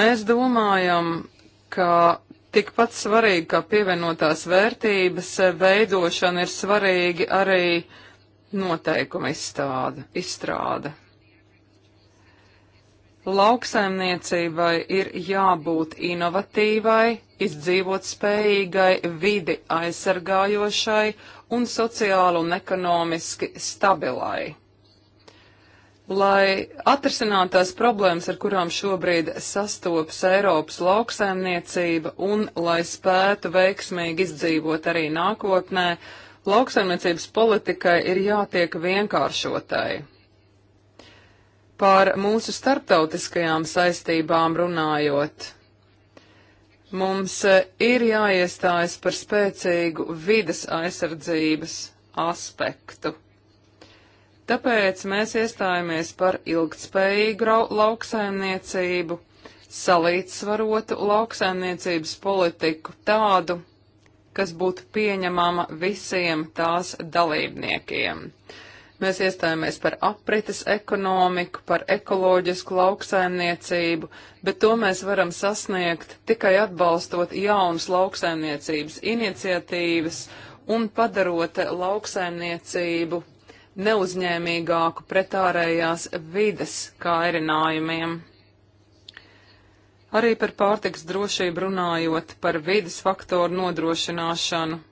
Mēs domājam, ka tikpat svarīgi kā pievienotās vērtības veidošana ir svarīgi arī noteikuma izstāde, izstrāde. Lauksaimniecībai ir jābūt inovatīvai, izdzīvot spējīgai, vidi aizsargājošai un sociāli un ekonomiski stabilai. Lai atrisinātās problēmas, ar kurām šobrīd sastopas Eiropas lauksaimniecība un lai spētu veiksmīgi izdzīvot arī nākotnē, lauksaimniecības politikai ir jātiek vienkāršotai. Par mūsu starptautiskajām saistībām runājot, mums e, ir jāiestājas par spēcīgu vidas aizsardzības aspektu. Tāpēc mēs iestājāmies par ilgtspējīgu lauksaimniecību, salīdzsvarotu lauksaimniecības politiku tādu, kas būtu pieņemama visiem tās dalībniekiem. Uh, Mēs iestājāmies par aprites ekonomiku, par ekoloģisku lauksaimniecību, bet to mēs varam sasniegt tikai atbalstot jaunas lauksaimniecības iniciatīvas un padarot lauksaimniecību neuzņēmīgāku pret ārējās vides kairinājumiem. Arī par pārtiks drošību runājot, par vides faktoru nodrošināšanu,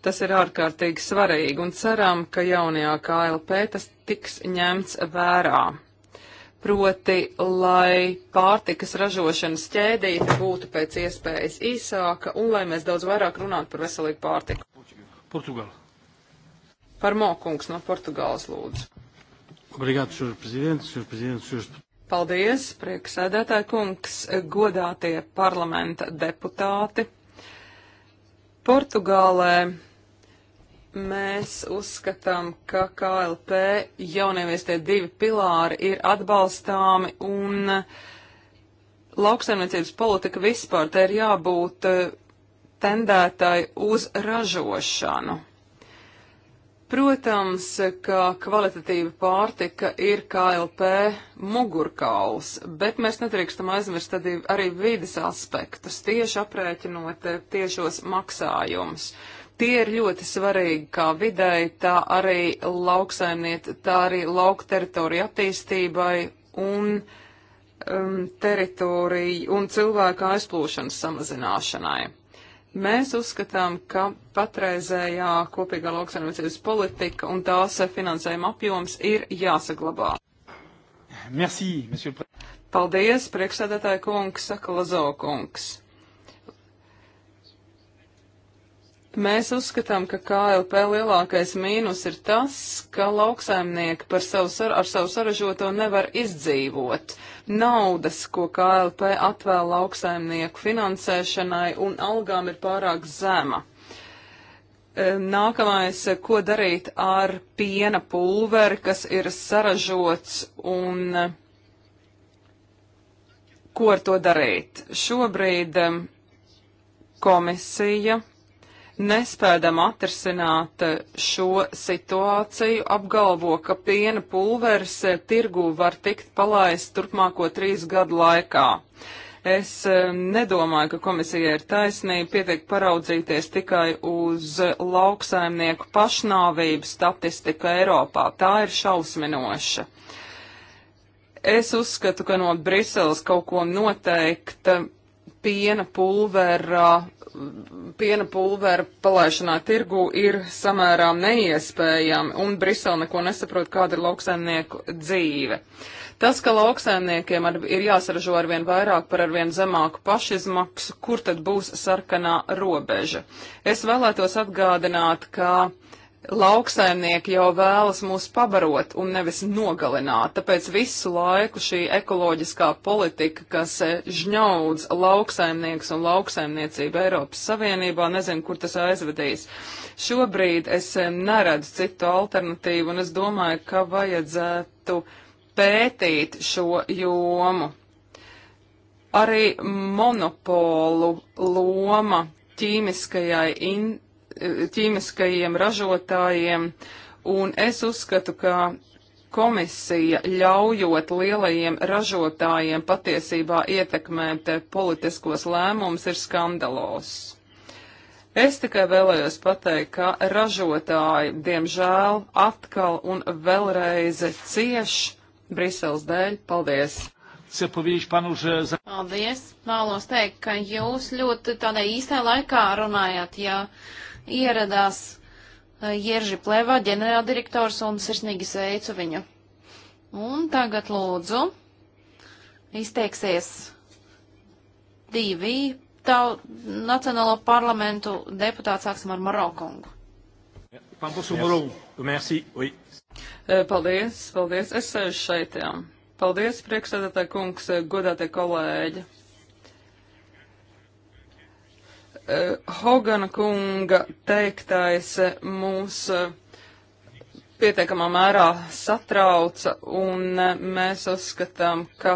Tas ir ārkārtīgi svarīgi un ceram, ka jaunajā KLP tas tiks ņemts vērā. Proti, lai pārtikas ražošanas ķēdīte būtu pēc iespējas īsāka un lai mēs daudz vairāk runātu par veselīgu pārtiku. Portugāla. Par mokungs no Portugāles lūdzu. Obrigado, senhor presidente, senhor presidente, senhores. Paldies, prieksēdētāji kungs, godātie parlamenta deputāti. Portugālē Mēs uzskatām, ka KLP jaunieviestie divi pilāri ir atbalstāmi un lauksaimniecības politika vispār te ir jābūt eh, tendētai uz ražošanu. Protams, ka kvalitatīva pārtika ir KLP mugurkauls, bet mēs nedrīkstam aizmirst arī vides aspektus, tieši aprēķinot eh, tiešos maksājumus. Uh, Tie ir ļoti svarīgi kā videi, tā arī lauksaimniet, tā arī lauka teritorija attīstībai un um, teritoriju un cilvēka aizplūšanas samazināšanai. Mēs uzskatām, ka patreizējā kopīgā lauksaimniecības politika un tās finansējuma apjoms ir jāsaglabā. Merci, Paldies, priekšsēdētāja kungs, saka Lazo kungs. Mēs uzskatām, ka KLP lielākais mīnus ir tas, ka lauksaimnieki par savu, ar savu saražoto nevar izdzīvot. Naudas, ko KLP atvēl lauksaimnieku finansēšanai un algām ir pārāk zema. Nākamais, ko darīt ar piena pulveri, kas ir saražots un ko ar to darīt? Šobrīd komisija nespēdam atrasināt šo situāciju, apgalvo, ka piena pulveris tirgū var tikt palaists turpmāko trīs gadu laikā. Es eh, nedomāju, ka komisija ir taisnība, pietiek paraudzīties tikai uz lauksaimnieku pašnāvību statistiku Eiropā. Tā ir šausminoša. Es uzskatu, ka no Briseles kaut ko noteikta piena pulvera piena pulvera palaišanā tirgu ir samērā neiespējami, un Brisele neko nesaprot, kāda ir lauksaimnieku dzīve. Tas, ka lauksaimniekiem ar, ir jāsaražo arvien vairāk par arvien zemāku pašizmaksu, kur tad būs sarkanā robeža? Es vēlētos atgādināt, ka. Kā lauksaimnieki jau vēlas mūs pabarot un nevis nogalināt, tāpēc visu laiku šī ekoloģiskā politika, kas žņaudz lauksaimnieks un lauksaimniecību Eiropas Savienībā, nezinu, kur tas aizvedīs. Šobrīd es neredzu citu alternatīvu un es domāju, ka vajadzētu pētīt šo jomu. Arī monopolu loma ķīmiskajai industrijai ķīmiskajiem ražotājiem, un es uzskatu, ka komisija ļaujot lielajiem ražotājiem patiesībā ietekmēt politiskos lēmumus ir skandalos. Es tikai vēlējos pateikt, ka ražotāji, diemžēl, atkal un vēlreiz cieš Briseles dēļ. Paldies! Paldies! Vēlos teikt, ka jūs ļoti tādā īstā laikā runājat, ja ieradās eh, Jerži Plevā, ģenerāldirektors, un sirsnīgi sveicu viņu. Un tagad lūdzu izteiksies divi tau, Nacionālo parlamentu deputāti, sāksim ar Marokongu. Eh, paldies, paldies, es sēžu šeit, jā. Paldies, priekšsēdētāji kungs, eh, godātie kolēģi. Eh, Hogana kunga teiktais mūs eh, pietiekamā mērā satrauca, un eh, mēs uzskatām, ka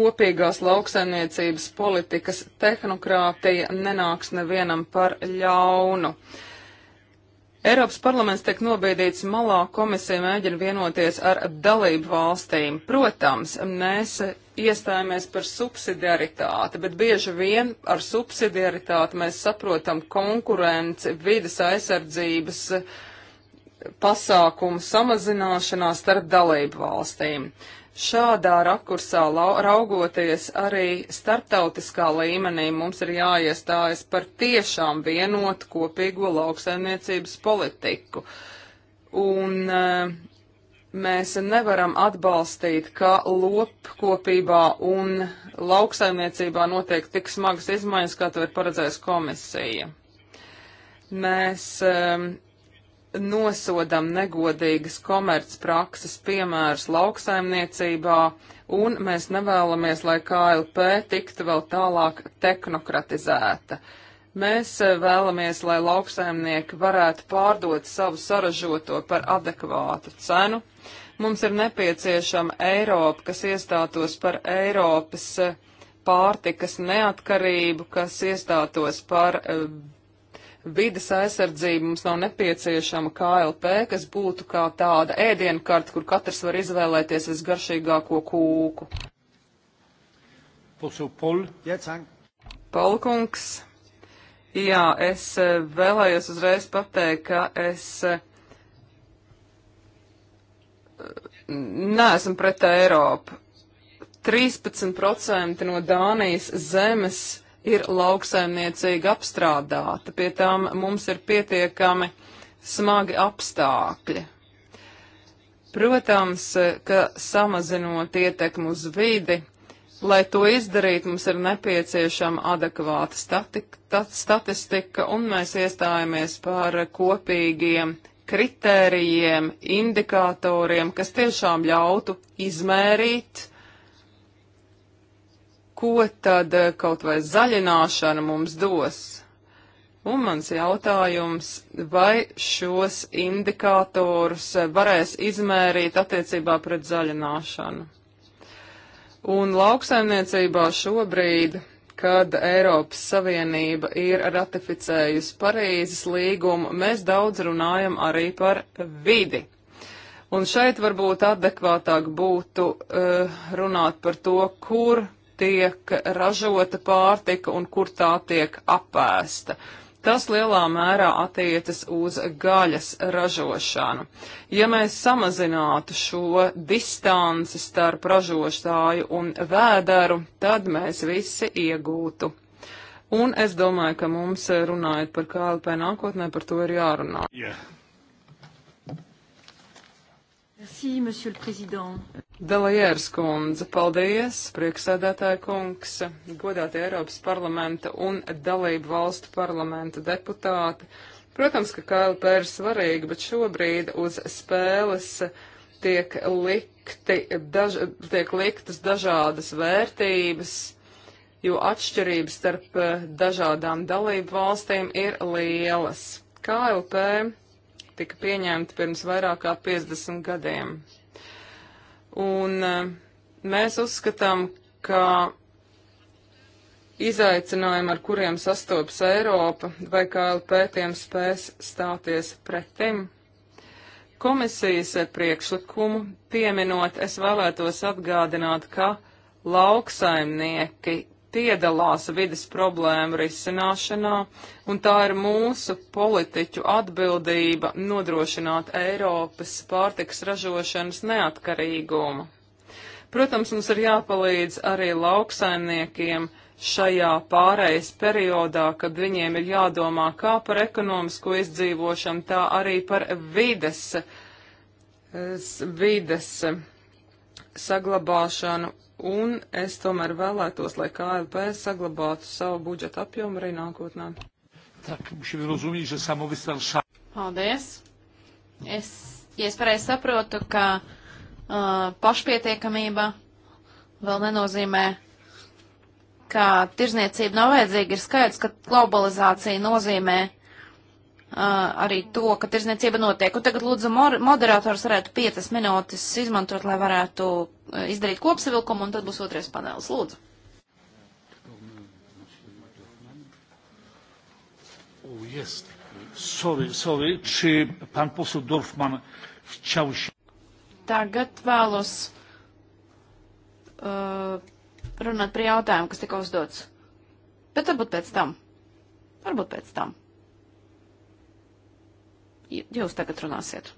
kopīgās lauksaimniecības politikas tehnokrātija nenāks nevienam par ļaunu. Uh, Eiropas parlaments tiek nobīdīts malā, komisija mēģina vienoties ar dalību valstīm. Protams, mēs iestājāmies par subsidiaritāti, bet bieži vien ar subsidiaritāti mēs saprotam konkurenci, vidas aizsardzības pasākumu samazināšanā starp dalību valstīm. Šādā rakursā raugoties arī starptautiskā līmenī mums ir jāiestājas par tiešām vienotu kopīgo lauksaimniecības politiku. Un eh, mēs nevaram atbalstīt, ka lopkopībā un lauksaimniecībā notiek tik smagas izmaiņas, kā to ir paredzējusi komisija. Mēs um, nosodam negodīgas komercprakses piemērus lauksaimniecībā, un mēs nevēlamies, lai KLP tiktu vēl tālāk tehnokratizēta. Mēs eh, vēlamies, lai lauksaimnieki varētu pārdot savu saražoto par adekvātu cenu. Mums ir nepieciešama Eiropa, kas iestātos par Eiropas eh, pārtikas neatkarību, kas iestātos par eh, Vides aizsardzība mums nav nepieciešama KLP, kas būtu kā tāda ēdienkarte, kur katrs var izvēlēties visgaršīgāko kūku. Polkungs, jā, es eh, vēlējos uzreiz pateikt, ka es eh, neesmu pret Eiropu. 13% no Dānijas zemes ir lauksaimniecīgi apstrādāta. Pie tām mums ir pietiekami smagi apstākļi. Protams, ka samazinot ietekmu uz vidi, lai to izdarītu, mums ir nepieciešama adekvāta statika, statistika, un mēs iestājamies par kopīgiem kritērijiem, indikatoriem, kas tiešām ļautu izmērīt ko tad eh, kaut vai zaļināšana mums dos? Un mans jautājums, vai šos indikātorus eh, varēs izmērīt attiecībā pret zaļināšanu? Un lauksaimniecībā šobrīd, kad Eiropas Savienība ir ratificējusi Parīzes līgumu, mēs daudz runājam arī par vidi. Un šeit varbūt adekvātāk būtu uh, runāt par to, kur tiek ražota pārtika un kur tā tiek apēsta. Tas lielā mērā attiecas uz gaļas ražošanu. Ja mēs samazinātu šo distanci starp ražotāju un vēderu, tad mēs visi iegūtu. Un es domāju, ka mums runājot par KLP nākotnē, par to ir jārunā. Yeah. Merci, monsieur le président. Delajērs kundze, paldies, prieksēdētāja kungs, godātie Eiropas parlamenta un dalību valstu parlamenta deputāti. Protams, ka KLP ir svarīga, bet šobrīd uz spēles tiek, likti, daž, tiek liktas dažādas vērtības, jo atšķirības starp dažādām dalību valstīm ir lielas. KLP tika pieņemti pirms vairāk kā 50 gadiem. Un eh, mēs uzskatām, ka Izaicinājumi, ar kuriem sastopas Eiropa, vai KLP tiem spēs stāties pretim? Komisijas priekšlikumu pieminot, es vēlētos atgādināt, ka lauksaimnieki piedalās vidas problēmu risināšanā, un tā ir mūsu politiķu atbildība nodrošināt Eiropas pārtiks ražošanas neatkarīgumu. Protams, mums ir jāpalīdz arī lauksaimniekiem šajā pārejas periodā, kad viņiem ir jādomā kā par ekonomisko izdzīvošanu, tā arī par vides, vides saglabāšanu un es tomēr vēlētos, lai KLP saglabātu savu budžeta apjomu arī nākotnē. Paldies! Es, ja es pareizi saprotu, ka uh, pašpietiekamība vēl nenozīmē, ka tirzniecība nav vajadzīga, ir skaidrs, ka globalizācija nozīmē uh, arī to, ka tirzniecība notiek. Un tagad lūdzu moderators varētu 5 minūtes izmantot, lai varētu izdarīt kopsavilkumu, un tad būs otrais panelis. Lūdzu. Oh, yes. Sorry, sorry. Czy pan poseł Dorfman chciał się... Tagad vēlos uh, runāt par jautājumu, kas tika uzdots. Bet varbūt pēc tam. Varbūt pēc tam jūs tagad runāsiet.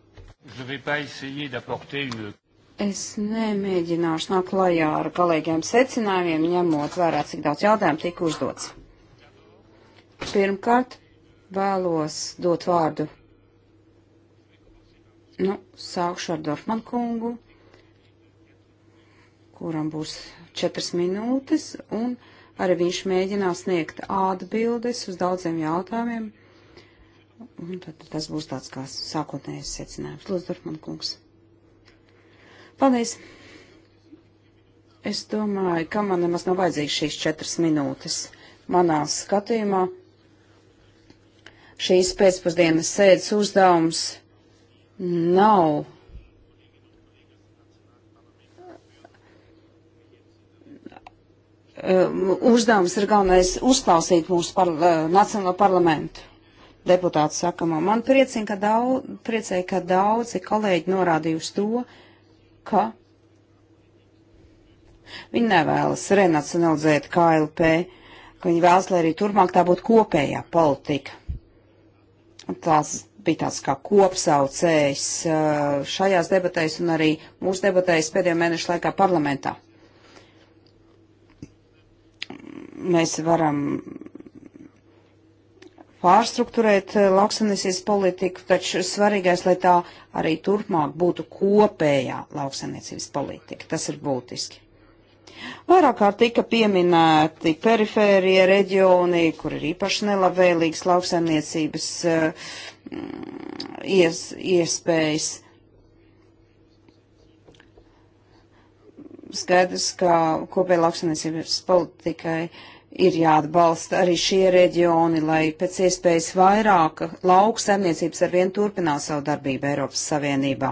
Es nemēģināšu nākt klajā ar galīgiem secinājumiem, ņemot vērā, cik daudz jautājumu tika uzdots. Pirmkārt, vēlos dot vārdu. Nu, sākšu ar Dorfman kungu, kuram būs četras minūtes, un arī viņš mēģinās sniegt atbildes uz daudziem jautājumiem, Un tad tas būs tāds kā sākotnējais secinājums. Lūdzu, Dorfman kungs. Paldies! Es domāju, ka man nemaz nav vajadzīgs šīs četras minūtes. Manā skatījumā šīs pēcpusdienas sēdes uzdevums nav um, uzdevums ir galvenais uzklausīt mūsu par, uh, nacionālo parlamentu deputātu sakamo. Man priecina, ka daudz, priecēja, ka daudzi kolēģi norādījuši to, ka viņi nevēlas renacionalizēt KLP, ka viņi vēlas, lai arī turpmāk tā būtu kopējā politika. Un tās bija tāds kā kopsaucējs uh, šajās debatēs un arī mūsu debatēs pēdējo mēnešu laikā parlamentā. Mēs varam pārstruktūrēt eh, lauksanisijas politiku, taču svarīgais, lai tā arī turpmāk būtu kopējā lauksanisijas politika. Tas ir būtiski. Vairāk kārt tika pieminēti perifērie reģioni, kur ir īpaši nelabvēlīgas lauksaimniecības eh, ies, iespējas. Skaidrs, ka kopēja lauksaimniecības politikai uh, ir jāatbalsta arī šie reģioni, lai pēc iespējas vairāk lauku saimniecības ar vien turpinās savu darbību Eiropas Savienībā.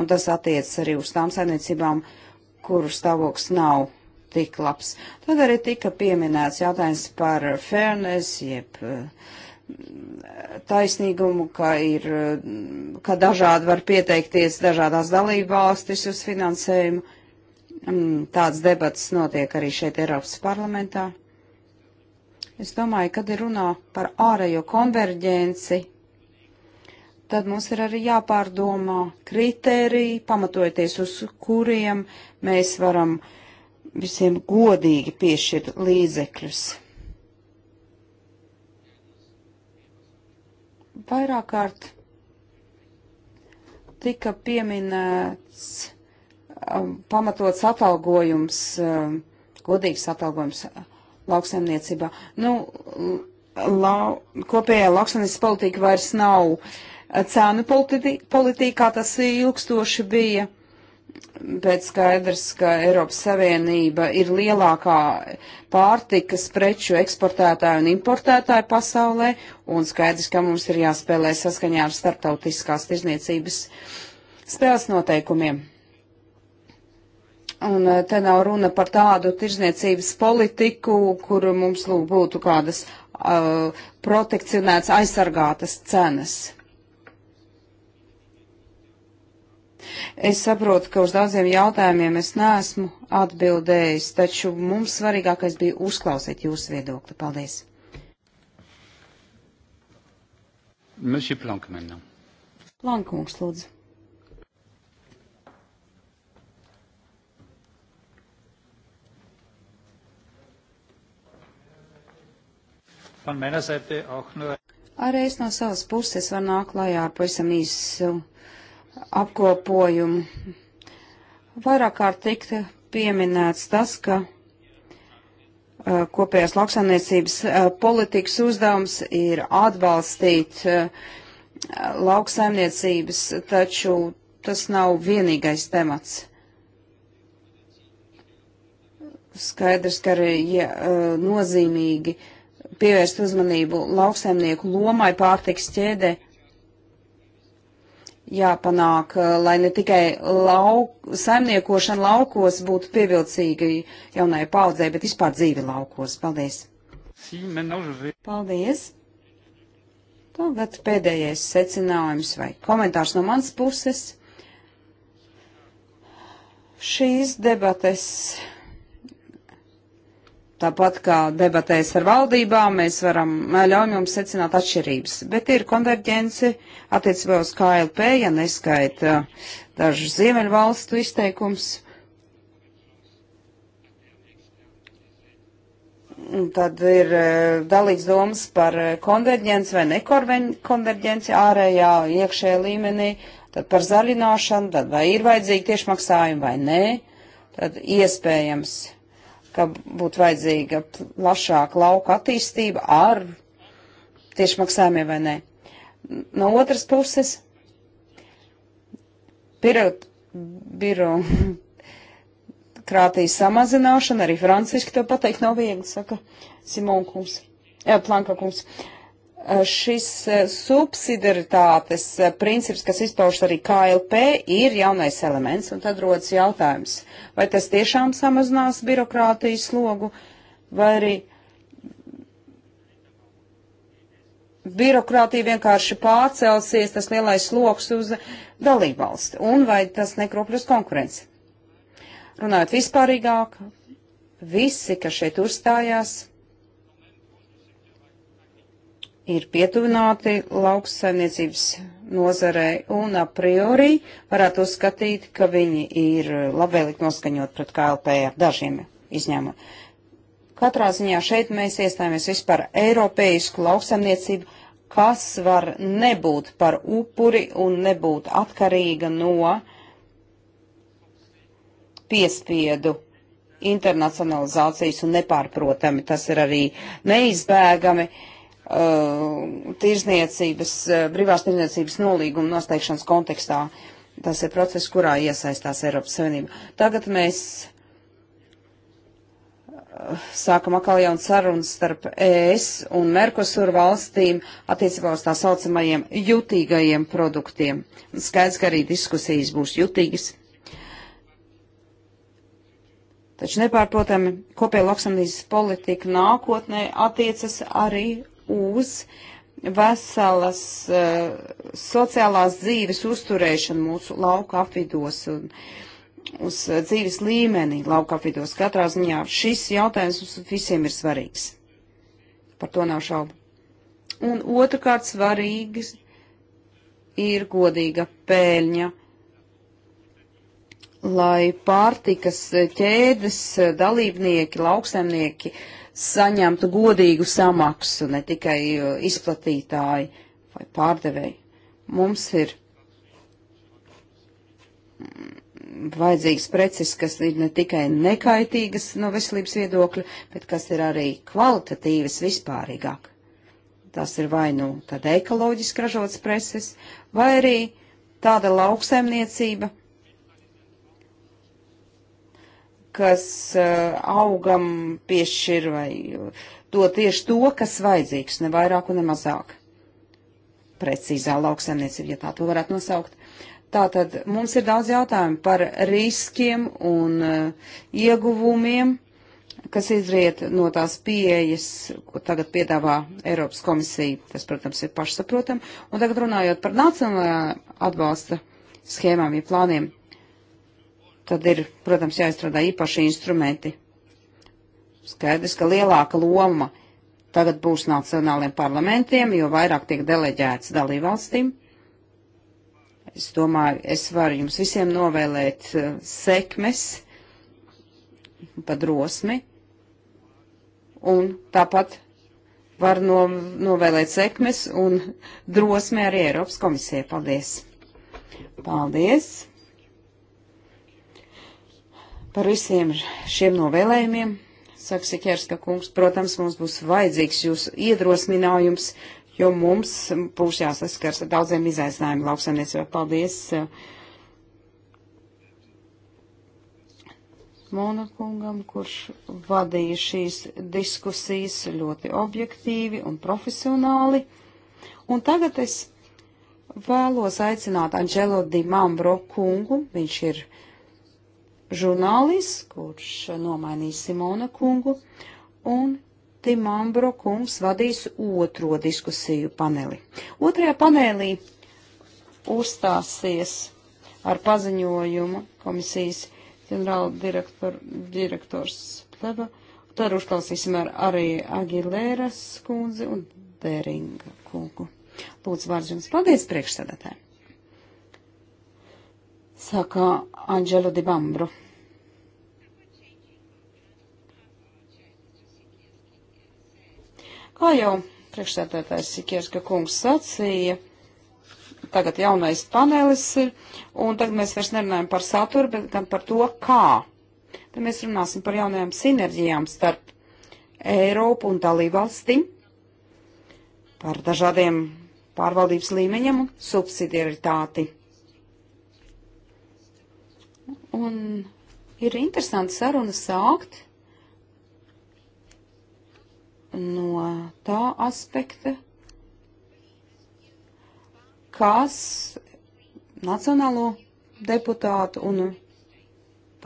Un tas attiecas arī uz tām saimniecībām, kuru stāvoklis nav tik labs. Tad arī tika pieminēts jautājums par fairness, jeb mm, taisnīgumu, ka ir, ka dažādi var pieteikties dažādās dalībvalstis uz finansējumu Tāds debats notiek arī šeit Eiropas parlamentā. Es domāju, kad ir runā par ārējo konverģenci, tad mums ir arī jāpārdomā kritēriji, pamatojoties uz kuriem mēs varam visiem godīgi piešķirt līdzekļus. Vairāk kārt tika pieminēts Um, pamatots atalgojums, um, godīgs atalgojums lauksaimniecībā. Nu, lau, kopējā lauksaimniecības politika vairs nav cēnu politi politikā, tas ilgstoši bija, bet skaidrs, ka Eiropas Savienība ir lielākā pārtikas preču eksportētāja un importētāja pasaulē, un skaidrs, ka mums ir jāspēlē saskaņā ar starptautiskās tirzniecības spēles noteikumiem. Un eh, te nav runa par tādu tirzniecības politiku, kur mums lūk, būtu kādas uh, protekcionētas, aizsargātas cenas. Es saprotu, ka uz daudziem jautājumiem es neesmu atbildējis, taču mums svarīgākais bija uzklausīt jūsu viedokli. Paldies! Plankungs, lūdzu. Arī es no savas puses varu nākt klajā ar pavisam īsu apkopojumu. Vairāk kārt tikt pieminēts tas, ka kopējās lauksaimniecības politikas uzdevums ir atbalstīt lauksaimniecības, taču tas nav vienīgais temats. Skaidrs, ka arī ja, nozīmīgi uh, pievērst uzmanību lauksaimnieku lomai pārtiks ķēdē. Jāpanāk, eh, lai ne tikai lauk, saimniekošana laukos būtu pievilcīga jaunai paudzei, bet vispār dzīve laukos. Paldies! Paldies! Tagad pēdējais secinājums vai komentārs no manas puses. Šīs debates Tāpat kā debatēs ar valdībām, mēs varam eh, ļaun jums secināt atšķirības, bet ir konverģenci attiecībā uz KLP, ja neskaita eh, dažu ziemeļu valstu izteikums. Un tad ir eh, dalīts domas par konverģenci vai nekonverģenci ārējā, iekšējā līmenī, tad par zaļināšanu, tad vai ir vajadzīgi tiešmaksājumi vai nē, tad iespējams ka būtu vajadzīga plašāka lauka attīstība ar tiešmaksājumiem vai nē. No otras puses, birokrātijas biro, samazināšana, arī franciski to pateikt nav viegli, saka Simonkungs, Plankakungs. kungs. Eh, šis eh, subsidaritātes eh, princips, kas izpaužas arī KLP, ir jaunais elements, un tad rodas jautājums, vai tas tiešām samazinās birokrātijas slogu, vai arī birokrātija vienkārši pārcelsies, tas lielais sloks uz dalībvalsti, un vai tas nekropļus konkurenci. Runājot vispārīgāk, visi, kas šeit uzstājās, ir pietuvināti lauksaimniecības nozarei un a priori varētu uzskatīt, ka viņi ir labvēlīgi noskaņot pret KLP ar dažiem izņēmumiem. Katrā ziņā šeit mēs iestājāmies vispār eiropeisku lauksaimniecību, kas var nebūt par upuri un nebūt atkarīga no piespiedu internacionalizācijas un nepārprotami tas ir arī neizbēgami. Uh, Uh, tirzniecības, uh, brīvās tirzniecības nolīguma nosteikšanas kontekstā. Tas ir process, kurā iesaistās Eiropas Savienība. Tagad mēs uh, sākam atkal jaunu sarunu starp ES un Merkosur valstīm attiecībā uz tā saucamajiem jutīgajiem produktiem. Skaidrs, ka arī diskusijas būs jutīgas. Taču nepārprotami kopēja lauksamnīcas politika nākotnē attiecas arī uz veselas uh, sociālās dzīves uzturēšanu mūsu lauka apvidos un uz eh, dzīves līmeni lauka apvidos. Katrā ziņā šis jautājums mums visiem ir svarīgs. Par to nav šaubu. Un otrkārt svarīgs ir godīga pēļņa lai pārtikas ķēdes dalībnieki, lauksaimnieki saņemtu godīgu samaksu, ne tikai uh, izplatītāji vai pārdevēji. Mums ir mm, vajadzīgas preces, kas ir ne tikai nekaitīgas no veselības viedokļa, bet kas ir arī kvalitatīvas vispārīgāk. Tas ir vai nu tāda ekoloģiski ražotas preces, vai arī tāda lauksaimniecība, kas eh, augam piešķir vai to tieši to, kas vajadzīgs, ne vairāk un ne mazāk. Precīzā lauksaimniecība, ja tā to varētu nosaukt. Tātad mums ir daudz jautājumu par riskiem un uh, ieguvumiem, kas izriet no tās pieejas, ko tagad piedāvā Eiropas komisija. Tas, protams, ir pašsaprotam. Un tagad runājot par nacionālajā atbalsta schēmām, ja plāniem, Tad ir, protams, jāizstrādā īpaši instrumenti. Skaidrs, ka lielāka loma tagad būs nacionāliem parlamentiem, jo vairāk tiek deleģēts dalībvalstīm. Es domāju, es varu jums visiem novēlēt eh, sekmes, padrosmi, un tāpat var no, novēlēt sekmes un drosmi arī Eiropas komisijai. Paldies! Paldies! par visiem šiem novēlējumiem. Saka Sikerska kungs, protams, mums būs vajadzīgs jūsu iedrosminājums, jo mums būs jāsaskars ar daudziem izaicinājumiem lauksaimniecībā. Paldies! Eh, Monakungam, kurš vadīja šīs diskusijas ļoti objektīvi un profesionāli. Un tagad es vēlos aicināt Anģelo Dimambro kungu, viņš ir uh, žurnālists, kurš nomainīja Simona kungu, un Timambro kungs vadīs otro diskusiju paneli. Otrajā panelī uzstāsies ar paziņojumu komisijas ģenerāla direktor, direktors Pleva. Tad uzklausīsim ar, arī Agilēras kundzi un Dēringa kungu. Lūdzu, vārds jums. Paldies, priekšsēdētāji! saka Anģelo Di Bambru. Kā jau priekšsēdētājs Sikierska kungs sacīja, tagad jaunais panelis ir, un tagad mēs vairs nerunājam par saturu, bet gan par to, kā. Tad mēs runāsim par jaunajām sinerģijām starp Eiropu un dalībvalstīm, par dažādiem pārvaldības līmeņiem un subsidiaritāti. Un ir interesanti sarunu sākt no tā aspekta, kas nacionālo deputātu un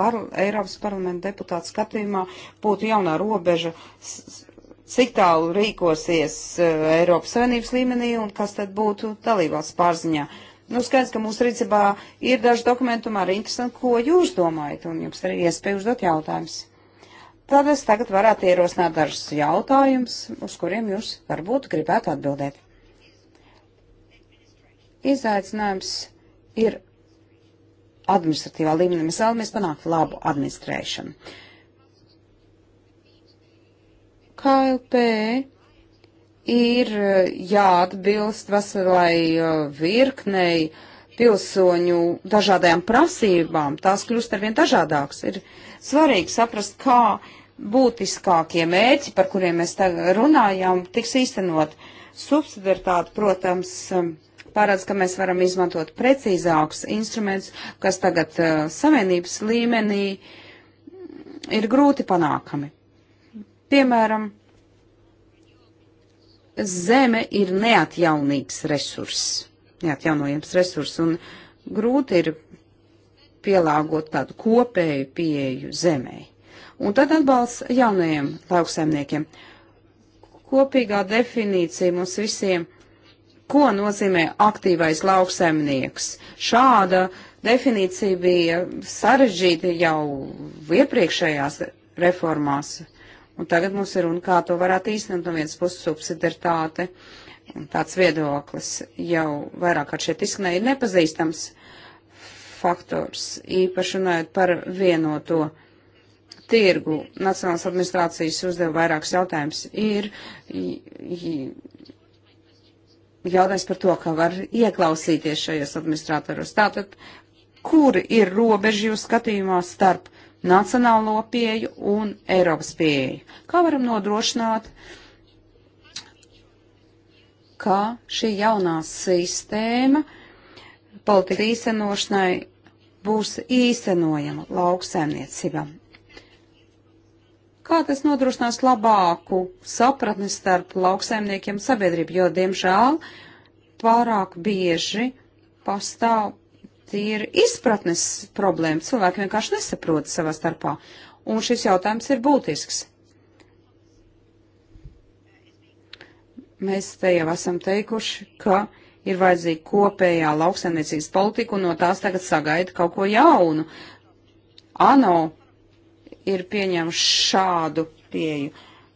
par, Eiropas parlamenta deputātu skatījumā būtu jaunā robeža, cik tālu rīkosies eh, Eiropas Savienības līmenī un kas tad būtu dalībās pārziņā. Uh, Nu, skaidrs, ka mūsu rīcībā ir daži dokumenti, tomēr interesanti, ko jūs domājat, un jums ir iespēja uzdot jautājumus. Tad es tagad varētu ierosināt dažus jautājumus, uz kuriem jūs varbūt gribētu atbildēt. Izaicinājums ir administratīvā līmenī. Mēs vēlamies panākt labu administrēšanu. KLP ir eh, jāatbilst veselai eh, virknei pilsoņu dažādajām prasībām. Tās kļūst arvien dažādākas. Ir svarīgi saprast, kā būtiskākie mērķi, par kuriem mēs tagad runājām, tiks īstenot. Subsidiaritāte, protams, eh, parāds, ka mēs varam izmantot precīzākus instrumentus, kas tagad uh, savienības līmenī ir grūti panākami. Piemēram, Zeme ir neatjaunīgs resurss, neatjaunojams resurss, un grūti ir pielāgot tādu kopēju pieeju zemē. Un tad atbalsts jaunajiem lauksaimniekiem. Kopīgā definīcija mums visiem, ko nozīmē aktīvais lauksaimnieks. Šāda definīcija bija sarežģīta jau iepriekšējās reformās. Un tagad mums ir runa, kā to varētu īstenot no vienas puses subsidiaritāte. Un tāds viedoklis jau vairāk kā šeit izskanēja, ir nepazīstams faktors, īpaši runājot par vienoto tirgu. Nacionālās administrācijas uzdeva vairākus jautājumus. Ir jautājums par to, kā var ieklausīties šajos administratoros. Tātad, kur ir robeža jūs skatījumā starp nacionālo pieju un Eiropas pieju. Kā varam nodrošināt, ka šī jaunā sistēma politika īstenošanai būs īstenojama lauksaimniecībā? Kā tas nodrošinās labāku sapratni starp lauksaimniekiem sabiedrību, jo, diemžēl, pārāk bieži pastāv ir izpratnes problēma. Cilvēki vienkārši nesaprot savā starpā. Un šis jautājums ir būtisks. Mēs te jau esam teikuši, ka ir vajadzīga kopējā lauksaimniecības politika un no tās tagad sagaida kaut ko jaunu. ANO ir pieņēmuši šādu pieju.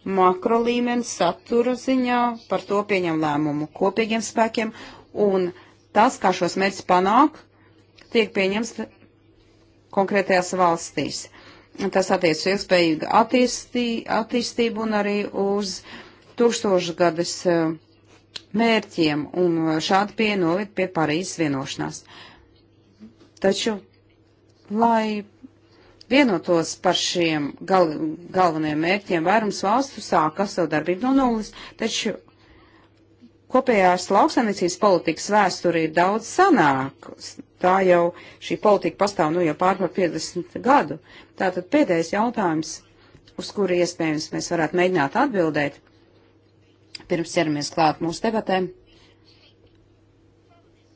Makro līmeni satura ziņā par to pieņem lēmumu kopīgiem spēkiem un tas, kā šos mērķus panāk, tiek pieņems konkrētajās valstīs. Tas attiec uz ilgspējīgu attīstī, attīstību un arī uz tūkstošgadas eh, mērķiem, un šādi pie noved pie Parīzes vienošanās. Taču, lai vienotos par šiem gal, galvenajiem mērķiem, vairums valstu sāka savu darbību no nulles, taču kopējās lauksaimniecības politikas vēsture ir daudz sanāk, tā jau šī politika pastāv nu jau pār par 50 gadu. Tātad pēdējais jautājums, uz kuru iespējams mēs varētu mēģināt atbildēt, pirms ķeramies klāt mūsu debatēm,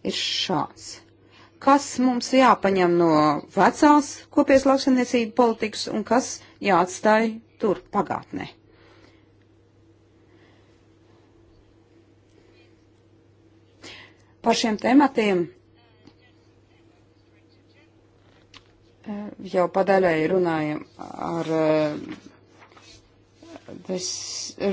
ir šāds. Kas mums jāpaņem no vecās kopies lauksaimniecību politikas un kas jāatstāj tur pagātnē? Par šiem tematiem jau padaļai runājam ar, eh, es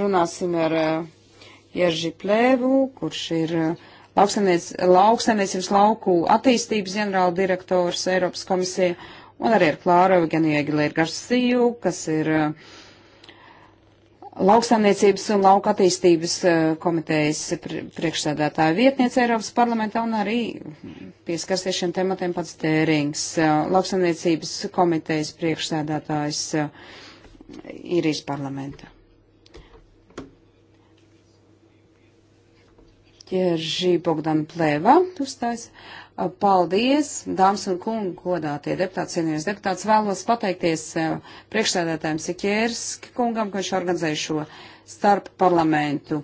runāsim ar eh, Jerži Plēvu, kurš ir eh, lauksaimniecības lauku attīstības ģenerāla direktors Eiropas komisija, un arī ar Klāru Evgeniju Egileru Garsiju, kas ir uh, lauksaimniecības un lauka attīstības e, komitejas priekšsēdētāja vietniece Eiropas parlamentā un arī pieskarsies šiem tematiem pats Tērings, e, lauksaimniecības komitejas priekšsēdētājs e, Irijas parlamentā. Ķerži Bogdan Plēva uzstājas. Uh, Paldies, dāmas un kungi, godātie deputāti, cienījamies deputāts. Vēlos pateikties e, priekšsēdētājiem Sikierski kungam, ka viņš organizēja šo starp parlamentu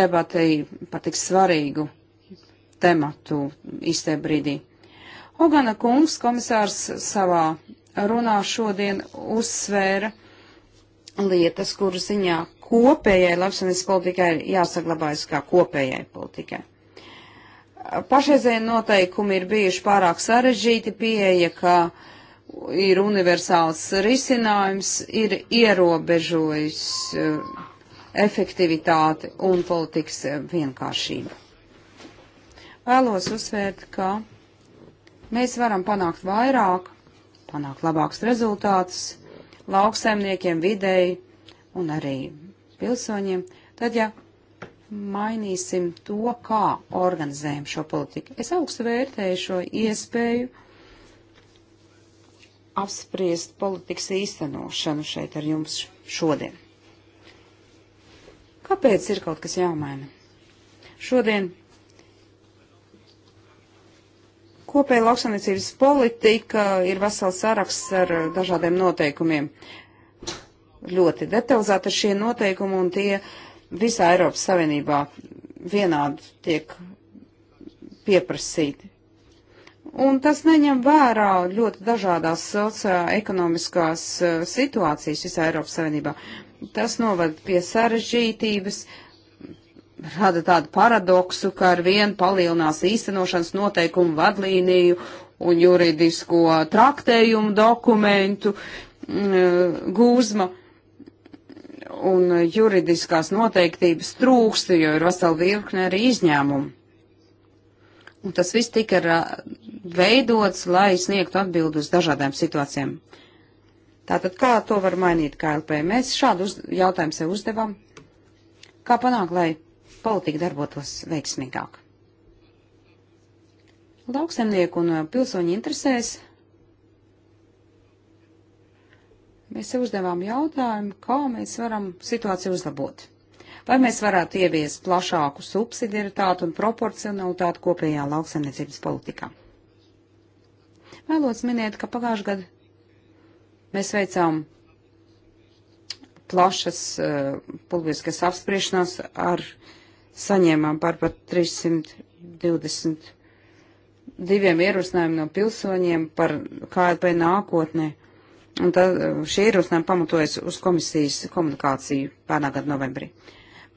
debatī par tik svarīgu tematu īstē brīdī. Hogana kungs, komisārs, savā runā šodien uzsvēra lietas, kuras ziņā kopējai lauksaimniecības politikai ir jāsaglabājas kā kopējai politikai. Pašreizējie noteikumi ir bijuši pārāk sarežģīti, pieeja, ka ir universāls risinājums, ir ierobežojis eh, efektivitāti un politikas eh, vienkāršību. Vēlos uzsvērt, ka mēs varam panākt vairāk, panākt labākus rezultātus lauksaimniekiem, videi un arī pilsoņiem, tad, ja mainīsim to, kā organizējam šo politiku. Es augstu vērtēju šo iespēju apspriest politikas īstenošanu šeit ar jums šodien. Kāpēc ir kaut kas jāmaina? Šodien kopēja lauksaimniecības politika ir vesels saraksts ar dažādiem noteikumiem. Ļoti detalizēti ir šie noteikumi un tie uh, visā Eiropas Savienībā vienādi tiek pieprasīti. Un tas neņem vērā ļoti dažādās socioekonomiskās eh, situācijas visā Eiropas Savienībā. Tas novad pie sarežģītības, rada tādu paradoksu, ka ar vienu palielinās īstenošanas noteikumu vadlīniju un juridisko traktējumu dokumentu mm, eh, gūzma, un juridiskās noteiktības trūkst, jo ir vesela virkne arī izņēmumu. Un tas viss tika veidots, lai sniegtu atbildi uz dažādām situācijām. Tātad, kā to var mainīt KLP? Mēs šādu uz, jautājumu sev uzdevām. Kā panākt, lai politika darbotos veiksmīgāk? Lauksemnieku un pilsoņu interesēs Mēs sev uzdevām jautājumu, kā mēs varam situāciju uzlabot. Vai mēs varētu ieviest plašāku subsidiaritātu un proporcionalitātu kopējā lauksaimniecības politikā? Vēlos minēt, ka pagājušajā gadā mēs veicām plašas uh, publiskas apspriešanās ar saņēmām par pat 322 ierosinājumiem no pilsoņiem par KLP nākotni Un tad eh, šie ierosinājumi pamatojas uz komisijas komunikāciju pērnā gada novembrī.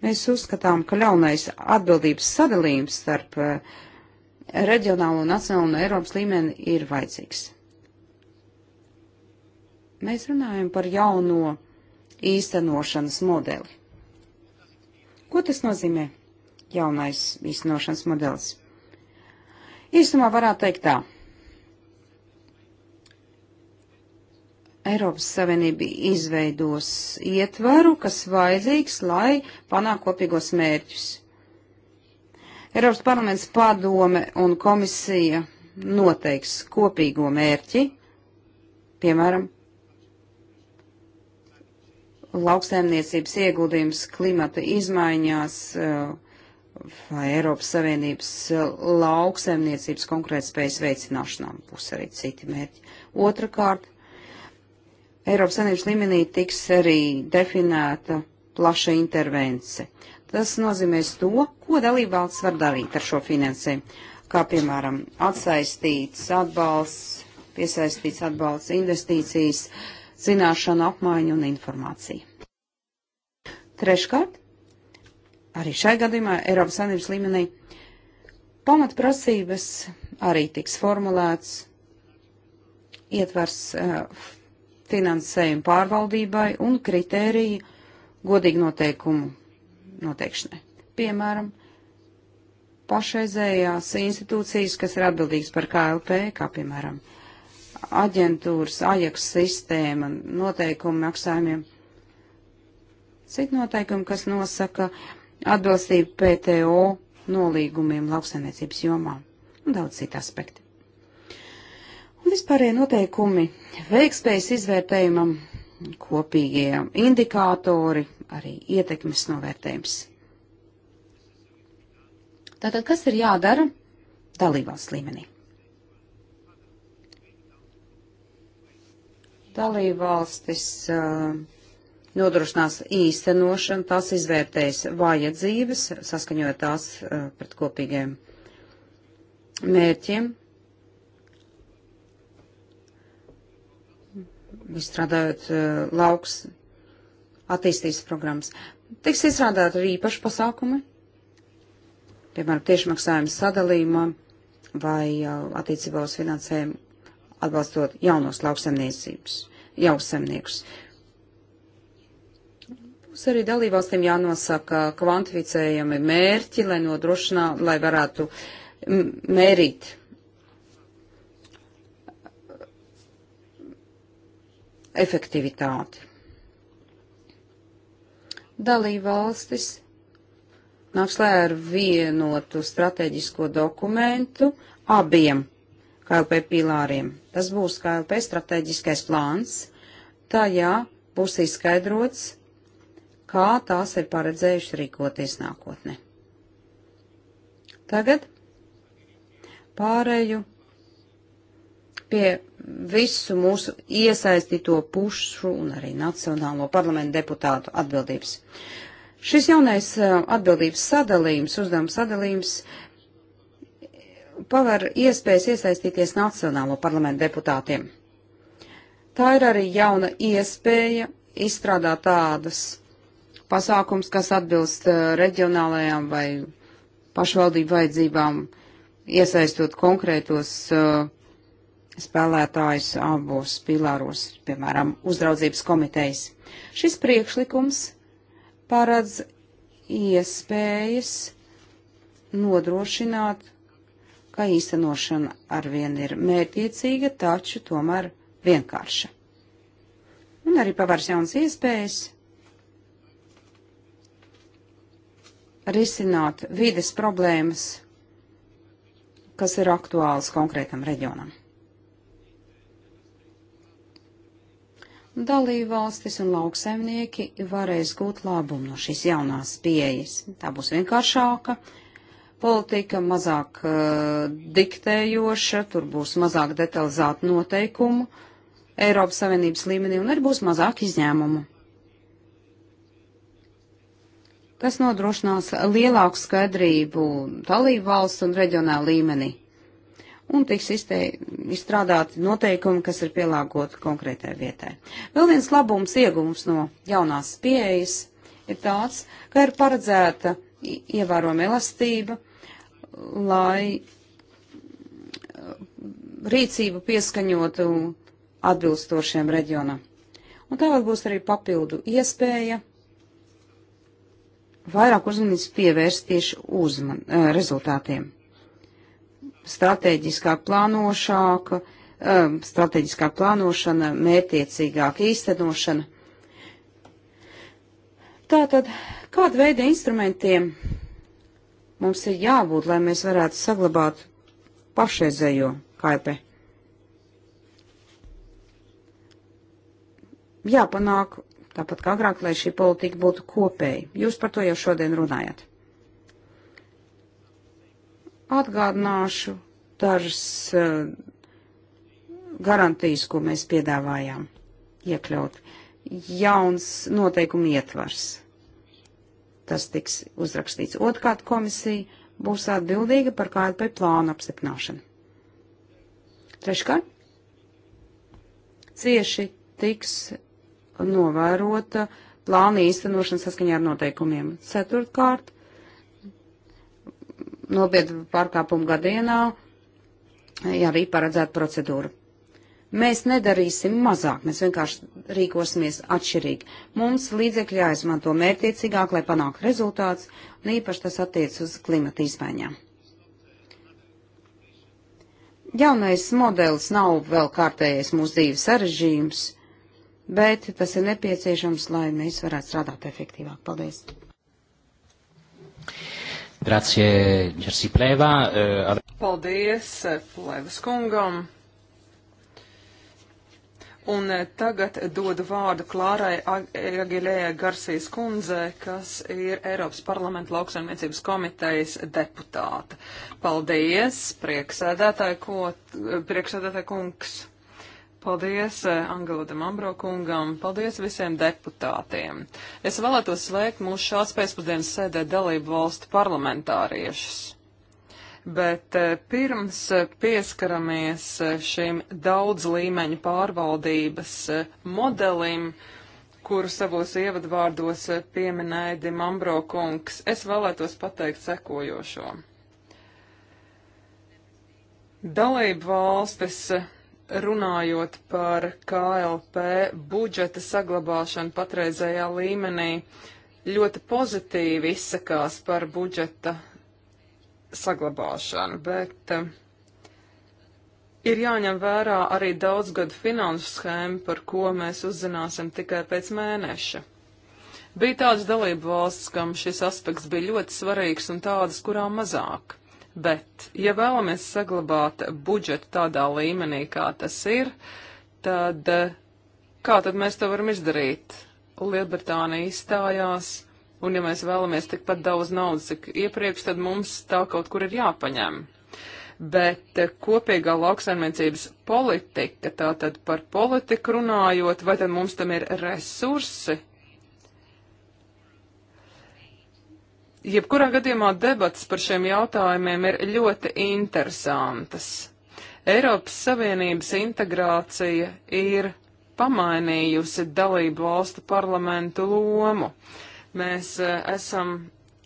Mēs uzskatām, ka ļaunais atbildības sadalījums starp eh, reģionālo, nacionālo un Eiropas līmeni ir vajadzīgs. Mēs runājam par jauno īstenošanas modeli. Ko tas nozīmē? Jaunais īstenošanas modelis. Īstumā varētu teikt tā Eiropas Savienība izveidos ietvaru, kas vajadzīgs, lai panāk kopīgos mērķus. Eiropas parlaments padome un komisija noteiks kopīgo mērķi, piemēram, lauksēmniecības ieguldījums klimata izmaiņās eh, vai Eiropas Savienības eh, lauksēmniecības konkrētspējas veicināšanām būs arī citi mērķi. Otrakārt, Eiropas Savienības līmenī tiks arī definēta plaša intervence. Tas nozīmēs to, ko dalībvalsts var darīt ar šo finansējumu, kā piemēram atsaistīts atbalsts, piesaistīts atbalsts, investīcijas, zināšanu apmaiņu un informāciju. Treškārt, arī šai gadījumā Eiropas Savienības līmenī pamatprasības arī tiks formulēts ietvers uh, finansējumu pārvaldībai un kritēriju godīgu noteikumu noteikšanai. Piemēram, pašreizējās institūcijas, kas ir atbildīgas par KLP, kā piemēram aģentūras, AJAX sistēma, noteikumi maksājumiem, citi noteikumi, kas nosaka atbilstību PTO nolīgumiem lauksainiecības jomā un daudz citu aspektu. Un vispārējie noteikumi veikspējas izvērtējumam, kopīgie indikātori, arī ietekmes novērtējums. Tātad, kas ir jādara dalībās līmenī? Dalībvalstis uh, nodrošinās īstenošanu, tās izvērtēs vajadzības, saskaņojot tās uh, pret kopīgiem mērķiem, strādājot uh, lauks attīstības programmas. Tiks izstrādāt arī īpaši pasākumi, piemēram, tiešmaksājumu sadalījumam vai uh, attiecībā uz finansējumu atbalstot jaunos lauksemniecības, jauksemniekus. Mums arī dalībvalstīm jānosaka kvantificējami mērķi, lai nodrošinātu, lai varētu mērīt efektivitāti. Dalība valstis nāks lē ar vienotu strateģisko dokumentu abiem KLP pīlāriem. Tas būs KLP strateģiskais plāns. Tajā būs izskaidrots, kā tās ir paredzējuši rīkoties nākotnē. Tagad pārēju pie visu mūsu iesaistīto pušu un arī Nacionālo parlamentu deputātu atbildības. Šis jaunais atbildības sadalījums, uzdevums sadalījums paver iespējas iesaistīties Nacionālo parlamentu deputātiem. Tā ir arī jauna iespēja izstrādāt tādas pasākums, kas atbilst reģionālajām vai pašvaldību vajadzībām, iesaistot konkrētos uh, spēlētājus abos pilāros, piemēram, uzraudzības komitejas. Šis priekšlikums paredz iespējas nodrošināt, ka īstenošana arvien ir mērķiecīga, taču tomēr vienkārša. Un arī pavērs jaunas iespējas risināt vides problēmas, kas ir aktuāls konkrētam reģionam. dalībvalstis un lauksaimnieki varēs gūt labumu no šīs jaunās pieejas. Tā būs vienkāršāka, politika mazāk uh, diktējoša, tur būs mazāk detalizētu noteikumu Eiropas Savienības līmenī un arī būs mazāk izņēmumu. Tas nodrošinās lielāku skaidrību dalību valsts un reģionālu līmenī un tiks iztei, izstrādāti noteikumi, kas ir pielāgoti konkrētai vietai. Vēl viens labums iegums no jaunās pieejas ir tāds, ka ir paredzēta ievērojama elastība, lai uh, rīcību pieskaņotu atbilstošiem reģionam. Un tālāk būs arī papildu iespēja vairāk uzmanības pievērst tieši uzman, uh, rezultātiem strateģiskāk plānošāka, um, strateģiskā plānošana, mērtiecīgāka īstenošana. Tātad, kāda veida instrumentiem mums ir jābūt, lai mēs varētu saglabāt pašreizējo kaipē? Jāpanāk, tāpat kā agrāk, lai šī politika būtu kopēja. Jūs par to jau šodien runājat. Atgādināšu dažas eh, garantijas, ko mēs piedāvājām iekļaut. Jauns noteikumu ietvars. Tas tiks uzrakstīts. Otrkārt komisija būs atbildīga par KLP plānu apstiprināšanu. Treškārt, cieši tiks novērota plāna īstenošana saskaņā ar noteikumiem. Ceturtkārt, nopietnu pārkāpumu gadienā ir arī paredzēta procedūra. Mēs nedarīsim mazāk, mēs vienkārši rīkosimies atšķirīgi. Mums līdzekļi jāizmanto mērķiecīgāk, lai panāktu rezultāts, un īpaši tas attiec uz klimata izmaiņām. Jaunais modelis nav vēl kārtējais mūsu dzīves sarežģījums, bet tas ir nepieciešams, lai mēs varētu strādāt efektīvāk. Paldies! Grazie, Jerzy Plēvā. Eh, Ar... Paldies eh, Plēvas kungam. Un eh, tagad dodu vārdu Klārai Agilējai Garsijas kundzē, kas ir Eiropas parlamenta lauksaimniecības komitejas deputāte. Paldies, prieksēdētāji, ko, prieksēdētāji kungs. Paldies eh, Angelodam Ambrokungam, paldies visiem deputātiem. Es vēlētos sveikt mūsu šās pēcpusdienas sēdē dalību valstu parlamentāriešus. Bet eh, pirms eh, pieskaramies šim daudz līmeņu pārvaldības modelim, kuru savos ievadvārdos pieminēja Dimambro kungs, es vēlētos pateikt sekojošo. Dalību valstis runājot par KLP budžeta saglabāšanu patreizējā līmenī, ļoti pozitīvi izsakās par budžeta saglabāšanu, bet eh, ir jāņem vērā arī daudzgadu finanšu schēma, par ko mēs uzzināsim tikai pēc mēneša. Bija tādas dalību valsts, kam šis aspekts bija ļoti svarīgs un tādas, kurām mazāk. Bet, ja vēlamies saglabāt budžetu tādā līmenī, kā tas ir, tad kā tad mēs to varam izdarīt? Lielbritānija izstājās, un ja mēs vēlamies tikpat daudz naudas, cik iepriekš, tad mums tā kaut kur ir jāpaņem. Bet eh, kopīgā lauksaimniecības politika, tātad par politiku runājot, vai tad mums tam ir resursi, Jebkurā gadījumā debats par šiem jautājumiem ir ļoti interesantas. Eiropas Savienības integrācija ir pamainījusi dalību valstu parlamentu lomu. Mēs e, esam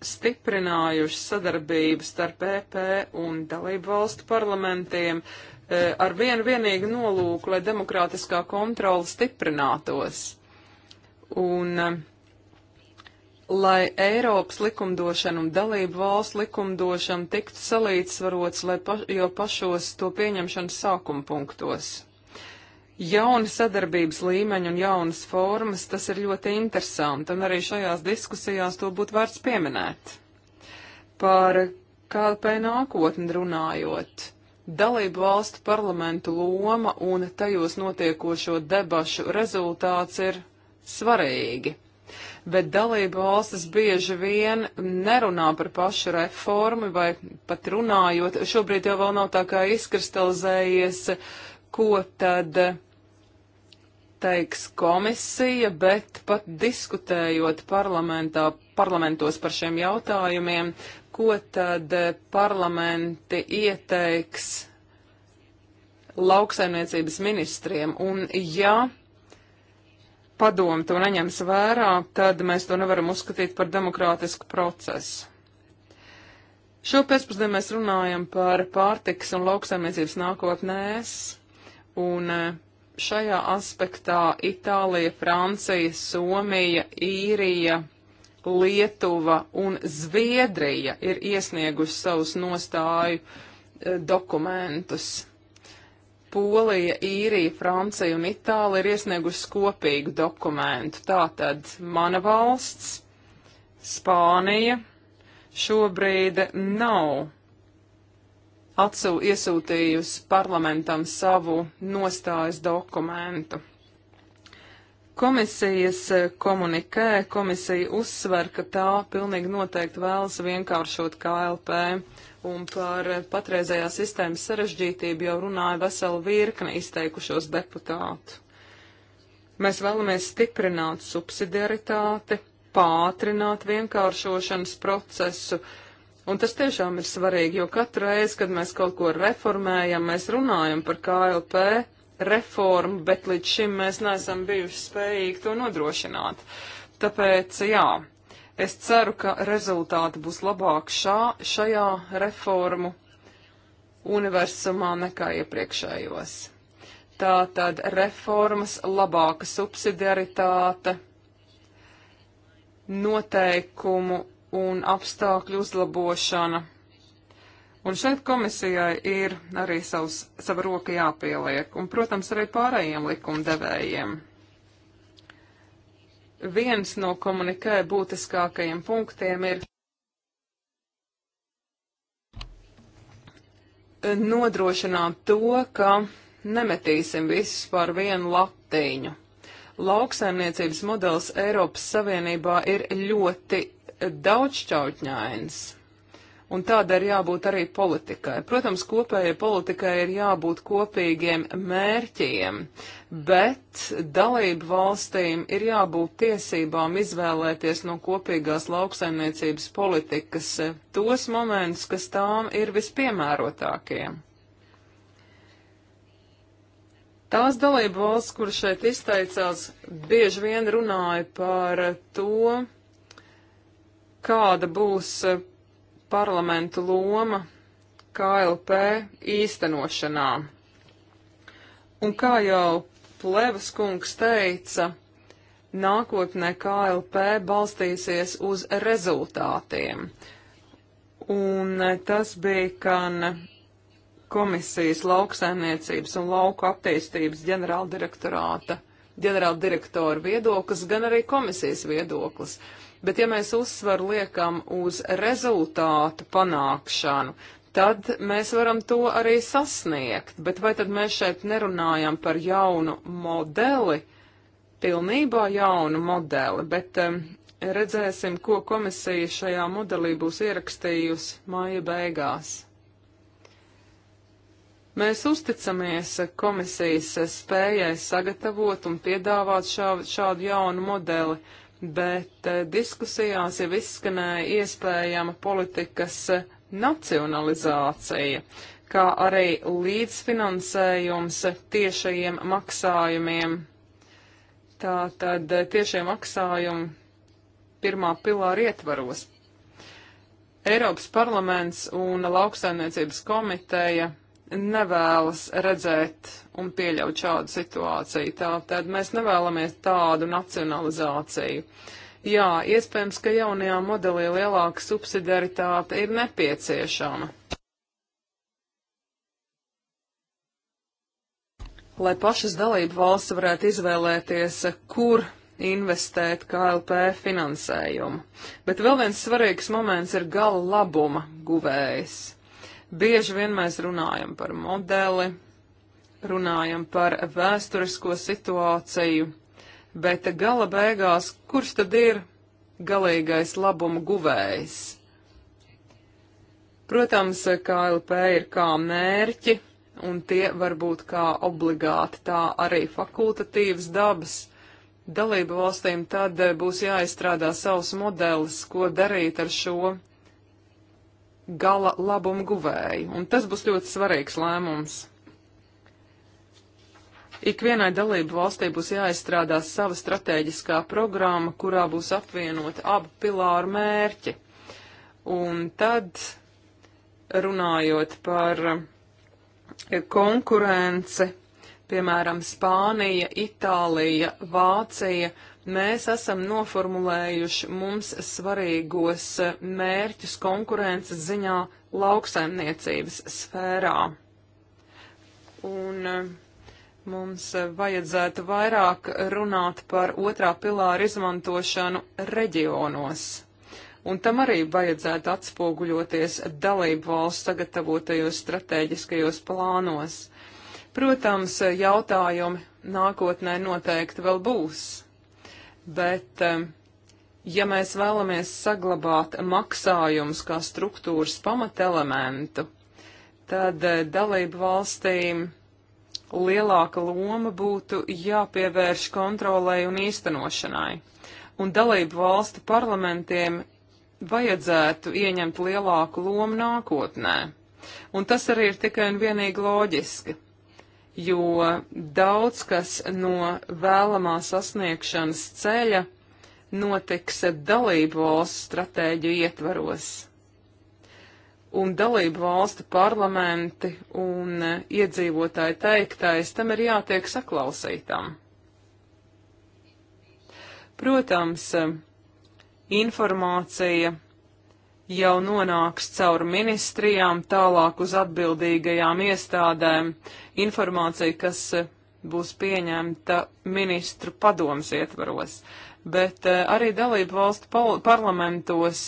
stiprinājuši sadarbību starp EP un dalību valstu parlamentiem e, ar vienu vienīgu nolūku, lai demokrātiskā kontrola stiprinātos. Un e, lai Eiropas likumdošana un dalību valsts likumdošana tiktu salīdzvarots, lai pa, jau pašos to pieņemšanas sākuma punktos. Jauni sadarbības līmeņi un jaunas formas, tas ir ļoti interesanti, un arī šajās diskusijās to būtu vērts pieminēt. Par KLP nākotni runājot, dalību valstu parlamentu loma un tajos notiekošo debašu rezultāts ir svarīgi bet dalību valstis bieži vien nerunā par pašu reformu vai pat runājot. Šobrīd jau vēl nav tā kā izkristalizējies, ko tad teiks komisija, bet pat diskutējot parlamentā, parlamentos par šiem jautājumiem, ko tad parlamenti ieteiks lauksaimniecības ministriem. Un ja padomu to neņems vērā, tad mēs to nevaram uzskatīt par demokrātisku procesu. Šo pēcpusdienu mēs runājam par pārtiks un lauksaimniecības nākotnēs, un e, šajā aspektā Itālija, Francija, Somija, Īrija, Lietuva un Zviedrija ir iesniegusi savus nostāju e, dokumentus. Polija, Īrija, Francija un Itālija ir iesniegusi kopīgu dokumentu. Tātad mana valsts, Spānija, šobrīd nav atsū iesūtījusi parlamentam savu nostājas dokumentu. Komisijas komunikē komisija uzsver, ka tā pilnīgi noteikti vēlas vienkāršot KLP un par patreizējā sistēmas sarežģītību jau runāja vesela virkne izteikušos deputātu. Mēs vēlamies stiprināt subsidiaritāti, pātrināt vienkāršošanas procesu, un tas tiešām ir svarīgi, jo katru reizi, kad mēs kaut ko reformējam, mēs runājam par KLP reformu, bet līdz šim mēs neesam bijuši spējīgi to nodrošināt. Tāpēc, jā, Es ceru, ka rezultāti būs labāk šā, šajā reformu universumā nekā iepriekšējos. Tā tad reformas labāka subsidiaritāte, noteikumu un apstākļu uzlabošana. Un šeit komisijai ir arī savs, sava roka jāpieliek, un, protams, arī pārējiem likumdevējiem viens no komunikē būtiskākajiem punktiem ir nodrošināt to, ka nemetīsim visus par vienu latiņu. Lauksaimniecības modelis Eiropas Savienībā ir ļoti daudzšķautņains un tāda ir jābūt arī politikai. Protams, kopējai politikai ir jābūt kopīgiem mērķiem, bet dalību valstīm ir jābūt tiesībām izvēlēties no kopīgās lauksaimniecības politikas tos momentus, kas tām ir vispiemērotākie. Tās dalību valsts, kur šeit izteicās, bieži vien runāja par to, kāda būs parlamentu loma KLP īstenošanā. Un kā jau Plevas kungs teica, nākotnē KLP balstīsies uz rezultātiem. Un tas bija gan komisijas lauksaimniecības un lauku attīstības ģenerāldirektorāta ģenerāldirektora viedoklis, gan arī komisijas viedoklis. Bet ja mēs uzsvaru liekam uz rezultātu panākšanu, tad mēs varam to arī sasniegt. Bet vai tad mēs šeit nerunājam par jaunu modeli, pilnībā jaunu modeli, bet um, redzēsim, ko komisija šajā modelī būs ierakstījusi māja beigās. Mēs uzticamies komisijas spējai sagatavot un piedāvāt šā, šādu jaunu modeli bet eh, diskusijās jau izskanēja iespējama politikas eh, nacionalizācija, kā arī līdzfinansējums tiešajiem maksājumiem. Tātad eh, tiešie maksājumi pirmā pilāra ietvaros. Eiropas parlaments un lauksaimniecības komiteja nevēlas redzēt un pieļaut šādu situāciju. Tātad mēs nevēlamies tādu nacionalizāciju. Jā, iespējams, ka jaunajā modelī lielāka subsidiaritāte ir nepieciešama. Lai pašas dalību valsts varētu izvēlēties, kur investēt KLP finansējumu. Bet vēl viens svarīgs moments ir gala labuma guvējs Bieži vien mēs runājam par modeli, runājam par vēsturisko situāciju, bet gala beigās, kurš tad ir galīgais labuma guvējs? Protams, KLP ir kā mērķi, un tie var būt kā obligāti tā arī fakultatīvas dabas. Dalību valstīm tad būs jāizstrādā savs modelis, ko darīt ar šo gala labumu guvēju, un tas būs ļoti svarīgs lēmums. Ikvienai dalību valstī būs jāizstrādā sava stratēģiskā programma, kurā būs apvienota abu pilāru mērķi. Un tad, runājot par konkurence, piemēram, Spānija, Itālija, Vācija Mēs esam noformulējuši mums svarīgos mērķus konkurences ziņā lauksaimniecības sfērā. Un eh, mums vajadzētu vairāk runāt par otrā pilāra izmantošanu reģionos un tam arī vajadzētu atspoguļoties dalību valsts sagatavotajos strateģiskajos plānos. Protams, jautājumi nākotnē noteikti vēl būs bet eh, ja mēs vēlamies saglabāt maksājumus kā struktūras pamatelementu, tad eh, dalību valstīm lielāka loma būtu jāpievērš kontrolai un īstenošanai. Un dalību valstu parlamentiem vajadzētu ieņemt lielāku lomu nākotnē. Un tas arī ir tikai un vienīgi loģiski jo daudz kas no vēlamā sasniegšanas ceļa notiks dalību valsts stratēģiju ietvaros. Un dalību valstu parlamenti un iedzīvotāji teiktais tam ir jātiek saklausītam. Protams, informācija jau nonāks caur ministrijām, tālāk uz atbildīgajām iestādēm informācija, kas e, būs pieņemta ministru padomas ietvaros, bet e, arī dalību valstu parlamentos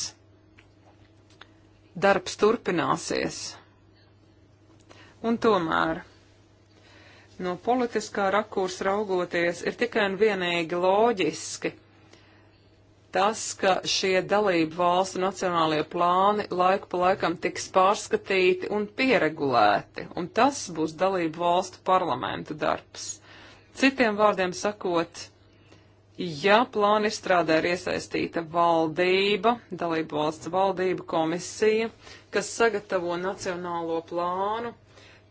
darbs turpināsies. Un tomēr. No politiskā rakūrs raugoties ir tikai un vienīgi loģiski, tas, ka šie dalību valstu nacionālie plāni laiku pa laikam tiks pārskatīti un pieregulēti, un tas būs dalību valstu parlamentu darbs. Citiem vārdiem sakot, ja plāna izstrādē ir iesaistīta valdība, dalību valsts valdība, komisija, kas sagatavo nacionālo plānu,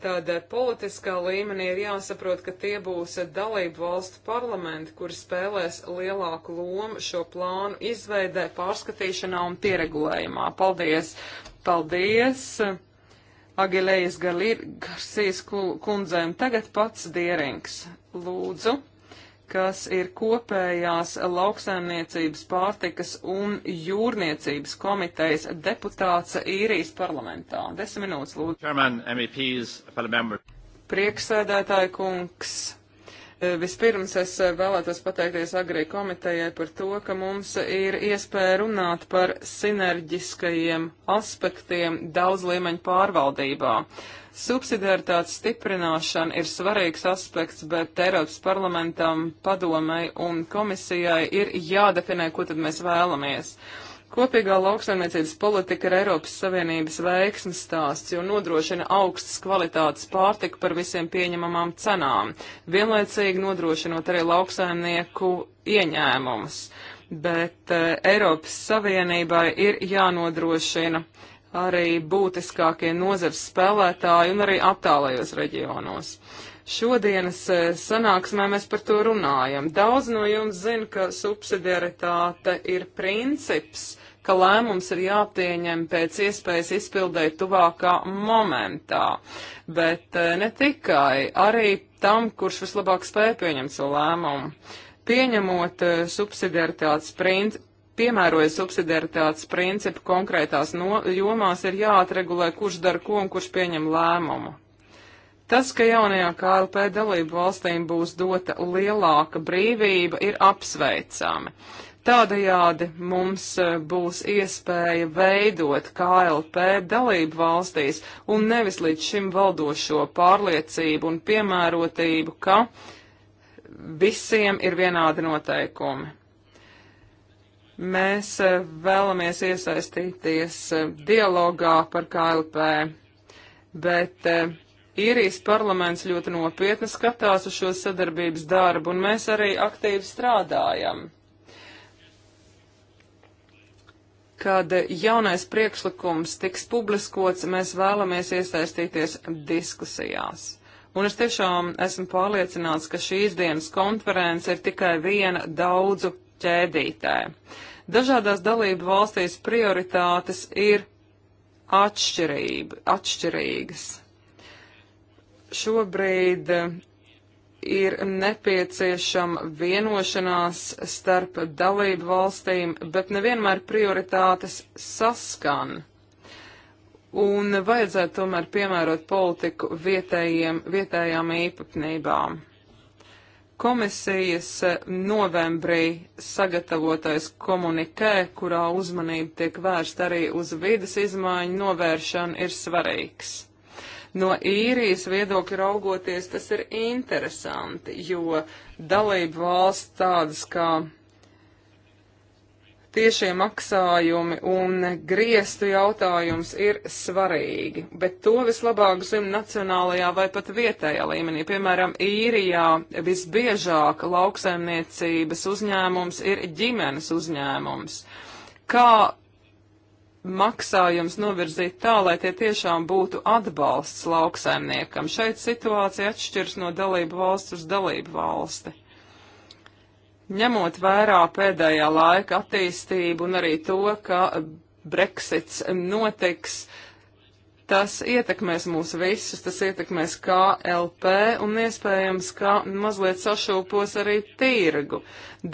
tad politiskā līmenī ir jāsaprot, ka tie būs dalību valstu parlamenti, kuri spēlēs lielāku lomu šo plānu izveidē, pārskatīšanā un pieregulējumā. Paldies! Paldies! Agilējas Garcijas kundzēm tagad pats Dierings. Lūdzu! kas ir kopējās lauksaimniecības pārtikas un jūrniecības komitejas deputāts īrijas parlamentā. Desmit minūtes, lūdzu. Chairman, MEPs, Prieksēdētāji kungs. Eh, vispirms es eh, vēlētos pateikties Agrī komitejai par to, ka mums ir iespēja runāt par sinerģiskajiem aspektiem daudz līmeņu pārvaldībā. Subsidiaritātes stiprināšana ir svarīgs aspekts, bet Eiropas parlamentam, padomei un komisijai ir jādefinē, ko tad mēs vēlamies. Kopīgā lauksaimniecības politika ir Eiropas Savienības veiksmes stāsts, jo nodrošina augstas kvalitātes pārtiku par visiem pieņemamām cenām, vienlaicīgi nodrošinot arī lauksaimnieku ieņēmumus. Bet e, Eiropas Savienībai ir jānodrošina arī būtiskākie nozars spēlētāji un arī attālajos reģionos. Šodienas e, sanāksmē mēs par to runājam. Daudz no jums zina, ka subsidiaritāte ir princips, ka lēmums ir jāpieņem pēc iespējas izpildēt tuvākā momentā, bet e, ne tikai, arī tam, kurš vislabāk spēja pieņemt šo lēmumu. Pieņemot e, subsidiaritātes princ piemēroja subsidiaritātes principu konkrētās no, jomās, ir jāatregulē, kurš dara ko un kurš pieņem lēmumu. Tas, ka jaunajā KLP dalību valstīm būs dota lielāka brīvība, ir apsveicami. Tādējādi mums eh, būs iespēja veidot KLP dalību valstīs un nevis līdz šim valdošo pārliecību un piemērotību, ka visiem ir vienādi noteikumi. Mēs eh, vēlamies iesaistīties eh, dialogā par KLP, bet eh, īrijas parlaments ļoti nopietni skatās uz šo sadarbības darbu, un mēs arī aktīvi strādājam. Kad jaunais priekšlikums tiks publiskots, mēs vēlamies iesaistīties diskusijās. Un es tiešām esmu pārliecināts, ka šīs dienas konference ir tikai viena daudzu ķēdītē. Dažādās dalību valstīs prioritātes ir atšķirība, atšķirīgas. Šobrīd eh, ir nepieciešama vienošanās starp dalību valstīm, bet nevienmēr prioritātes saskan. Un vajadzētu tomēr piemērot politiku vietējiem, vietējām īpatnībām. Komisijas eh, novembrī sagatavotais komunikē, kurā uzmanība tiek vērsta arī uz vidas izmaiņu novēršanu, ir svarīgs. No īrijas viedokļa raugoties, tas ir interesanti, jo dalību valsts tādas kā tiešie maksājumi un griestu jautājums ir svarīgi, bet to vislabāk zina nacionālajā vai pat vietējā līmenī. Piemēram, īrijā visbiežāk lauksaimniecības uzņēmums ir ģimenes uzņēmums. Kā maksājums novirzīt tā, lai tie tiešām būtu atbalsts lauksaimniekam? Šeit situācija atšķirs no dalību valsts uz dalību valsti. Ņemot vērā pēdējā laika attīstību un arī to, ka Brexits notiks, tas ietekmēs mūs visus, tas ietekmēs KLP un iespējams, ka mazliet sašūpos arī tirgu.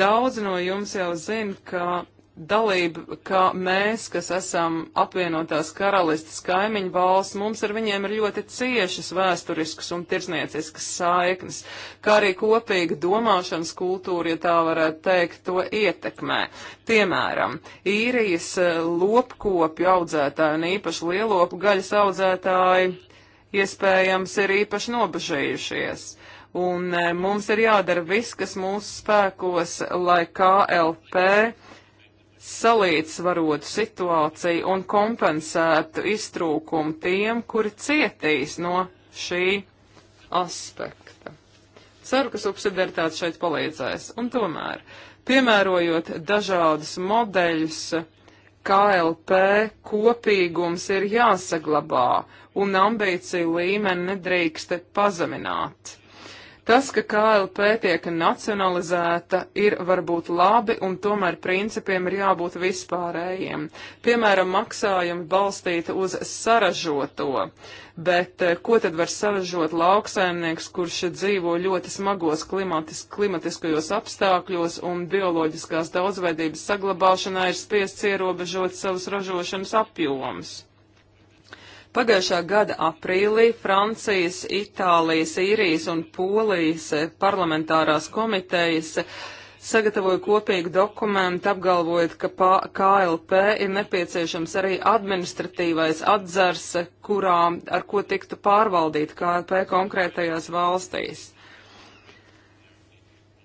Daudz no jums jau zina, ka dalība, ka mēs, kas esam apvienotās karalistas kaimiņu valsts, mums ar viņiem ir ļoti ciešas vēsturiskas un tirsnieciskas saiknes, kā arī kopīga domāšanas kultūra, ja tā varētu teikt, to ietekmē. Piemēram, īrijas eh, lopkopju audzētāji un īpaši lielopu gaļas audzētāji iespējams ir īpaši nobežījušies un eh, mums ir jādara viss, kas mūsu spēkos, lai KLP salīdzvarotu situāciju un kompensētu iztrūkumu tiem, kuri cietīs no šī aspekta. Ceru, ka subsidiaritāte šeit palīdzēs. Un tomēr, piemērojot dažādus modeļus, KLP kopīgums ir jāsaglabā un ambīciju līmeni nedrīkst pazemināt. Tas, ka KLP tiek nacionalizēta, ir varbūt labi, un tomēr principiem ir jābūt vispārējiem. Piemēram, maksājumi balstīti uz saražoto. Bet eh, ko tad var saražot lauksaimnieks, kurš dzīvo ļoti smagos klimatis, klimatiskajos apstākļos un bioloģiskās daudzveidības saglabāšanā ir spiests ierobežot savus ražošanas apjomus? Pagājušā gada aprīlī Francijas, Itālijas, Īrijas un Polijas parlamentārās komitejas sagatavoja kopīgu dokumentu, apgalvojot, ka KLP ir nepieciešams arī administratīvais atzars, kurā, ar ko tiktu pārvaldīt KLP konkrētajās valstīs.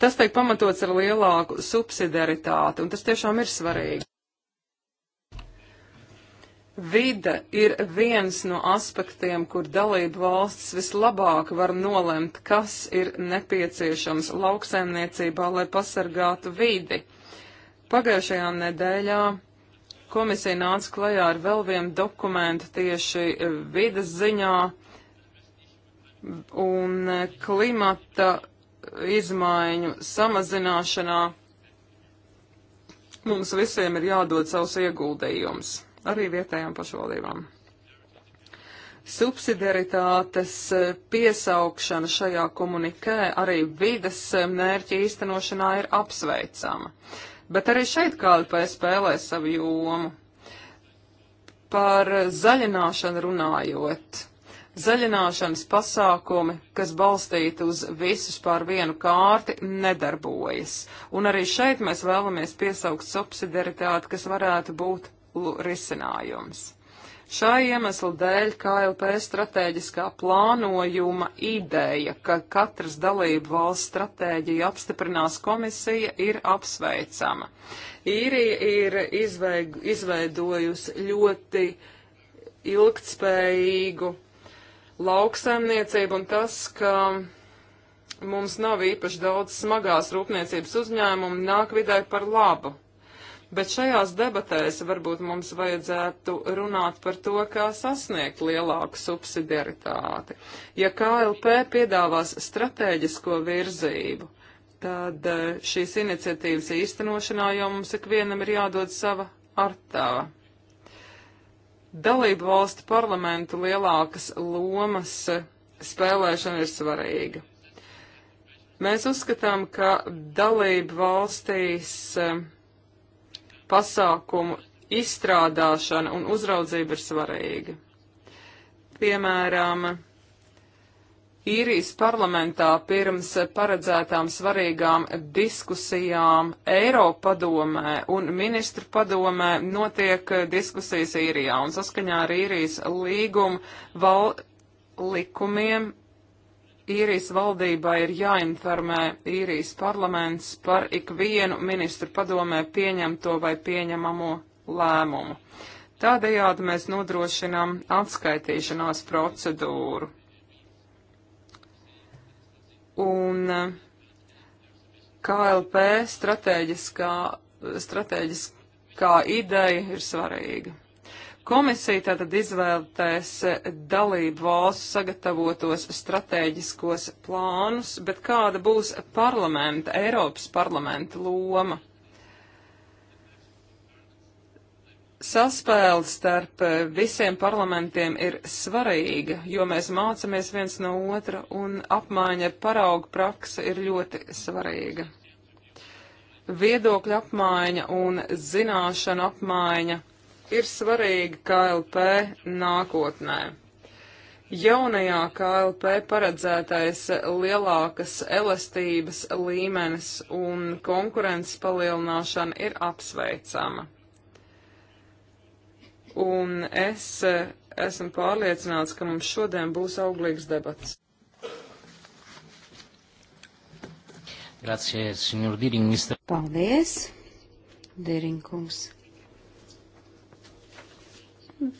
Tas tiek pamatots ar lielāku subsidiaritāti, un tas tiešām ir svarīgi. Vide ir viens no aspektiem, kur dalību valsts vislabāk var nolemt, kas ir nepieciešams lauksaimniecībā, lai pasargātu vidi. Pagājušajā nedēļā komisija nāca klajā ar vēl vienu dokumentu tieši eh, vidas ziņā un eh, klimata eh, izmaiņu samazināšanā. Mums visiem ir jādod savs ieguldījums arī vietējām pašvaldībām. Subsidiaritātes eh, piesaukšana šajā komunikē arī vides eh, mērķi īstenošanā ir apsveicama. Bet arī šeit KLP spēlē savu jomu. Par zaļināšanu runājot. Zaļināšanas pasākumi, kas balstīti uz visus pār vienu kārti, nedarbojas. Un arī šeit mēs vēlamies piesaukt subsidiaritāti, kas varētu būt risinājums. Šā iemesla dēļ KLP stratēģiskā plānojuma ideja, ka katras dalību valsts stratēģiju apstiprinās komisija, ir apsveicama. Īrija ir izveig, izveidojusi ļoti ilgtspējīgu lauksaimniecību un tas, ka mums nav īpaši daudz smagās rūpniecības uzņēmumu, nāk vidē par labu Bet šajās debatēs varbūt mums vajadzētu runāt par to, kā sasniegt lielāku subsidiaritāti. Ja KLP piedāvās stratēģisko virzību, tad eh, šīs iniciatīvas īstenošanā jau mums ikvienam ir jādod sava artava. Dalību valstu parlamentu lielākas lomas eh, spēlēšana ir svarīga. Mēs uzskatām, ka dalību valstīs uh, pasākumu izstrādāšana un uzraudzība ir svarīga. Piemēram, īrijas parlamentā pirms paredzētām svarīgām diskusijām Eiropadomē un ministru padomē notiek diskusijas īrijā un saskaņā ar īrijas līgumu val likumiem īrijas valdībā ir jāinformē īrijas parlaments par ikvienu ministru padomē pieņemto vai pieņemamo lēmumu. Tādējādi mēs nodrošinām atskaitīšanās procedūru. Un eh, KLP stratēģiskā, stratēģiskā ideja ir svarīga. Komisija tātad izvēlēties dalību valstu sagatavotos strateģiskos plānus, bet kāda būs parlamenta, Eiropas parlamenta loma? Saspēle starp visiem parlamentiem ir svarīga, jo mēs mācamies viens no otra un apmaiņa ar paraugu praksi ir ļoti svarīga. Viedokļa apmaiņa un zināšana apmaiņa ir svarīga KLP nākotnē. Jaunajā KLP paredzētais lielākas elastības līmenis un konkurences palielināšana ir apsveicama. Un es esmu pārliecināts, ka mums šodien būs auglīgs debats. Grazie, signor Dīring, mister. Paldies, Dīring kungs.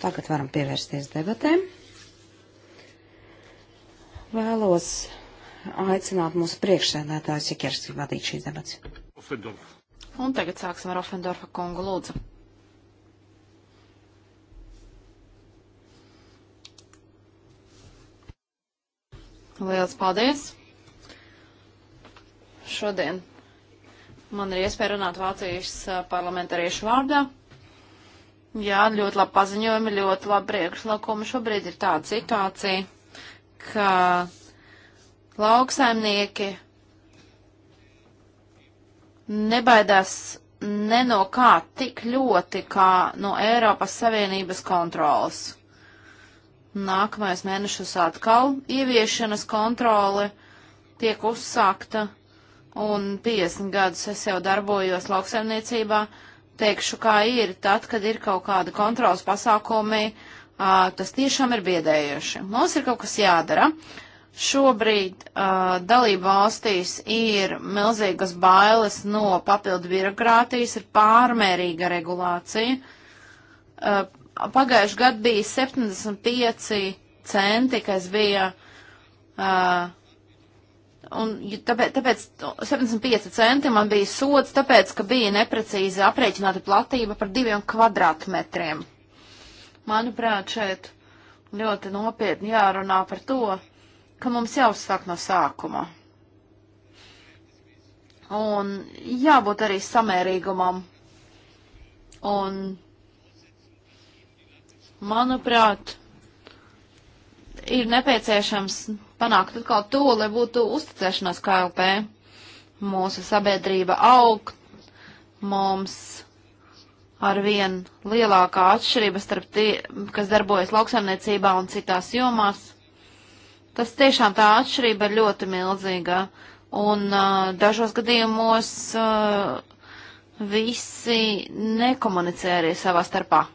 Tagad varam pievērsties debatēm. Vēlos aicināt mūsu priekšsēdētāju Sikerski vadīt šīs debats. Un tagad sāksim ar Ofendorfa kungu lūdzu. Liels paldies! Šodien man ir iespēja runāt Vācijas uh, parlamentāriešu vārdā. Jā, ļoti labi paziņojumi, ļoti labi priekšlikumi. Šobrīd ir tāda situācija, ka lauksaimnieki nebaidās ne no kā tik ļoti, kā no Eiropas Savienības kontrolas. Nākamais mēnešus atkal ieviešanas kontrole tiek uzsākta, un 50 gadus es jau darbojos lauksaimniecībā teikšu, kā ir, tad, kad ir kaut kāda kontrols pasākumi, uh, tas tiešām ir biedējoši. Mums ir kaut kas jādara. Šobrīd uh, dalība valstīs ir milzīgas bailes no papildu birokrātijas, ir pārmērīga regulācija. Uh, Pagājuši gadu bija 75 centi, kas bija uh, Un tāpēc, tāpēc 75 centi man bija sods, tāpēc, ka bija neprecīzi aprēķināta platība par diviem kvadrātmetriem. Manuprāt, šeit ļoti nopietni jārunā par to, ka mums jāuzsāk no sākuma. Un jābūt arī samērīgumam. Un, manuprāt, ir nepieciešams panākt atkal to, lai būtu uzticēšanās KLP. Mūsu sabiedrība aug, mums arvien lielākā atšķirība starp tie, kas darbojas lauksaimniecībā un citās jomās. Tas tiešām tā atšķirība ir ļoti milzīga. Un uh, dažos gadījumos uh, visi nekomunicē arī savā starpā.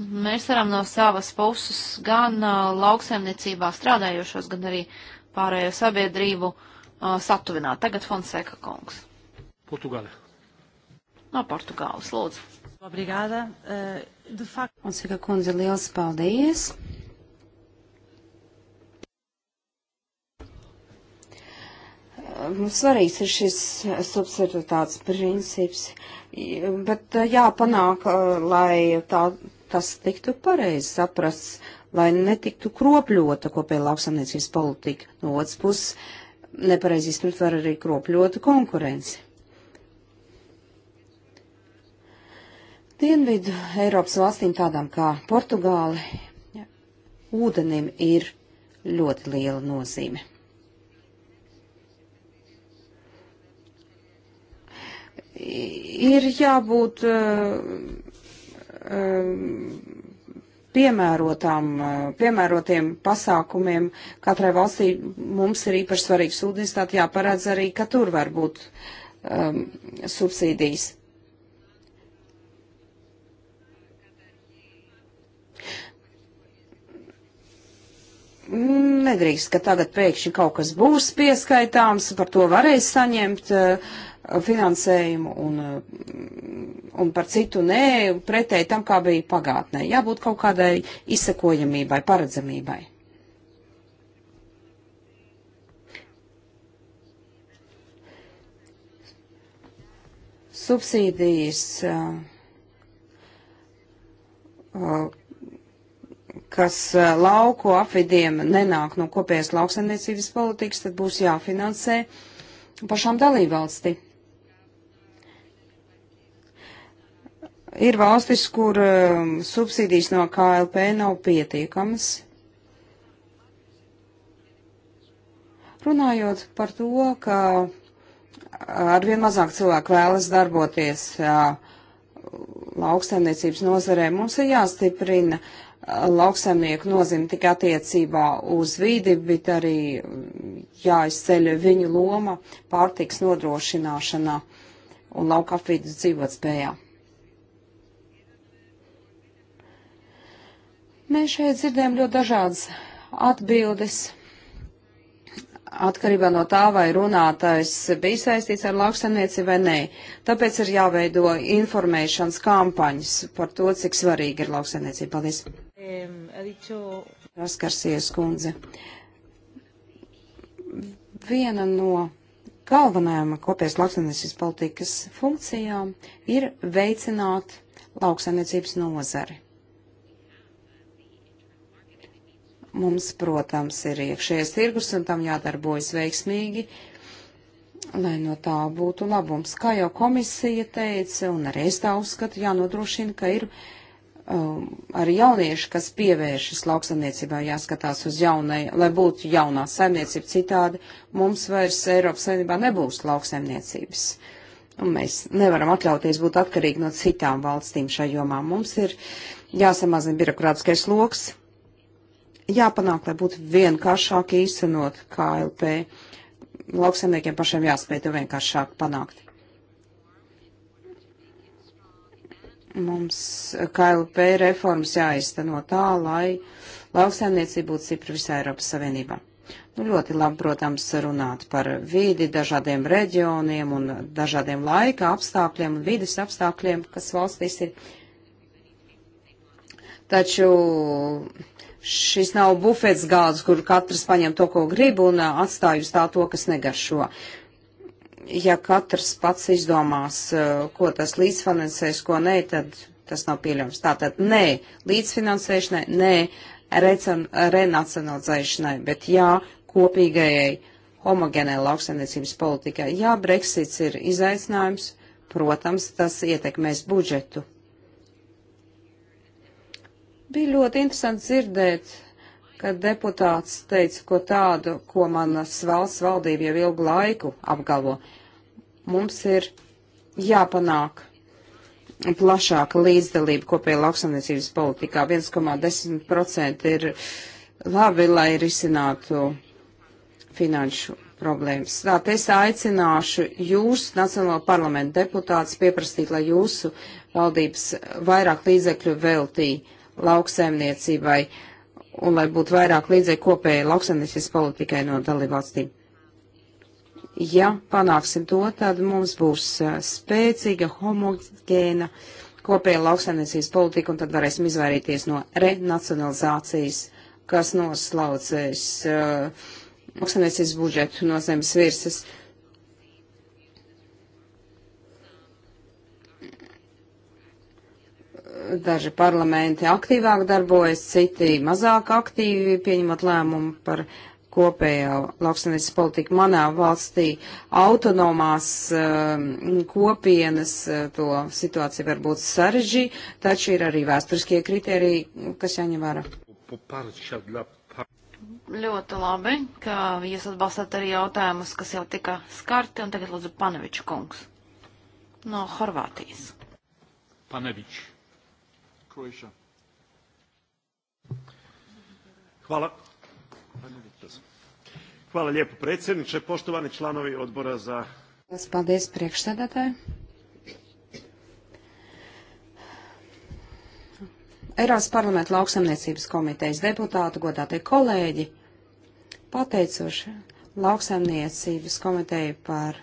Mēs varam no savas puses gan uh, lauksaimniecībā strādājošos, gan arī pārējo sabiedrību uh, satuvināt. Tagad Fonseka kungs. Portugāle. No Portugāles, lūdzu. Obrigāda. Uh, fact... Fonseka kundze, liels paldies. svarīgs ir šis subsidiaritātes princips, bet jāpanāk, lai tā tas tiktu pareizi saprasts, lai netiktu kropļota kopēja lauksamniecības politika. No otras puses, nepareizi izprat var arī kropļota konkurenci. Dienvidu Eiropas valstīm tādām kā Portugāli ūdenim ir ļoti liela nozīme. Ir jābūt uh, Um, piemērotām, uh, piemērotiem pasākumiem katrai valstī mums ir īpaši svarīgs ūdens, tātad jāparedz arī, ka tur var būt um, subsīdijas. Nedrīkst, ka tagad pēkšņi kaut kas būs pieskaitāms, par to varēs saņemt uh, finansējumu un, un par citu nē, pretēji tam, kā bija pagātnē. Jābūt kaut kādai izsekojamībai, paredzamībai. Subsīdijas, uh, uh, kas uh, lauku apvidiem nenāk no kopējas lauksaimniecības politikas, tad būs jāfinansē pašām dalībvalstīm. Ir valstis, kur um, subsīdijas no KLP nav pietiekamas. Runājot par to, ka arvien mazāk cilvēku vēlas darboties uh, lauksaimniecības nozarē, mums ir jāstiprina uh, lauksaimnieku nozīme tik attiecībā uz vidi, bet arī jāizceļ viņu loma pārtiks nodrošināšanā un laukapvidus dzīvotspējā. Mēs šeit dzirdējam ļoti dažādas atbildes atkarībā no tā, vai runātājs bija saistīts ar lauksaimnieci vai nē. Tāpēc ir jāveido informēšanas kampaņas par to, cik svarīgi ir lauksaimniecība. Paldies. Um, Raskarsies kundze. Viena no galvenajām kopējas lauksaimniecības politikas funkcijām ir veicināt lauksaimniecības nozari. Mums, protams, ir iekšējais tirgus un tam jādarbojas veiksmīgi, lai no tā būtu labums. Kā jau komisija teica, un arī es tā uzskatu, jānodrošina, ka ir um, arī jaunieši, kas pievēršas lauksaimniecībā, jāskatās uz jaunai, lai būtu jaunā saimniecība citādi, mums vairs Eiropas saimniecībā nebūs lauksaimniecības. Un mēs nevaram atļauties būt atkarīgi no citām valstīm šajā jomā. Mums ir jāsamazina birokrātiskais loks, jāpanāk, lai būtu vienkāršāk īstenot KLP. Lauksaimniekiem pašiem jāspēj to vienkāršāk panākt. Mums KLP reformas jāizteno tā, lai lauksaimniecība būtu stipra visā Eiropas Savienībā. Nu, ļoti labi, protams, runāt par vīdi, dažādiem reģioniem un dažādiem laika apstākļiem un vides apstākļiem, kas valstīs ir. Taču šis nav bufets gāzes, kur katrs paņem to, ko grib, un atstāj uz tā to, kas negaršo. Ja katrs pats izdomās, ko tas līdzfinansēs, ko nē, tad tas nav pieļams. Tātad nē līdzfinansēšanai, nē renacionalizēšanai, bet jā kopīgajai homogenai lauksaimniecības politikai. Jā, Brexits ir izaicinājums, protams, tas ietekmēs budžetu Bija ļoti interesanti dzirdēt, kad deputāts teica, ko tādu, ko manas valsts valdība jau ilgu laiku apgalvo. Mums ir jāpanāk plašāka līdzdalība kopējā lauksaimniecības politikā. 1,10% ir labi, lai risinātu finanšu problēmas. Tā, es aicināšu jūs, Nacionālo parlamentu deputātus, pieprasīt, lai jūsu valdības vairāk līdzekļu veltīja lauksaimniecībai un lai būtu vairāk līdzekļu kopējai lauksaimniecības politikai no dalībvalstīm. Ja panāksim to, tad mums būs spēcīga, homogēna kopēja lauksaimniecības politika, un tad varēsim izvairīties no renacionalizācijas, kas noslaucēs uh, lauksaimniecības budžetu no zemes virsmas. Uh, daži parlamenti aktīvāk darbojas, citi mazāk aktīvi pieņemot lēmumu par kopējo lauksaimniecības politiku manā valstī. Autonomās uh, kopienas uh, to situācija var būt sarežģī, taču ir arī vēsturiskie kriteriji, kas jāņem vērā. Ļoti labi, ka jūs atbalstāt arī jautājumus, kas jau tika skarti, un tagad lūdzu Paneviča kungs no Horvātijas. Paneviča. Croatia. Hvala. Hvala lijepo predsjedniče, poštovani članovi odbora za... Paldies priekšsēdētāji. Eiropas parlamenta lauksamniecības komitejas deputāti, godātie kolēģi, pateicoši lauksamniecības komiteju par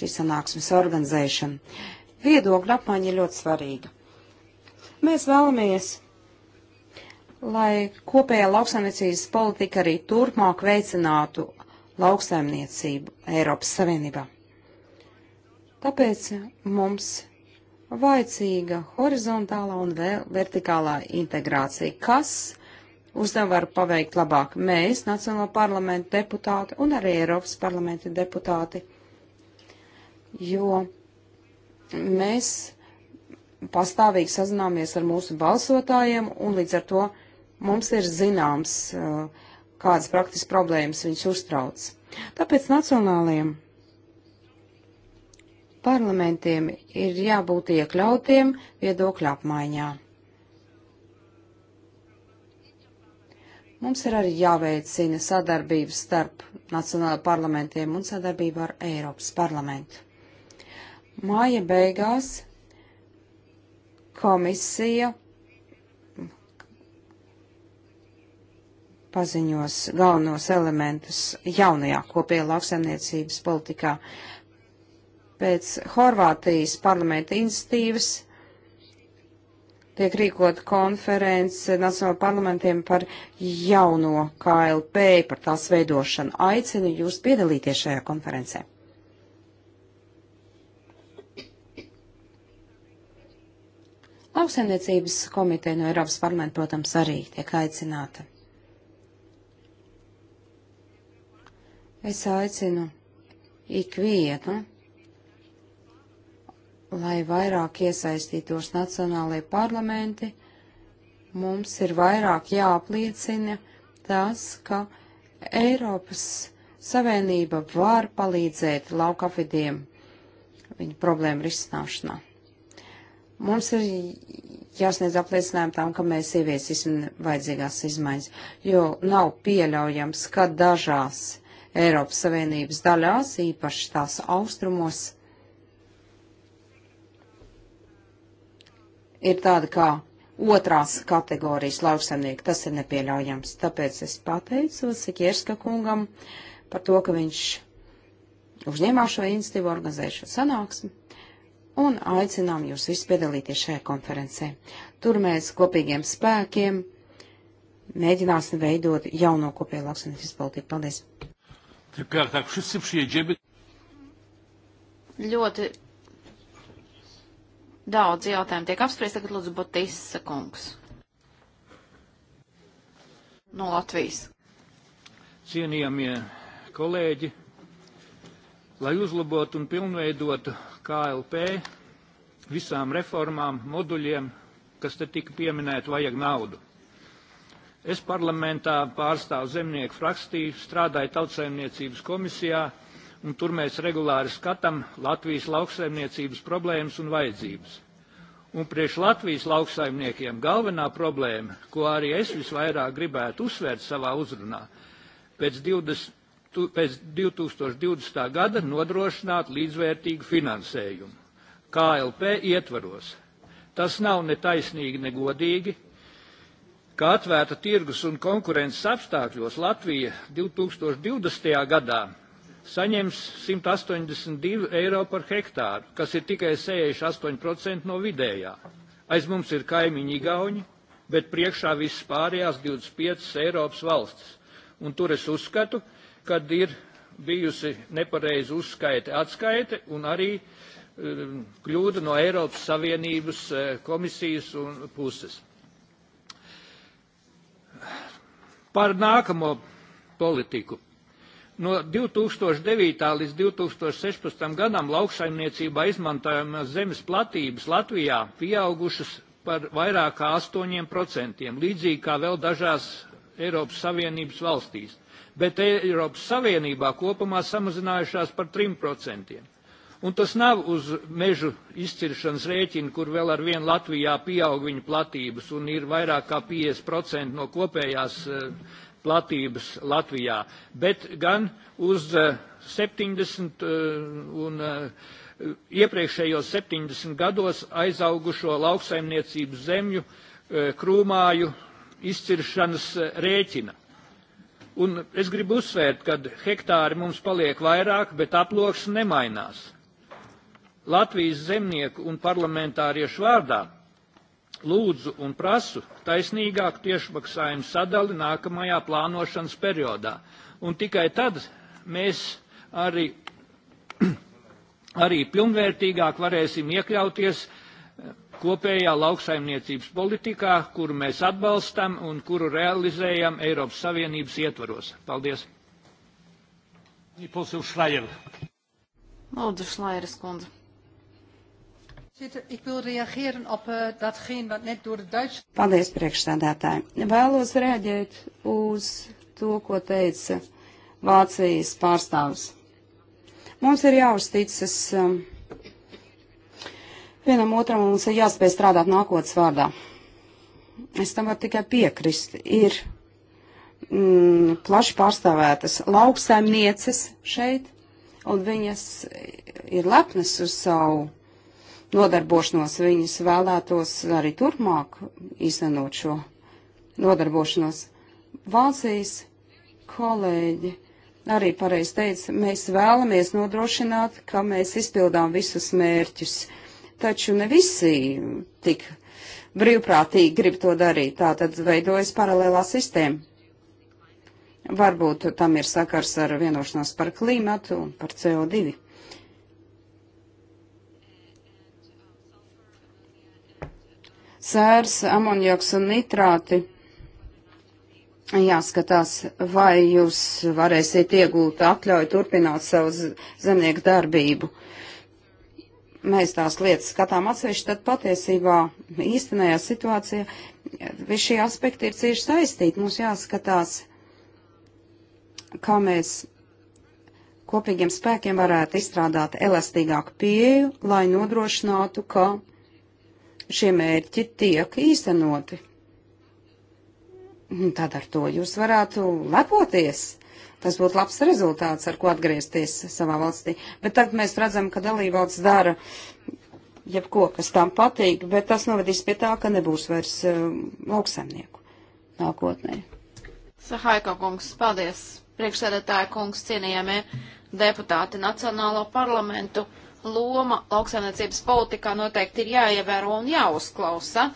šīs sanāksmes organizēšanu. Viedokļa apmaiņa ir ļoti svarīga. Mēs vēlamies, lai kopējā lauksaimniecības politika arī turpmāk veicinātu lauksaimniecību Eiropas Savienībā. Tāpēc mums vajadzīga horizontālā un vertikālā integrācija, kas uzdevumu var paveikt labāk mēs, Nacionālo parlamentu deputāti un arī Eiropas parlamenta deputāti, jo mēs pastāvīgi sazināmies ar mūsu balsotājiem, un līdz ar to mums ir zināms, eh, kādas praktiskas problēmas viņus uztrauc. Tāpēc nacionālajiem parlamentiem ir jābūt iekļautiem viedokļu apmaiņā. Mums ir arī jāveicina sadarbība starp nacionālajiem parlamentiem un sadarbība ar Eiropas parlamentu. Māja beigās komisija paziņos galvenos elementus jaunajā kopējā lauksaimniecības politikā. Pēc Horvātijas parlamenta institīvas tiek rīkot konference Nacionāla parlamentiem par jauno KLP, par tās veidošanu. Aicinu jūs piedalīties šajā konferencē. Lauksaimniecības komiteja no Eiropas parlamenta, protams, arī tiek aicināta. Es aicinu ikvienu, lai vairāk iesaistītos nacionālajie parlamenti, mums ir vairāk jāapliecina tas, ka Eiropas Savienība var palīdzēt laukavidiem viņu problēmu risināšanā. Mums ir jāsniedz apliecinājumi tam, ka mēs ieviesīsim vajadzīgās izmaiņas, jo nav pieļaujams, ka dažās Eiropas Savienības daļās, īpaši tās austrumos, ir tāda kā otrās kategorijas lauksaimnieki. Tas ir nepieļaujams. Tāpēc es pateicos Sikierska kungam par to, ka viņš uzņēmā šo institīvu, organizēja šo sanāksmi un aicinām jūs visus piedalīties šajā konferencē. Tur mēs kopīgiem spēkiem mēģināsim veidot jauno kopēju lauksaimniecības politiku. Paldies! Ļoti daudz jautājumu tiek apspriest. Tagad lūdzu Botisa kungs no Latvijas. Cienījamie kolēģi, lai uzlabotu un pilnveidotu KLP, visām reformām, moduļiem, kas te tika pieminēti, vajag naudu. Es parlamentā pārstāvu zemnieku frakciju, strādāju tautsaimniecības komisijā, un tur mēs regulāri skatām Latvijas lauksaimniecības problēmas un vajadzības. Un priekš Latvijas lauksaimniekiem galvenā problēma, ko arī es visvairāk gribētu uzsvērt savā uzrunā, pēc 20, tu, pēc 2020. gada nodrošināt līdzvērtīgu finansējumu KLP ietvaros. Tas nav netaisnīgi, negodīgi, ka atvērta tirgus un konkurences apstākļos Latvija 2020. gadā saņems 182 eiro par hektāru, kas ir tikai 68% no vidējā. Aiz mums ir kaimiņi Igauni, bet priekšā viss pārējās 25 Eiropas valstis. Un tur es uzskatu, ka kad ir bijusi nepareiza uzskaite atskaite un arī um, kļūda no Eiropas Savienības uh, komisijas un puses. Par nākamo politiku. No 2009. līdz 2016. gadam lauksaimniecībā izmantojamās zemes platības Latvijā pieaugušas par vairāk kā 8%, līdzīgi kā vēl dažās Eiropas Savienības valstīs bet Eiropas Savienībā kopumā samazinājušās par 3%. Un tas nav uz mežu izciršanas rēķina, kur vēl ar vienu Latvijā pieaug viņa platības un ir vairāk kā 50% no kopējās eh, platības Latvijā, bet gan uz 70 eh, eh, un iepriekšējos 70 gados aizaugušo lauksaimniecības zemju krūmāju izciršanas rēķina. Un es gribu uzsvērt, ka hektāri mums paliek vairāk, bet aploks nemainās. Latvijas zemnieku un parlamentāriešu vārdā lūdzu un prasu taisnīgāku tiešmaksājumu sadali nākamajā plānošanas periodā. Un tikai tad mēs arī, (clears throat) arī pilnvērtīgāk varēsim iekļauties kopējā lauksaimniecības politikā, kuru mēs atbalstam un kuru realizējam Eiropas Savienības ietvaros. Paldies! Lūdzu, Šlairas kundze. Eh, Paldies, priekšstādātāji. Vēlos reaģēt uz to, ko teica Vācijas pārstāvis. Mums ir jāuzticas. Um, Vienam otram mums ir jāspēj strādāt nākotnes vārdā. Es tam varu tikai piekrist. Ir mm, plaši pārstāvētas lauksaimnieces šeit, un viņas ir lepnas uz savu nodarbošanos. Viņas vēlētos arī turpmāk īstenot šo nodarbošanos. Vācijas kolēģi arī pareizi teica, mēs vēlamies nodrošināt, ka mēs izpildām visus mērķus. Uh, taču ne visi tik brīvprātīgi grib to darīt. Tā tad veidojas paralēlā sistēma. Varbūt tam ir sakars ar vienošanos par klimatu un par CO2. Sērs, amonjoks un nitrāti. Jāskatās, vai jūs varēsiet iegūt atļauju turpināt savu zemnieku darbību. Uh, mēs tās lietas skatām atsevišķi, tad patiesībā īstenajā situācijā visi šie aspekti ir cieši saistīti. Mums jāskatās, kā mēs kopīgiem spēkiem varētu izstrādāt elastīgāku pieeju, lai nodrošinātu, ka šie mērķi tiek īstenoti. Tad ar to jūs varētu lepoties. Tas būtu labs rezultāts, ar ko atgriezties savā valstī. Bet tagad mēs redzam, ka dalībvalsts dara jebko, kas tam patīk, bet tas novedīs pie tā, ka nebūs vairs um, lauksaimnieku nākotnē. Sahaika kungs, paldies! Priekšsēdētāja kungs, cienījamie deputāti Nacionālo parlamentu loma lauksaimniecības politikā noteikti ir jāievēro un jāuzklausa.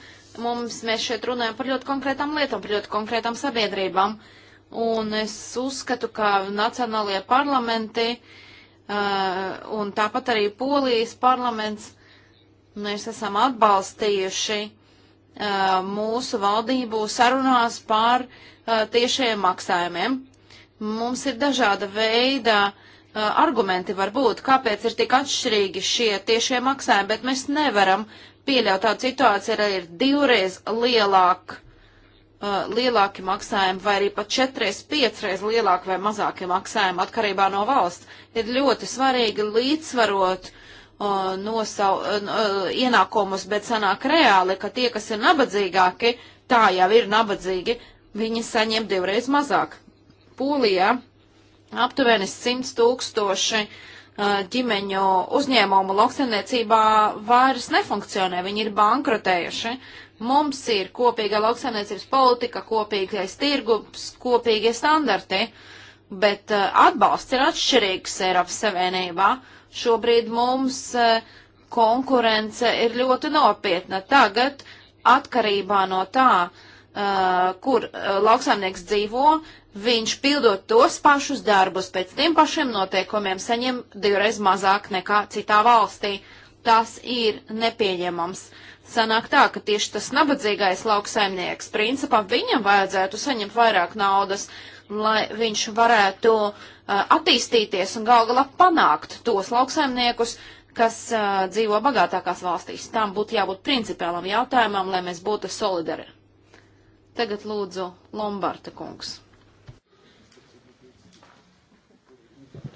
Mums mēs šeit runājam par ļoti konkrētām lietām, par ļoti konkrētām sabiedrībām. Uh, un es uzskatu, ka nacionālajie parlamenti uh, un tāpat arī Polijas parlaments mēs esam atbalstījuši uh, mūsu valdību sarunās par uh, tiešajiem maksājumiem. Mums ir dažāda veida uh, argumenti varbūt, kāpēc ir tik atšķirīgi šie tiešie maksājumi, bet mēs nevaram pieļaut tādu situāciju, ja ir divreiz lielāka uh, lielāki maksājumi vai arī pat četreiz, piecreiz lielāki vai mazāki maksājumi atkarībā no valsts, ir ļoti svarīgi līdzsvarot uh, no savu uh, uh, ienākumus, bet sanāk reāli, ka tie, kas ir nabadzīgāki, tā jau ir nabadzīgi, viņi saņem divreiz mazāk. Pūlijā aptuveni 100 tūkstoši uh, ģimeņu uzņēmumu lauksaimniecībā vairs nefunkcionē, viņi ir bankrotējuši. Uh, Mums ir kopīga lauksaimniecības politika, kopīgais tirgus, kopīgie standarti, bet uh, atbalsts ir atšķirīgs Eiropas Savienībā. Šobrīd mums uh, konkurence ir ļoti nopietna. Tagad atkarībā no tā, uh, kur lauksaimnieks dzīvo, Viņš pildot tos pašus darbus pēc tiem pašiem noteikumiem saņem divreiz mazāk nekā citā valstī. Tas ir nepieņemams. Sanāk tā, ka tieši tas nabadzīgais lauksaimnieks, principā viņam vajadzētu saņemt vairāk naudas, lai viņš varētu uh, attīstīties un gal galā panākt tos lauksaimniekus, kas uh, dzīvo bagātākās valstīs. Tām būtu jābūt principālam jautājumam, lai mēs būtu solidari. Tagad lūdzu Lombarta kungs.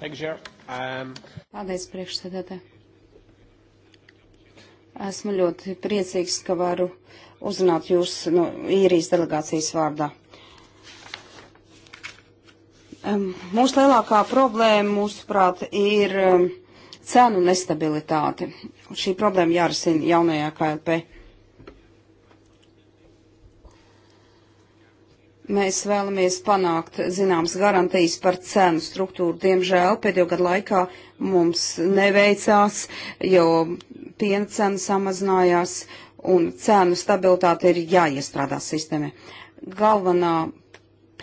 Um, Paldies, priekšsēdētāji. Esmu ļoti priecīgs, ka varu uzrunāt jūs no īrijas delegācijas vārdā. Mūsu lielākā problēma, mūsuprāt, ir cenu nestabilitāte. Šī problēma jārisina jaunajā KLP. Mēs vēlamies panākt zināmas garantijas par cenu struktūru. Diemžēl pēdējo gadu laikā mums neveicās, jo piena cena samazinājās un cēnu stabilitāte ir jāiestrādā sistēmē. Galvenā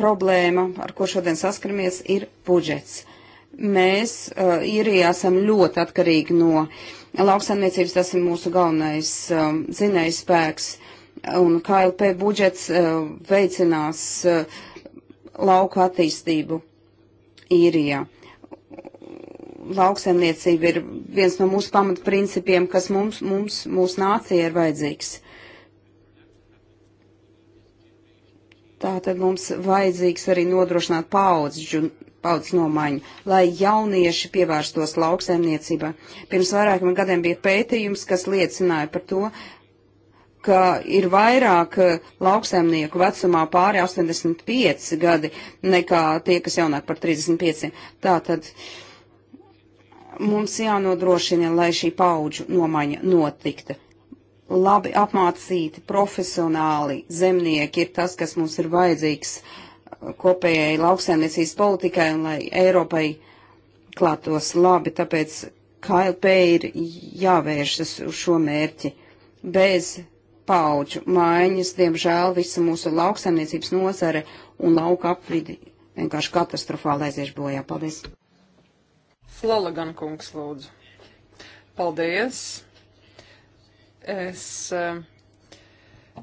problēma, ar ko šodien saskaramies, ir budžets. Mēs uh, īrijā esam ļoti atkarīgi no lauksaimniecības, tas ir mūsu galvenais um, zinējspēks. spēks un KLP budžets eh, veicinās eh, lauku attīstību īrijā. Lauksaimniecība ir viens no mūsu pamatprincipiem, kas mums, mums, mūsu nācija ir vajadzīgs. Tātad mums vajadzīgs arī nodrošināt paudzes, paudzes nomaiņu, lai jaunieši pievērstos lauksaimniecībai. Pirms vairākiem gadiem bija pētījums, kas liecināja par to, ka ir vairāk eh, lauksaimnieku vecumā pāri 85 gadi nekā tie, kas jaunāk par 35. Tātad mums jānodrošina, lai šī paudžu nomaiņa notikta. Labi apmācīti, profesionāli zemnieki ir tas, kas mums ir vajadzīgs eh, kopējai lauksaimniecības politikai un lai Eiropai klātos labi, tāpēc KLP ir jāvēršas uz šo mērķi bez paauģu maiņas, diemžēl visa mūsu lauksaimniecības nozare un lauka apvidi vienkārši katastrofāli aizieš bojā. Paldies! Flalagan kungs lūdzu. Paldies! Es eh,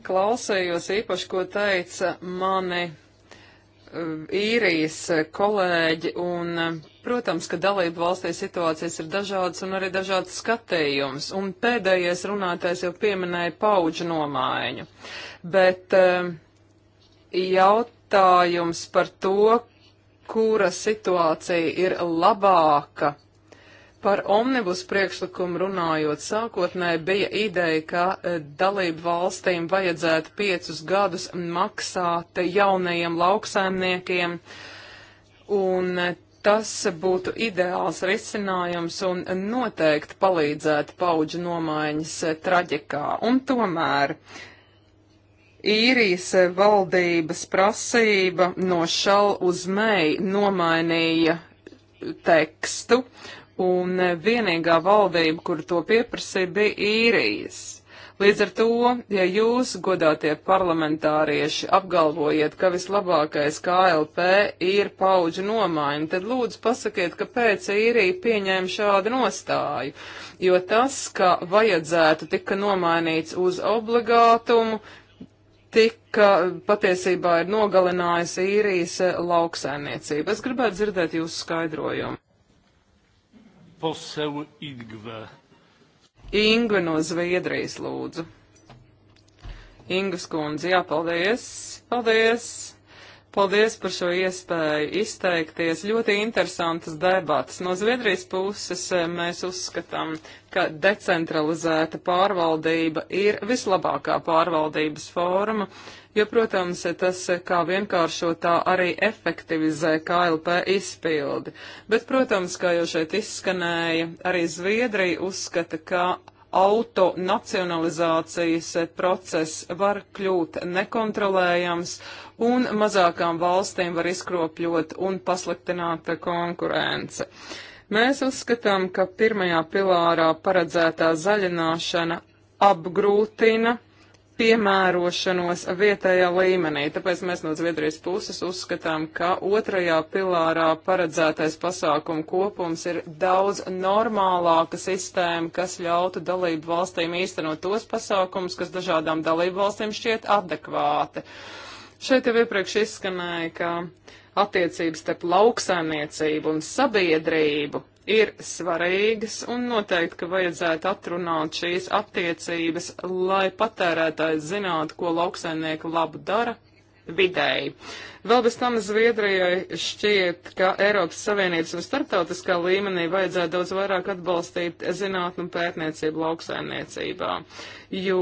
klausējos īpaši, ko teica mani eh, īrijas eh, kolēģi, un Protams, ka dalību valstī situācijas ir dažādas un arī dažādas skatījums, un pēdējais runātais jau pieminēja pauģu nomaiņu. Bet eh, jautājums par to, kura situācija ir labāka Par omnibus priekšlikumu runājot, sākotnēji bija ideja, ka eh, dalību valstīm vajadzētu piecus gadus maksāt jaunajiem lauksaimniekiem, un eh, Tas būtu ideāls risinājums un noteikti palīdzētu paudžu nomaiņas traģikā. Un tomēr īrijas valdības prasība no šal uz mei nomainīja tekstu, un vienīgā valdība, kur to pieprasīja, bija īrijas. Līdz ar to, ja jūs, godātie parlamentārieši, apgalvojiet, ka vislabākais KLP ir paudžu nomaina, tad lūdzu pasakiet, kāpēc īrija pieņēma šādu nostāju, jo tas, ka vajadzētu tika nomainīts uz obligātumu, tika patiesībā ir nogalinājusi īrijas lauksaimniecību. Es gribētu dzirdēt jūsu skaidrojumu. Poseu Idgve. Inga no Zviedrijas lūdzu. Ingas kundze, jā, paldies, paldies, paldies par šo iespēju izteikties. Ļoti interesantas debatas. No Zviedrijas puses eh, mēs uzskatām, ka decentralizēta pārvaldība ir vislabākā pārvaldības forma. Uh, jo, protams, tas kā vienkāršotā arī efektivizē KLP izpildi. Bet, protams, kā jau šeit izskanēja, arī Zviedrija uzskata, ka autonacionalizācijas process var kļūt nekontrolējams un mazākām valstīm var izkropļot un pasliktināt konkurence. Mēs uzskatām, ka pirmajā pilārā paredzētā zaļināšana apgrūtina piemērošanos vietējā līmenī. Tāpēc mēs no Zviedrijas puses uzskatām, ka otrajā pilārā paredzētais pasākumu kopums ir daudz normālāka sistēma, kas ļautu dalību valstīm īstenot tos pasākumus, kas dažādām dalību valstīm šķiet adekvāti. Šeit jau iepriekš izskanēja, ka attiecības starp lauksaimniecību un sabiedrību ir svarīgas un noteikti, ka vajadzētu atrunāt šīs attiecības, lai patērētājs zinātu, ko lauksaimnieku labu dara vidēji. Vēl bez tam Zviedrijai šķiet, ka Eiropas Savienības un starptautiskā līmenī vajadzētu daudz vairāk atbalstīt zinātnu pētniecību lauksaimniecībā, jo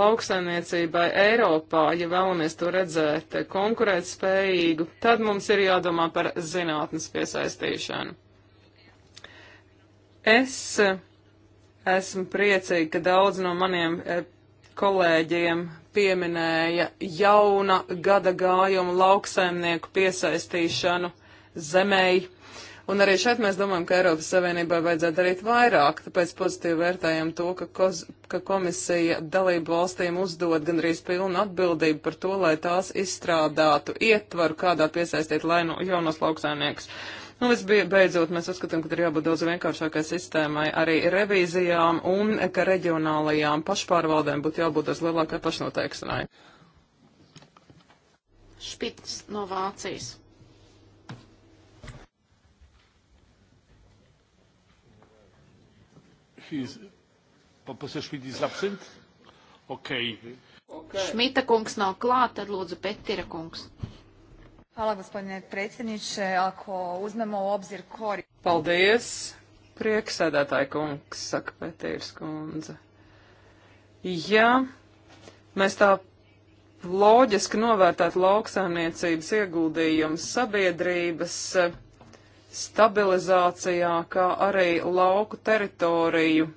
lauksaimniecībai Eiropā, ja vēlamies to redzēt konkurētspējīgu, tad mums ir jādomā par zinātnes piesaistīšanu. Es eh, esmu priecīga, ka daudz no maniem eh, kolēģiem pieminēja jauna gada gājuma lauksaimnieku piesaistīšanu zemēji. Un arī šeit mēs domājam, ka Eiropas Savienībai vajadzētu darīt vairāk, tāpēc pozitīvi vērtējam to, ka, koz, ka komisija dalību valstīm uzdod gandrīz pilnu atbildību par to, lai tās izstrādātu ietvaru, kādā piesaistīt laino, jaunos lauksaimniekus. Uh, Nu, visbeidzot, mēs uzskatām, ka ir jābūt daudz vienkāršākai sistēmai arī revīzijām un ka reģionālajām pašpārvaldēm būtu jābūt daudz lielākai pašnoteikšanai. Špits no Vācijas. Papasē Špits is absent? Ok. okay. Šmita kungs nav klāt, tad lūdzu Petira kungs. Hvala, gospodine predsjedniče. Ako uzmemo u obzir kori... Paldies, prieksēdētāji kungs, saka Pētīrs kundze. Ja mēs tā loģiski novērtētu lauksaimniecības ieguldījumus sabiedrības stabilizācijā, kā arī lauku teritoriju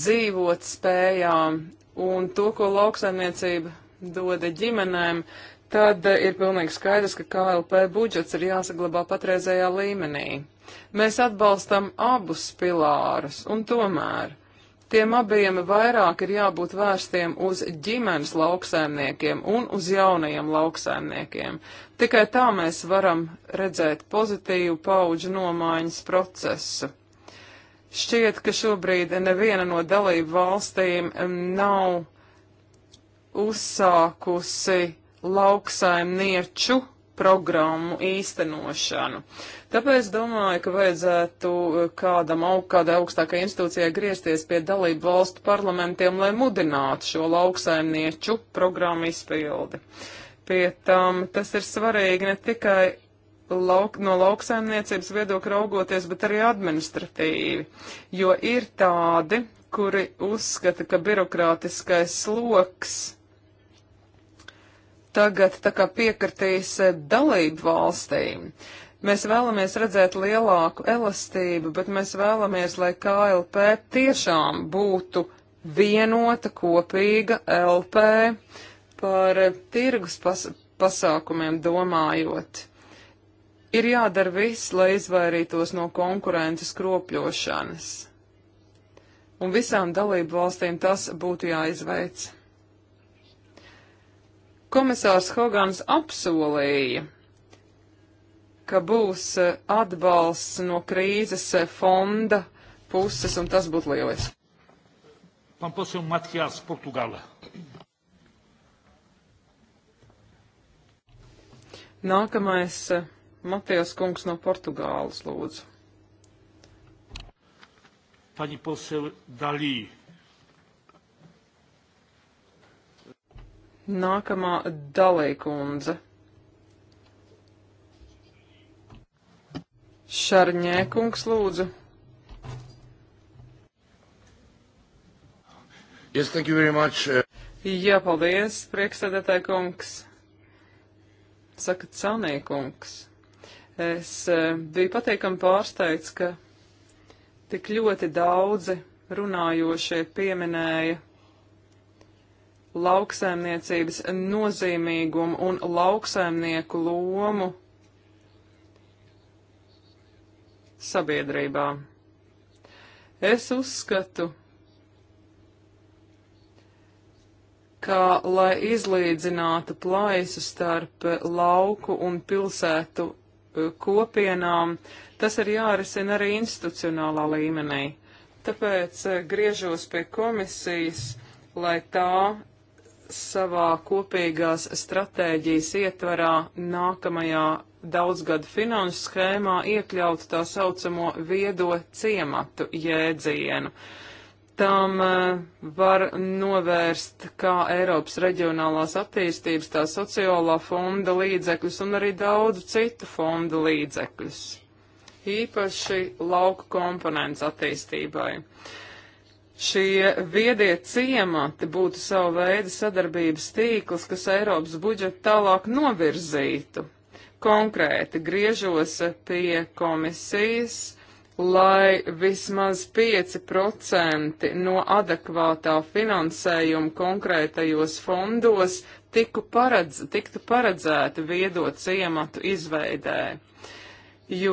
dzīvot spējām un to, ko lauksaimniecība doda ģimenēm, tad eh, ir pilnīgi skaidrs, ka KLP budžets ir jāsaglabā patreizējā līmenī. Mēs atbalstam abus pilārus, un tomēr tiem abiem vairāk ir jābūt vērstiem uz ģimenes lauksēmniekiem un uz jaunajiem lauksēmniekiem. Tikai tā mēs varam redzēt pozitīvu pauģu nomaiņas procesu. Šķiet, ka šobrīd neviena no dalību valstīm nav uzsākusi lauksaimnieču programmu īstenošanu. Tāpēc domāju, ka vajadzētu eh, kādam aug, kādai augstākai institūcijai griezties pie dalību valstu parlamentiem, lai mudinātu šo lauksaimnieču programmu izpildi. Pie tam tas ir svarīgi ne tikai lauk, no lauksaimniecības viedokļa raugoties, bet arī administratīvi, jo ir tādi, kuri uzskata, ka birokrātiskais sloks tagad tā kā piekritīs eh, dalību valstīm. Mēs vēlamies redzēt lielāku elastību, bet mēs vēlamies, lai KLP tiešām būtu vienota kopīga LP par tirgus pas pasākumiem domājot. Ir jādara viss, lai izvairītos no konkurences kropļošanas. Un visām dalību valstīm tas būtu jāizveic. Komisārs Hogans apsolīja, ka būs eh, atbalsts no krīzes eh, fonda puses, un tas būtu lieliski. Pan poseł Matias, Portugāla. Nākamais eh, Matijas kungs no Portugāles, lūdzu. Pani poseł Dalī. Nākamā dalīkundze. Šarņēkungs lūdzu. Yes, thank you very much. Uh, Jā, paldies, priekšsēdētāji kungs. Saka Canī kungs. Es uh, biju pateikam pārsteigts, ka tik ļoti daudzi runājošie pieminēja lauksaimniecības nozīmīgumu un lauksaimnieku lomu sabiedrībā. Es uzskatu, ka, lai izlīdzinātu plaisu starp lauku un pilsētu eh, kopienām, tas ir jārisina arī institucionālā līmenī. Tāpēc eh, griežos pie komisijas, lai tā savā kopīgās stratēģijas ietvarā nākamajā daudzgada finanšu schēmā iekļaut tā saucamo viedo ciematu jēdzienu. Tam e, var novērst kā Eiropas reģionālās attīstības, tā sociālā fonda līdzekļus un arī daudzu citu fondu līdzekļus. Īpaši lauku komponents attīstībai. Uh, Šie viedie ciemati būtu savu veidu sadarbības tīkls, kas Eiropas budžetu tālāk novirzītu. Konkrēti griežos pie komisijas, lai vismaz 5% no adekvātā finansējuma konkrētajos fondos tiku paredz, tiktu paredzēti viedo ciematu izveidē jo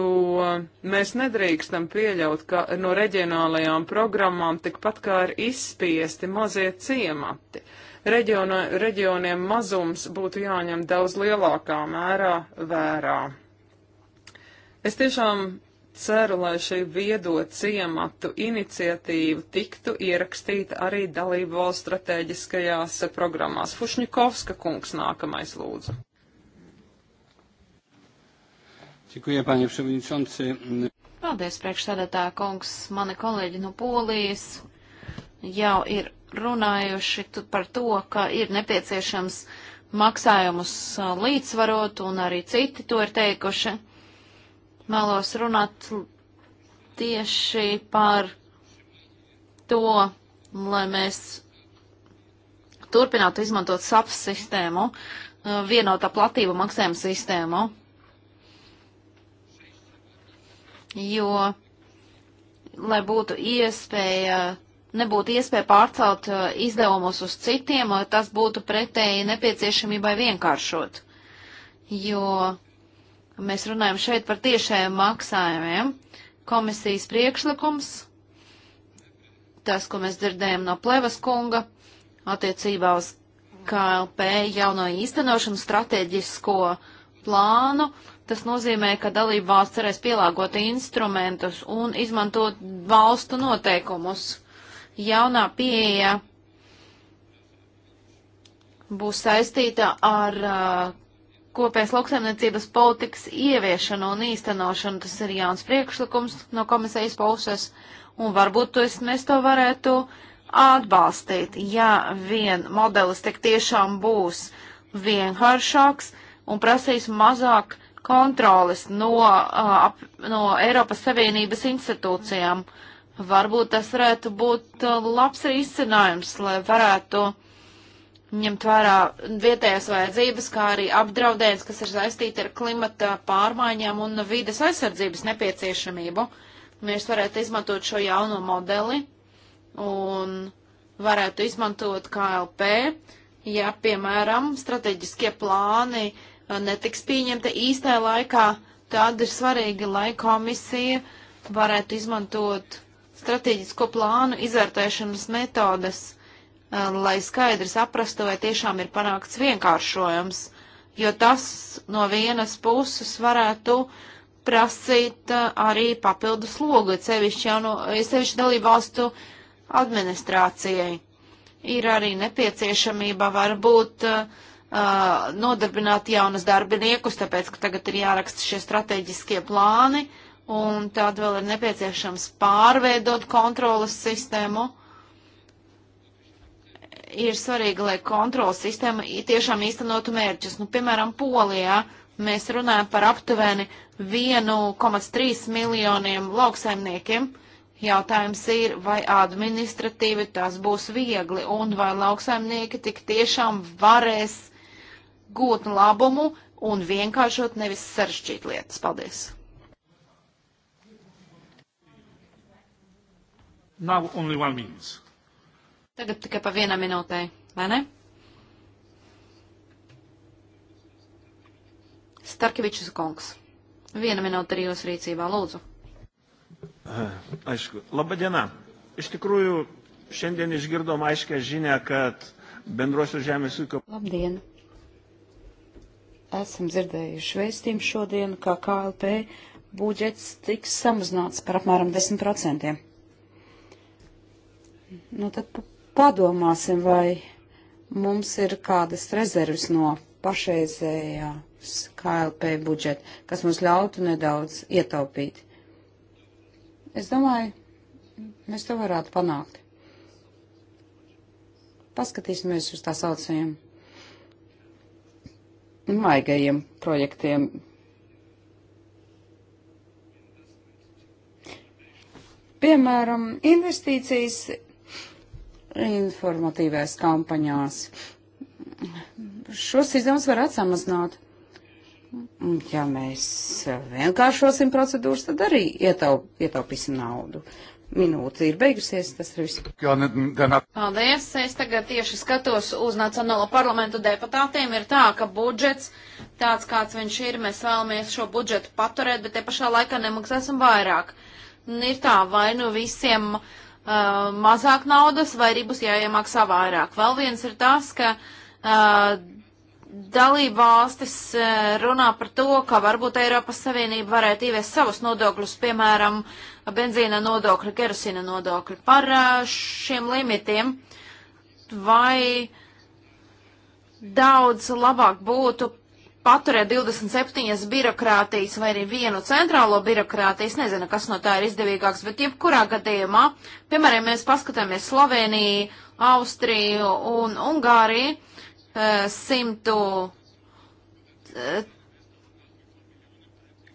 mēs nedrīkstam pieļaut, ka no reģionālajām programmām tikpat kā ir izspiesti mazie ciemati. Reģiona, reģioniem mazums būtu jāņem daudz lielākā mērā vērā. Es tiešām ceru, lai šī viedo ciematu iniciatīva tiktu ierakstīta arī dalību valsts strateģiskajās programmās. Fušņikovska kungs nākamais lūdzu. Čikuja, paņi, Paldies, priekšsēdētā kungs. Mani kolēģi no Polijas jau ir runājuši par to, ka ir nepieciešams maksājumus līdzsvarot, un arī citi to ir teikuši. Mēlos runāt tieši par to, lai mēs turpinātu izmantot SAP sistēmu, vienotā platība maksājuma sistēmu. jo, lai būtu iespēja, nebūtu iespēja pārcelt uh, izdevumus uz citiem, uh, tas būtu pretēji nepieciešamībai vienkāršot. Jo mēs runājam šeit par tiešajiem maksājumiem. Komisijas priekšlikums, tas, ko mēs dzirdējam no Plevas kunga, attiecībā uz KLP jauno īstenošanu strateģisko plānu, Tas nozīmē, ka dalībvalsts cerēs pielāgot instrumentus un izmantot valstu noteikumus. Jaunā pieeja būs saistīta ar uh, kopējas lauksaimniecības politikas ieviešanu un īstenošanu. Tas ir jauns priekšlikums no komisijas puses, un varbūt to es, mēs to varētu atbalstīt, ja vien modelis tik tiešām būs vienkāršāks un prasīs mazāk kontroles no, uh, ap, no Eiropas Savienības institūcijām. Varbūt tas varētu būt uh, labs risinājums, lai varētu ņemt vērā vietējās vajadzības, kā arī apdraudējums, kas ir saistīti ar klimata pārmaiņām un vides aizsardzības nepieciešamību. Mēs varētu izmantot šo jauno modeli un varētu izmantot KLP, ja, piemēram, strateģiskie plāni uh, netiks pieņemta īstā laikā, tad ir svarīgi, lai komisija varētu izmantot strateģisko plānu izvērtēšanas metodes, eh, lai skaidri saprastu, vai tiešām ir panākts vienkāršojums, jo tas no vienas puses varētu prasīt eh, arī papildus logu, sevišķi jau no, eh, sevišķi dalību valstu administrācijai. Ir arī nepieciešamība varbūt uh, uh, nodarbināt jaunas darbiniekus, tāpēc, ka tagad ir jāraksta šie strateģiskie plāni, un tad vēl ir nepieciešams pārveidot kontrolas sistēmu. Ir svarīgi, lai kontrolas sistēma tiešām īstenotu mērķus. Nu, piemēram, Polijā mēs runājam par aptuveni 1,3 miljoniem lauksaimniekiem. Jautājums ir, vai administratīvi tas būs viegli un vai lauksaimnieki tik tiešām varēs gūt labumu un vienkāršot nevis sarešķīt lietas. Paldies! Now only one minute. Tagad tikai pa vienā minūtē, vai ne? Starkevičs kungs. Viena minūte arī jūsu rīcībā, lūdzu. Aišku, laba diena. Iš tikrųjų, šiandien išgirdom aiškę žinę, kad bendrosios žemės ūkio. Labdien. Esam dzirdējuši vēstījumu šodien, ka KLP budžets tiks samazināts par apmēram 10%. Nu, tad padomāsim, vai mums ir kādas rezerves no pašreizējās KLP budžeta, kas mums ļautu nedaudz ietaupīt. Es domāju, mēs to varētu panākt. Paskatīsimies uz tā saucamiem maigajiem projektiem. Piemēram, investīcijas informatīvās kampaņās. Šos izdevumus var atsamazināt. Ja mēs vienkāršosim procedūras, tad arī ietaup, ietaupīsim naudu. Uh, minūte ir beigusies, tas ir viss. Paldies, es tagad tieši skatos uz Nacionālo parlamentu deputātiem. Ir tā, ka budžets tāds, kāds viņš ir, mēs vēlamies šo budžetu paturēt, bet te pašā laikā nemaksāsim vairāk. Un ir tā, vai nu visiem uh, mazāk naudas, vai arī būs jāiemaksā vairāk. Vēl viens ir tas, ka uh, dalība valstis uh, runā par to, ka varbūt Eiropas Savienība varētu ieviest savus nodokļus, piemēram, uh, benzīna nodokļa, kerosīna nodokļa. Par šiem limitiem vai daudz labāk būtu paturēt 27 birokrātijas vai arī vienu centrālo birokrātijas, nezinu, kas no tā ir izdevīgāks, bet jebkurā gadījumā, piemēram, mēs paskatāmies Sloveniju, Austriju un Ungāriju, 100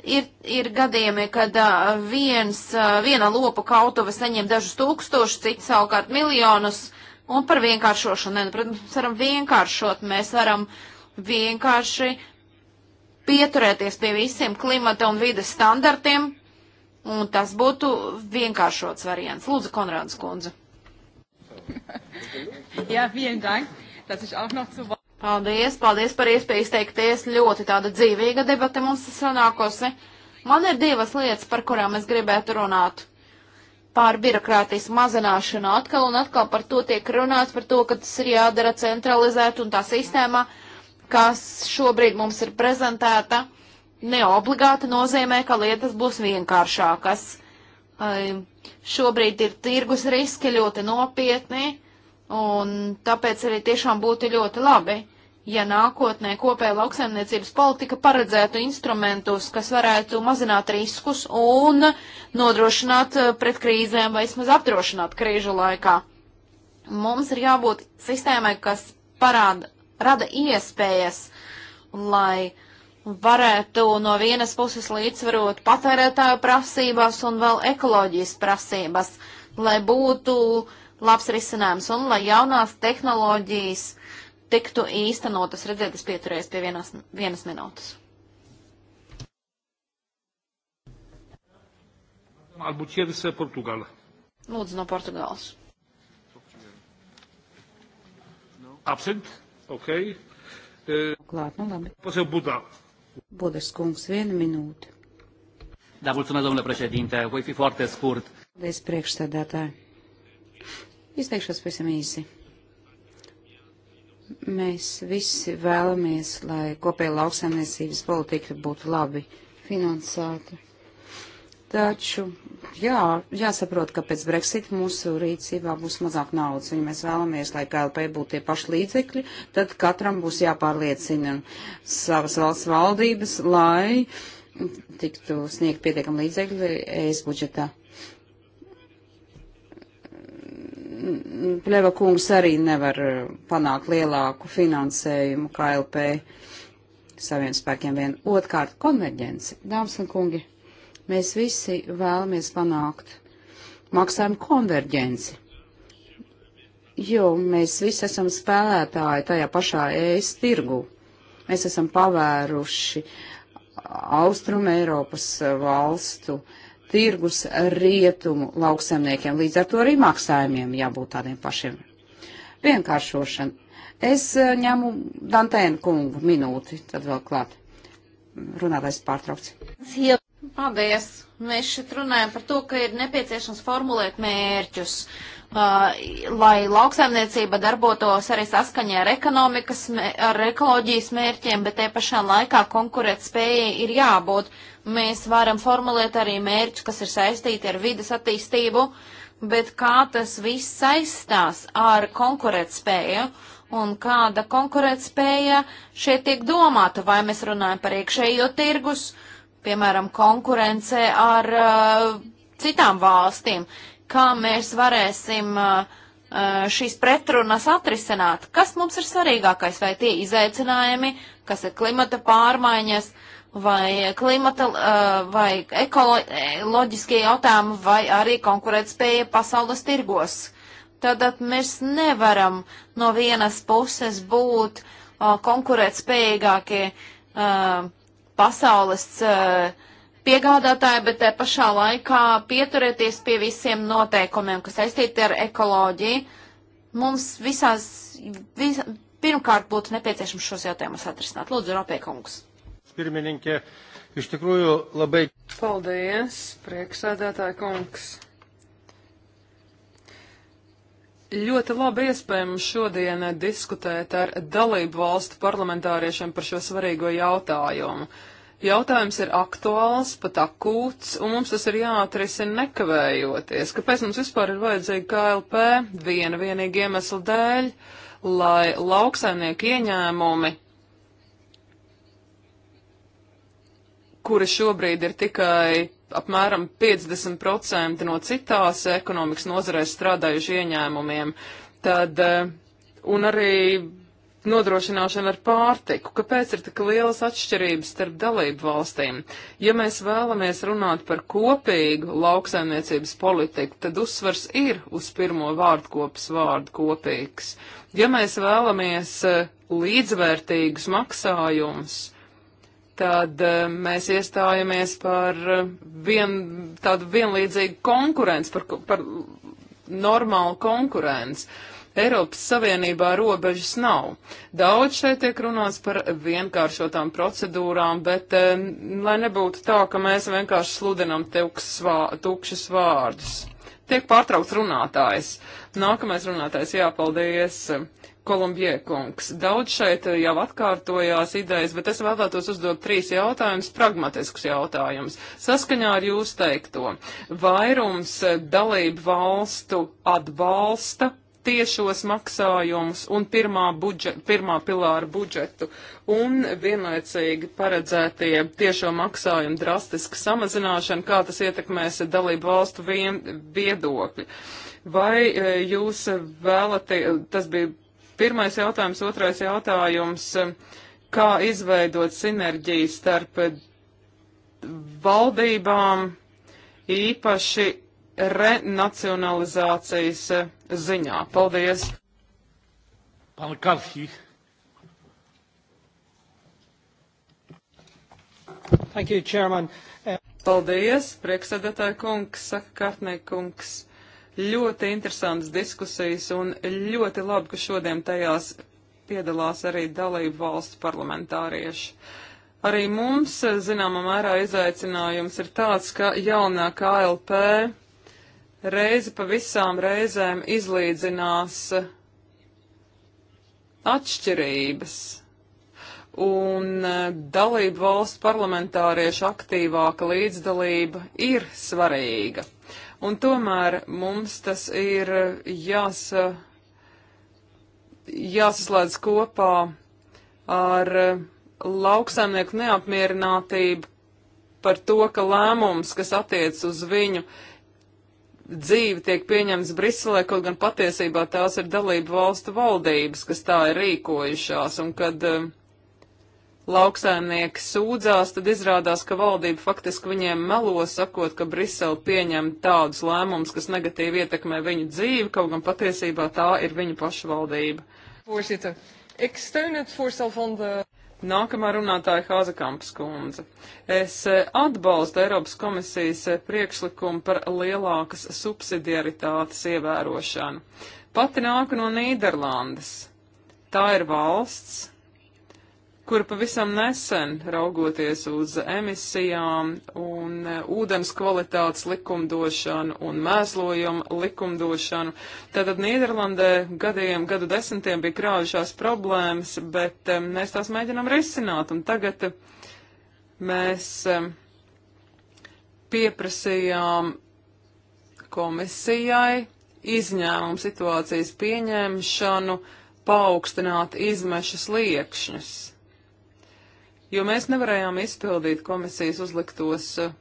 Ir, ir gadījumi, kad viens, viena lopu kautuve saņem dažus tūkstošus, cits savukārt miljonus, un par vienkāršošanu. Ne, nu, protams, mēs varam vienkāršot, mēs varam vienkārši pieturēties pie visiem klimata un vides standartiem, un tas būtu vienkāršots variants. Lūdzu, Konrāds Kundze. (laughs) Jā, vielen dank. Tas ir auch noch zu. Paldies, paldies par iespēju izteikties. Ļoti tāda dzīvīga debata mums ir sanākusi. Man ir divas lietas, par kurām es gribētu runāt. Pār birokrātijas mazināšanu atkal un atkal par to tiek runāts, par to, ka tas ir jādara centralizēt un tā sistēmā, kas šobrīd mums ir prezentēta, neobligāti nozīmē, ka lietas būs vienkāršākas. Šobrīd ir tirgus riski ļoti nopietni, un tāpēc arī tiešām būtu ļoti labi, ja nākotnē kopēja lauksaimniecības politika paredzētu instrumentus, kas varētu mazināt riskus un nodrošināt eh, pret krīzēm vai vismaz apdrošināt krīžu laikā. Mums ir jābūt sistēmai, kas parāda, rada iespējas, lai varētu no vienas puses līdzsvarot patērētāju prasības un vēl ekoloģijas prasības, lai būtu labs risinājums un lai jaunās tehnoloģijas uh, tiktu īstenotas. Redziet, es pieturējos pie vienas, vienas minūtes. Albuquerque, Portugāla. Lūdzu, no Portugāles. Absent? Ok. Uh, Klāt, nu labi. Pasēl Budā. Budas kungs, viena minūte. Da, mulțumesc, domnule președinte. Voi fi foarte scurt. Despre priekšsēdētāji. Izteikšos pavisam īsi. Mēs visi vēlamies, lai kopēja lauksaimniecības politika būtu labi finansēta. Taču jā, jāsaprot, ka pēc Brexit mūsu rīcībā būs mazāk naudas, un ja mēs vēlamies, lai KLP būtu tie paši līdzekļi, tad katram būs jāpārliecina savas valsts valdības, lai tiktu sniegt pietiekam līdzekļi ES budžetā. Pleva kungs arī nevar eh, panākt lielāku finansējumu KLP saviem spēkiem vien. Otkārt, konverģenci. Dāmas un kungi, mēs visi vēlamies panākt maksājumu konverģenci. Jo mēs visi esam spēlētāji tajā pašā ēs tirgu. Mēs esam pavēruši Austrum Eiropas valstu uh, tirgus rietumu lauksemniekiem, līdz ar to arī maksājumiem jābūt tādiem pašiem. Vienkāršošana. Es eh, ņemu Dantēnu kungu minūti, tad vēl klāt. Runātais pārtraukts. Paldies! Mēs šeit runājam par to, ka ir nepieciešams formulēt mērķus. Uh, lai lauksaimniecība darbotos arī saskaņā ar ekonomikas, ar ekoloģijas mērķiem, bet te pašā laikā konkurēt spējai ir jābūt. Mēs varam formulēt arī mērķus, kas ir saistīti ar vidas attīstību, bet kā tas viss saistās ar konkurēt spēju un kāda konkurēt spēja šeit tiek domāta, vai mēs runājam par iekšējo tirgus, piemēram, konkurence ar uh, citām valstīm. Uh, kā mēs varēsim uh, uh, šīs pretrunas atrisināt. Kas mums ir svarīgākais, vai tie izaicinājumi, kas ir klimata pārmaiņas, vai klimata, uh, vai ekoloģiskie jautājumi, vai arī konkurētspēja pasaules tirgos. Tātad mēs nevaram no vienas puses būt konkurētspējīgākie pasaules uh, piegādātāji, bet te pašā laikā pieturēties pie visiem noteikumiem, kas saistīti ar ekoloģiju. Mums visās, vis, pirmkārt būtu nepieciešams šos jautājumus atrisināt. Lūdzu, Ropiekungs. Pirmininkė, iš tikrųjų labai. Paldies, prieksēdētāja kungs. Ļoti labi iespējams šodien diskutēt ar dalību valstu parlamentāriešiem par šo svarīgo jautājumu. Uh, Jautājums ir aktuāls, pat akūts, un mums tas ir jāatrisina nekavējoties. Kāpēc mums vispār ir vajadzīga KLP? Viena vienīga iemesla dēļ, lai lauksaimnieku ieņēmumi, kuri šobrīd ir tikai apmēram 50% no citās ekonomikas nozarēs strādājuši ieņēmumiem, tad, eh, un arī nodrošināšana ar pārtiku, kāpēc ir tik lielas atšķirības starp dalību valstīm. Ja mēs vēlamies runāt par kopīgu lauksaimniecības politiku, tad uzsvars ir uz pirmo vārdkopas vārdu kopīgs. Ja mēs vēlamies eh, līdzvērtīgus maksājumus, tad eh, mēs iestājamies par eh, vien, tādu vienlīdzīgu konkurenci, par, par normālu konkurenci. Eiropas Savienībā robežas nav. Daudz šeit tiek runāts par vienkāršotām procedūrām, bet eh, lai nebūtu tā, ka mēs vienkārši sludinam vā, tukšas vārdus. Tiek pārtraukts runātājs. Nākamais runātājs jāpaldies. Kolumbijē kungs. Daudz šeit jau atkārtojās idejas, bet es vēlētos uzdot trīs jautājumus, pragmatiskus jautājumus. Saskaņā ar jūs teikto, vairums dalību valstu atbalsta tiešos maksājumus un pirmā, budžet, pirmā pilāra budžetu. Un vienlaicīgi paredzētie tiešo maksājumu drastiska samazināšana, kā tas ietekmēs dalību valstu vien, viedokļi. Vai e, jūs vēlaties, tas bija pirmais jautājums, otrais jautājums, kā izveidot sinerģiju starp valdībām īpaši renacionalizācijas eh, ziņā. Paldies! Palkarhi. Thank you, Chairman. Paldies, priekšsēdētāja kungs, saka Kartnieka kungs. Ļoti interesants diskusijas un ļoti labi, ka šodien tajās piedalās arī dalību valstu parlamentārieši. Arī mums, zināmā mērā, izaicinājums ir tāds, ka jaunā KLP reizi pa visām reizēm izlīdzinās atšķirības. Un eh, dalību valstu parlamentāriešu aktīvāka līdzdalība ir svarīga. Un tomēr mums tas ir jāsa, jāsaslēdz kopā ar lauksaimnieku neapmierinātību par to, ka lēmums, kas attiec uz viņu, uh, dzīve tiek pieņemts Briselē, kaut gan patiesībā tās ir dalību valstu valdības, kas tā ir rīkojušās, un kad uh, lauksaimnieki sūdzās, tad izrādās, ka valdība faktiski viņiem melo, sakot, ka Brisele pieņem tādus lēmumus, kas negatīvi ietekmē viņu dzīvi, kaut gan patiesībā tā ir viņu pašu valdība. Voorzitter, ik steun het voorstel van de. Nākamā runātāja Hāzekampas kundze. Es eh, atbalstu Eiropas komisijas eh, priekšlikumu par lielākas subsidiaritātes ievērošanu. Pati nāku no Nīderlandes. Tā ir valsts, kura pavisam nesen raugoties uz emisijām un e, ūdens kvalitātes likumdošanu un mēslojumu likumdošanu. Tātad Nīderlandē gadiem, gadu desmitiem bija krājušās problēmas, bet um, mēs tās mēģinām risināt. Un tagad e, mēs um, pieprasījām komisijai izņēmumu situācijas pieņemšanu paaugstināt izmešu sliekšņus jo mēs nevarējām izpildīt komisijas uzliktos eh,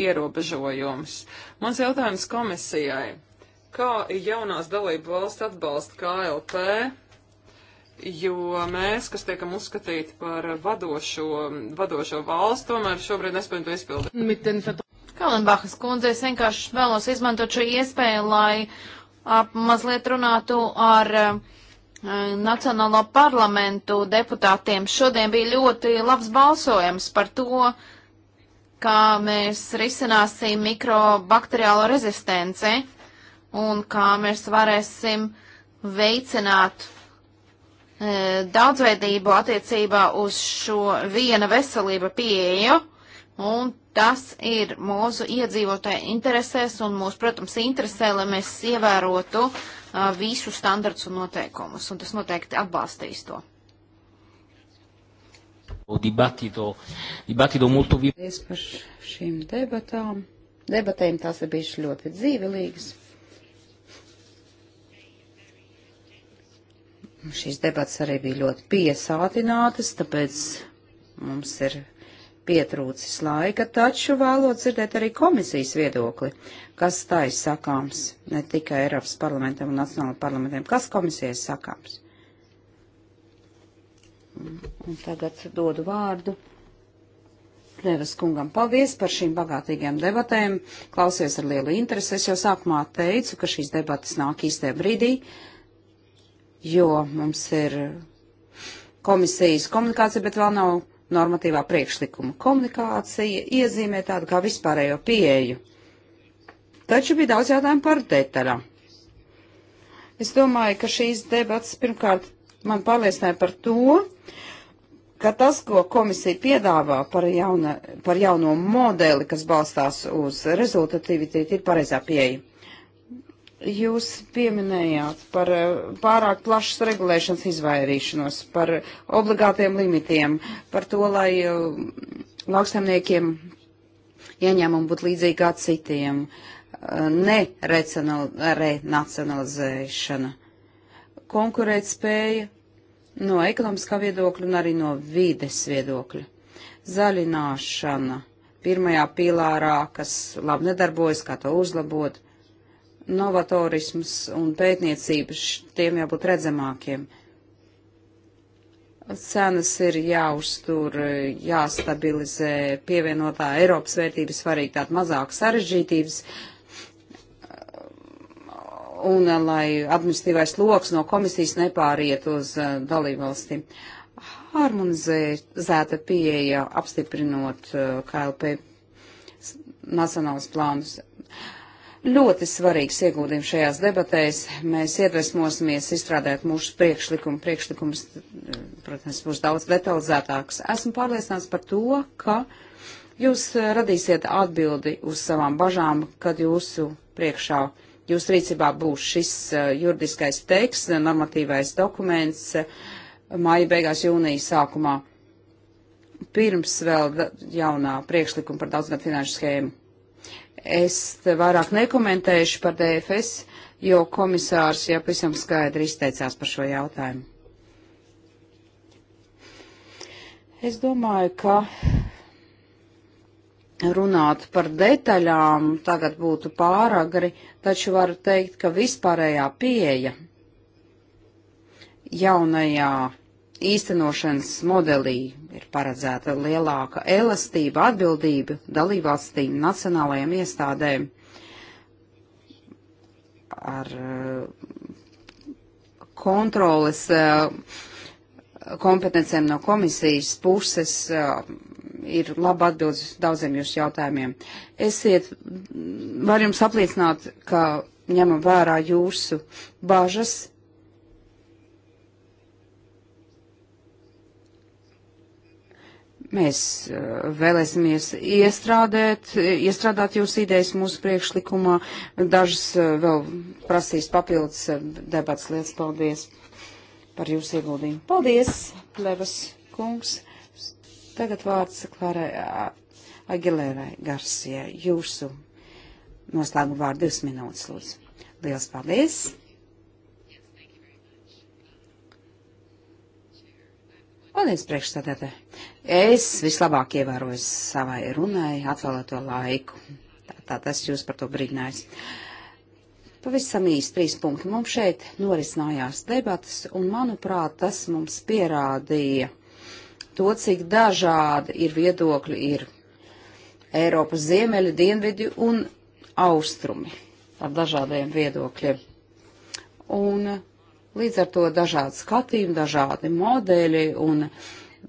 ierobežojumus. Mans jautājums komisijai. Kā jaunās dalību valsts atbalsta KLP, jo mēs, kas tiekam uzskatīti par vadošo, vadošo valsts, tomēr šobrīd nespējam to izpildīt? Kalenbachas kundze, es vienkārši vēlos izmantot šo iespēju, lai ap, mazliet runātu ar uh, Nacionālo parlamentu deputātiem šodien bija ļoti labs balsojums par to, kā mēs risināsim mikrobakteriālo rezistenci un kā mēs varēsim veicināt e, daudzveidību attiecībā uz šo viena veselība pieeju. Un tas ir mūsu iedzīvotāju interesēs un mūsu, protams, interesē, lai mēs ievērotu uh, visu standarts un noteikumus, un tas noteikti atbalstīs to. Dibatito, dibatito multu... Es par šīm debatām. Debatēm tās ir bijušas ļoti dzīvelīgas. Šīs debats arī bija ļoti piesātinātas, tāpēc mums ir pietrūcis laika, taču vēlot dzirdēt arī komisijas viedokli, kas tā ir sakāms, ne tikai Eiropas parlamentam un Nacionālajiem parlamentiem, kas komisijai sakāms. Un tagad dodu vārdu Devas kungam. Paldies par šīm bagātīgajām debatēm. Klausies ar lielu interesi. Es jau sākumā teicu, ka šīs debatas nāk īstajā brīdī, jo mums ir komisijas komunikācija, bet vēl nav normatīvā priekšlikuma. Komunikācija iezīmē tādu kā vispārējo pieeju. Taču bija daudz jautājumu par detaļām. Es domāju, ka šīs debats pirmkārt man pārliecināja par to, ka tas, ko komisija piedāvā par, jauna, par jauno modeli, kas balstās uz rezultatīvitīti, ir pareizā pieeja. Jūs pieminējāt par eh, pārāk plašas regulēšanas izvairīšanos, par obligātiem limitiem, par to, lai eh, lauksaimniekiem ieņēmumi būtu līdzīgi kā citiem, eh, nerenacionalizēšana, konkurēt spēja no ekonomiskā viedokļa un arī no vides viedokļa, zaļināšana pirmajā pilārā, kas labi nedarbojas, kā to uzlabot novatorisms un pētniecības, tiem jābūt redzamākiem. Cenas ir jāuztur, jāstabilizē, pievienotā Eiropas vērtības svarīgi tāda mazāka sarežģītības, un eh, lai administratīvais loks no komisijas nepāriet uz eh, dalībvalstīm. Harmonizēta pieeja apstiprinot eh, KLP nacionālas plānus ļoti svarīgs ieguldījums šajās debatēs. Mēs iedvesmosimies izstrādāt mūsu priekšlikumu. Priekšlikums, protams, būs daudz detalizētāks. Esmu pārliecināts par to, ka jūs radīsiet atbildi uz savām bažām, kad jūsu priekšā, jūsu rīcībā būs šis eh, juridiskais teksts, normatīvais dokuments eh, māja beigās jūnija sākumā. Pirms vēl jaunā priekšlikuma par daudzgad finanšu schēmu. Es vairāk nekomentēšu par DFS, jo komisārs jau pavisam skaidri izteicās par šo jautājumu. Es domāju, ka runāt par detaļām tagad būtu pāragri, taču varu teikt, ka vispārējā pieeja jaunajā īstenošanas modelī ir paredzēta lielāka elastība, atbildība dalībvalstīm, nacionālajiem iestādēm ar uh, kontroles uh, kompetencēm no komisijas puses uh, ir laba atbildes daudziem jūsu jautājumiem. Esiet, var jums apliecināt, ka ņemam vērā jūsu bažas Mēs eh, vēlēsimies iestrādēt, iestrādāt jūsu idejas mūsu priekšlikumā. Dažas eh, vēl prasīs papildus eh, debats. Lielas paldies par jūsu ieguldījumu. Paldies, Levas kungs. Tagad vārds Klārai Agilērai Garsijai. Jūsu noslēguma vārdu divas minūtes, lūdzu. Lielas paldies! Paldies, priekšstādātē. Es vislabāk ievēroju savai runai atvēlēto laiku. Tā, tā tas jūs par to brīdinājis. Pavisam īsti trīs punkti. Mums šeit norisinājās debatas, un manuprāt, tas mums pierādīja to, cik dažādi ir viedokļi ir Eiropas ziemeļi, dienvidi un austrumi ar dažādiem viedokļiem. Un Līdz ar to dažādi skatījumi, dažādi modeļi un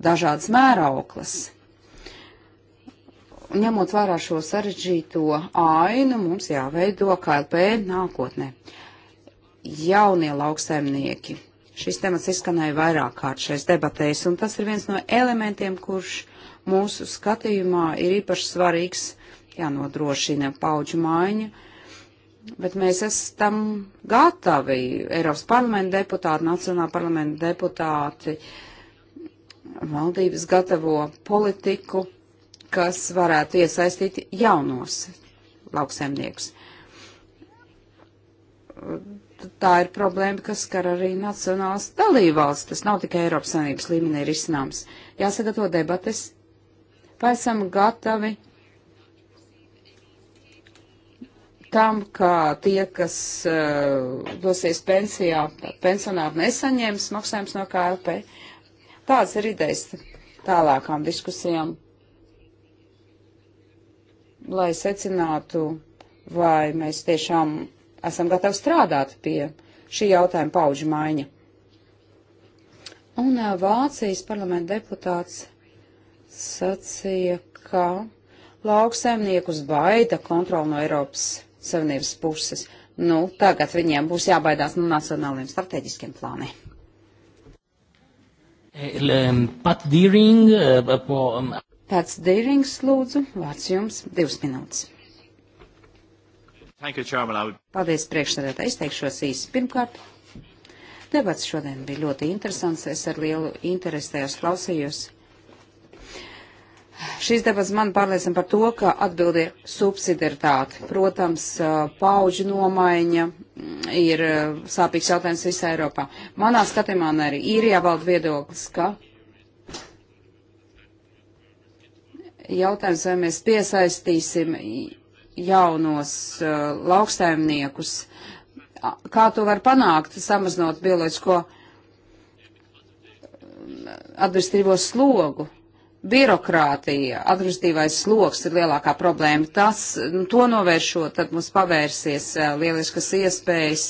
dažādas mērauklas. Ņemot vērā šo sarežģīto ainu, mums jāveido KLP nākotnē. Jaunie lauksaimnieki. Šis temats izskanēja vairāk kārt šais debatēs, un tas ir viens no elementiem, kurš mūsu skatījumā ir īpaši svarīgs, jānodrošina pauģu maiņa Bet mēs esam gatavi, Eiropas parlamenta deputāti, Nacionāla parlamenta deputāti, valdības gatavo politiku, kas varētu iesaistīt jaunos lauksemniekus. Tā ir problēma, kas skar arī nacionālas dalībvalsts. Tas nav tikai Eiropas Savienības līmenī risināms. Jāsagatavo debates. Vai esam gatavi tam, ka tie, kas uh, dosies pensijā, pensionāri nesaņems maksājums no KLP. Tāds ir idejas tālākām diskusijām, lai secinātu, vai mēs tiešām esam gatavi strādāt pie šī jautājuma pauģu maiņa. Un uh, Vācijas parlamenta deputāts sacīja, ka lauksaimniekus baida kontroli no Eiropas Savienības puses. Nu, tagad viņiem būs jābaidās no nacionāliem strateģiskiem plāniem. Pat Dīring, eh, Pats Dīrings, lūdzu, vārds jums divas minūtes. You, would... Paldies priekšsēdētā, izteikšos īsi. Pirmkārt, debats šodien bija ļoti interesants, es ar lielu interesi tajās klausījos. Šīs debats man pārliecina par to, ka atbildi ir subsidiaritāte. Protams, pauģu nomaiņa mm, ir sāpīgs jautājums visā Eiropā. Manā skatījumā arī ir jāvalda viedoklis, ka jautājums, vai mēs piesaistīsim jaunos uh, lauksaimniekus, kā to var panākt, samazinot bioloģisko administrīvo slogu birokrātija, administratīvais sloks ir lielākā problēma. Tas, nu, to novēršot, tad mums pavērsies eh, lieliskas iespējas.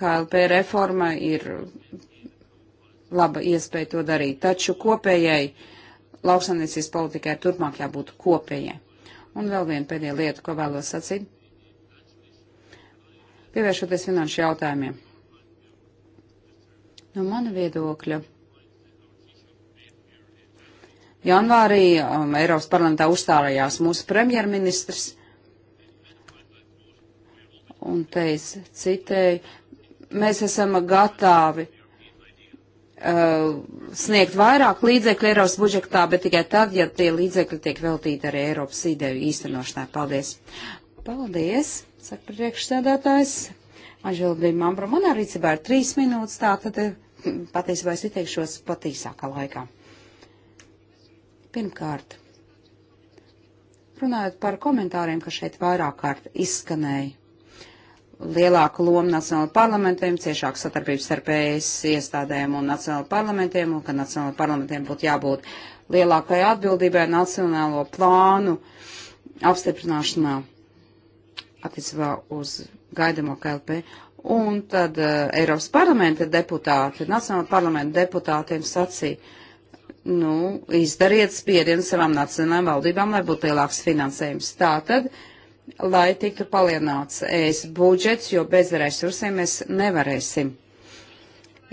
KLP reforma ir laba iespēja to darīt. Taču kopējai lauksaimniecības politikai turpmāk jābūt kopējai. Un vēl viena pēdējā lieta, ko vēlos sacīt. Pievēršoties finanšu jautājumiem. No mana viedokļa Janvārī um, Eiropas parlamentā uzstājās mūsu premjerministrs un teica, citēji, mēs esam gatavi uh, sniegt vairāk līdzekļu Eiropas budžetā, bet tikai tad, ja tie līdzekļi tiek veltīti arī Eiropas ideju īstenošanai. Paldies! Paldies, saka priekšsēdētājs. Anžēlīdīm Ambra, man arī cibēr trīs minūtes, tā tad eh, patiesībā es ieteikšos patīsākā laikā. Pirmkārt, runājot par komentāriem, kas šeit vairāk kārt izskanēja. Lielāka loma nacionālajiem parlamentiem, ciešāka satarbības starp ES iestādēm un nacionālajiem parlamentiem, un ka nacionālajiem parlamentiem būtu jābūt lielākai atbildībai nacionālo plānu apstiprināšanā attiecībā uz gaidamo KLP. Un tad uh, Eiropas parlamenta deputāti, nacionāla parlamenta deputātiem sacīja, nu, izdariet spiedienu savām nacionālajām valdībām, lai būtu lielāks finansējums. Tātad, lai tiktu palielināts ES budžets, jo bez resursiem mēs nevarēsim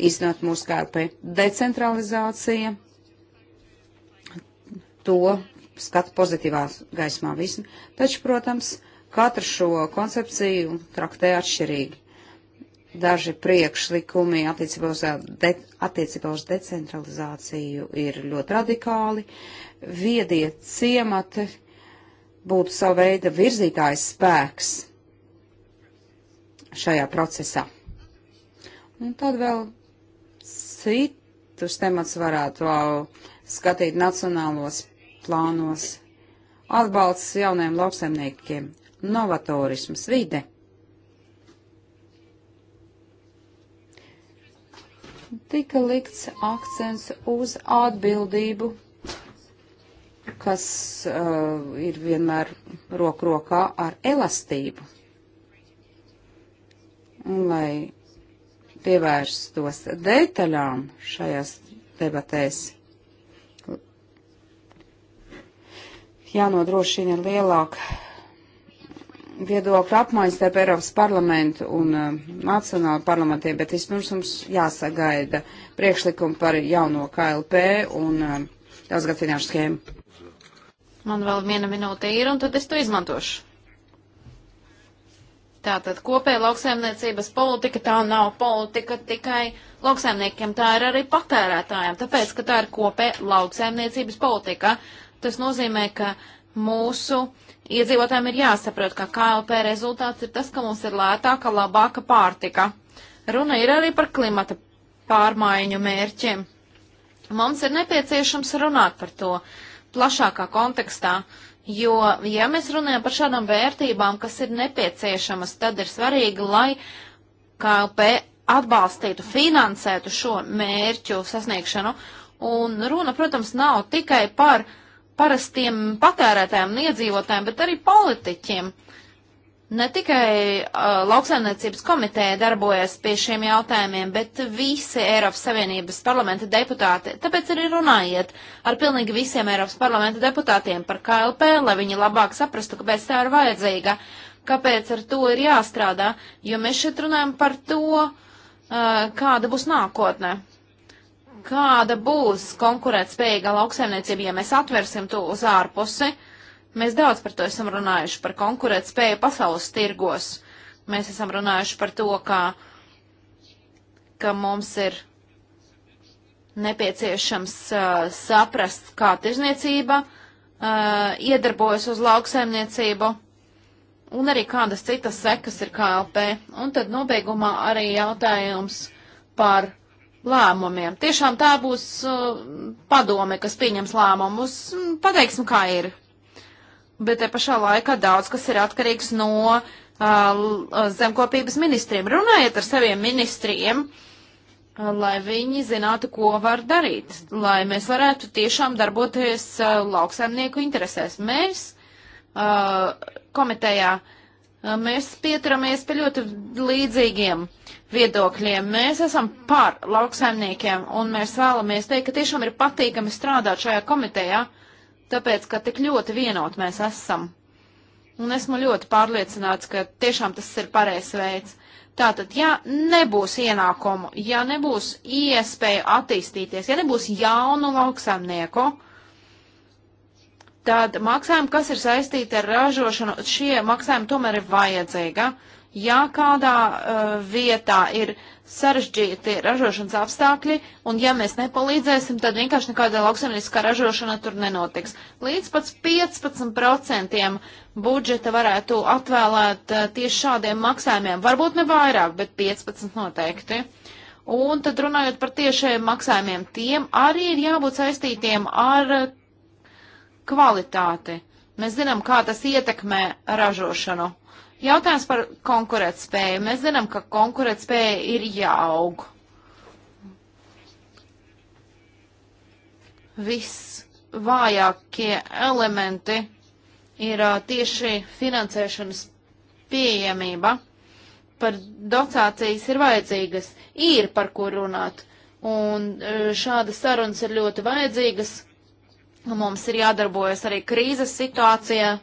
iznākt mūsu kārpai. Decentralizācija, to skatu pozitīvā gaismā visu. Taču, protams, katru šo koncepciju traktē atšķirīgi daži priekšlikumi attiecībā uz, de, attiecībā uz decentralizāciju ir ļoti radikāli. Viedie ciemati būtu sava veida virzītājs spēks šajā procesā. Un tad vēl citus temats varētu skatīt nacionālos plānos. Atbalsts jauniem lauksaimniekiem, novatorisms, vide tika likts akcents uz atbildību, kas uh, ir vienmēr roku rokā ar elastību. Un, lai pievērstos detaļām šajās debatēs, jānodrošina lielāka viedokļu apmaiņas starp Eiropas parlamentu un uh, nacionālu parlamentiem, bet vispirms mums jāsagaida priekšlikumu par jauno KLP un uh, daudzgad finanšu schēmu. Man vēl viena minūte ir, un tad es to izmantošu. Tātad kopēja lauksaimniecības politika tā nav politika tikai lauksaimniekiem, tā ir arī patērētājiem, tāpēc, ka tā ir kopēja lauksaimniecības politika. Tas nozīmē, ka uh, mūsu iedzīvotājiem ir jāsaprot, ka KLP rezultāts ir tas, ka mums ir lētāka, labāka pārtika. Runa ir arī par klimata pārmaiņu mērķiem. Mums ir nepieciešams runāt par to plašākā kontekstā, jo, ja mēs runājam par šādām vērtībām, kas ir nepieciešamas, tad ir svarīgi, lai KLP atbalstītu, finansētu šo mērķu sasniegšanu. Un runa, protams, nav tikai par uh, parastiem patērētājiem un iedzīvotājiem, bet arī politiķiem. Ne tikai uh, lauksaimniecības komiteja darbojas pie šiem jautājumiem, bet visi Eiropas Savienības parlamenta deputāti. Tāpēc arī runājiet ar pilnīgi visiem Eiropas parlamenta deputātiem par KLP, lai viņi labāk saprastu, kāpēc tā ir vajadzīga, kāpēc ar to ir jāstrādā, jo mēs šeit runājam par to, uh, kāda būs nākotne kāda būs konkurētspējīga lauksaimniecība, ja mēs atversim to uz ārpusi. Mēs daudz par to esam runājuši, par konkurētspēju pasaules tirgos. Mēs esam runājuši par to, ka, ka mums ir nepieciešams uh, saprast, kā tirzniecība uh, iedarbojas uz lauksaimniecību un arī kādas citas sekas ir KLP. Un tad nobeigumā arī jautājums par lēmumiem. Tiešām tā būs uh, padome, kas pieņems lēmumus, mm, pateiksim, kā ir. Bet te pašā laikā daudz kas ir atkarīgs no uh, uh, zemkopības ministriem. Runājiet ar saviem ministriem, uh, lai viņi zinātu, ko var darīt, lai mēs varētu tiešām darboties uh, lauksaimnieku interesēs. Mēs uh, komitejā uh, mēs pieturamies pie ļoti līdzīgiem viedokļiem. Mēs esam par lauksaimniekiem un mēs vēlamies teikt, ka tiešām ir patīkami strādāt šajā komitejā, tāpēc, ka tik ļoti vienot mēs esam. Un esmu ļoti pārliecināts, ka tiešām tas ir pareizs veids. Tātad, ja nebūs ienākumu, ja nebūs iespēju attīstīties, ja nebūs jaunu lauksaimnieku, tad maksājumi, kas ir saistīti ar ražošanu, šie maksājumi tomēr ir vajadzīga. Ja? Ja kādā uh, vietā ir sarežģīti ražošanas apstākļi, un ja mēs nepalīdzēsim, tad vienkārši nekāda lauksaimnieciskā ražošana tur nenotiks. Līdz pat 15% budžeta varētu atvēlēt uh, tieši šādiem maksājumiem. Varbūt ne vairāk, bet 15 noteikti. Un tad runājot par tiešajiem maksājumiem, tiem arī ir jābūt saistītiem ar kvalitāti. Mēs zinām, kā tas ietekmē ražošanu. Jautājums par konkurētspēju. Mēs zinām, ka konkurētspēja ir jāaug. Visvājākie elementi ir tieši finansēšanas pieejamība. Par dotācijas ir vajadzīgas, ir par ko runāt. Un šādas sarunas ir ļoti vajadzīgas. Mums ir jādarbojas arī krīzes situācijā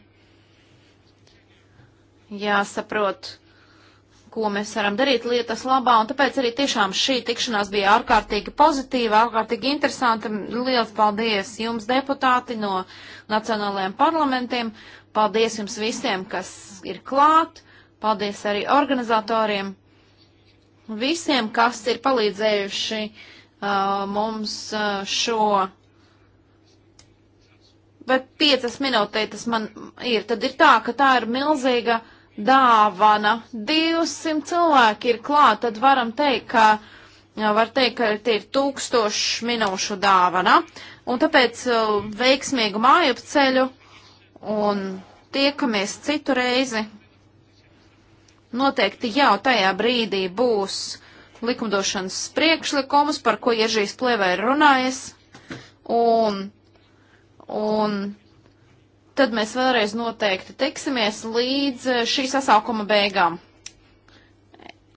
jāsaprot, ko mēs varam darīt lietas labā, un tāpēc arī tiešām šī tikšanās bija ārkārtīgi pozitīva, ārkārtīgi interesanta. Liels paldies jums, deputāti no nacionālajiem parlamentiem, paldies jums visiem, kas ir klāt, paldies arī organizatoriem, visiem, kas ir palīdzējuši uh, mums uh, šo. Bet piecas minūtes tas man ir. Tad ir tā, ka tā ir milzīga uh, dāvana. 200 cilvēki ir klāt, tad varam teikt, ka, var teikt, ka tie ir tūkstošu minūšu dāvana. Un tāpēc uh, veiksmīgu mājupceļu un tiekamies citu reizi. Noteikti jau tajā brīdī būs likumdošanas priekšlikums, par ko Iežīs plēvē ir runājis. Un, un tad mēs vēlreiz noteikti tiksimies līdz eh, šī sasaukuma beigām.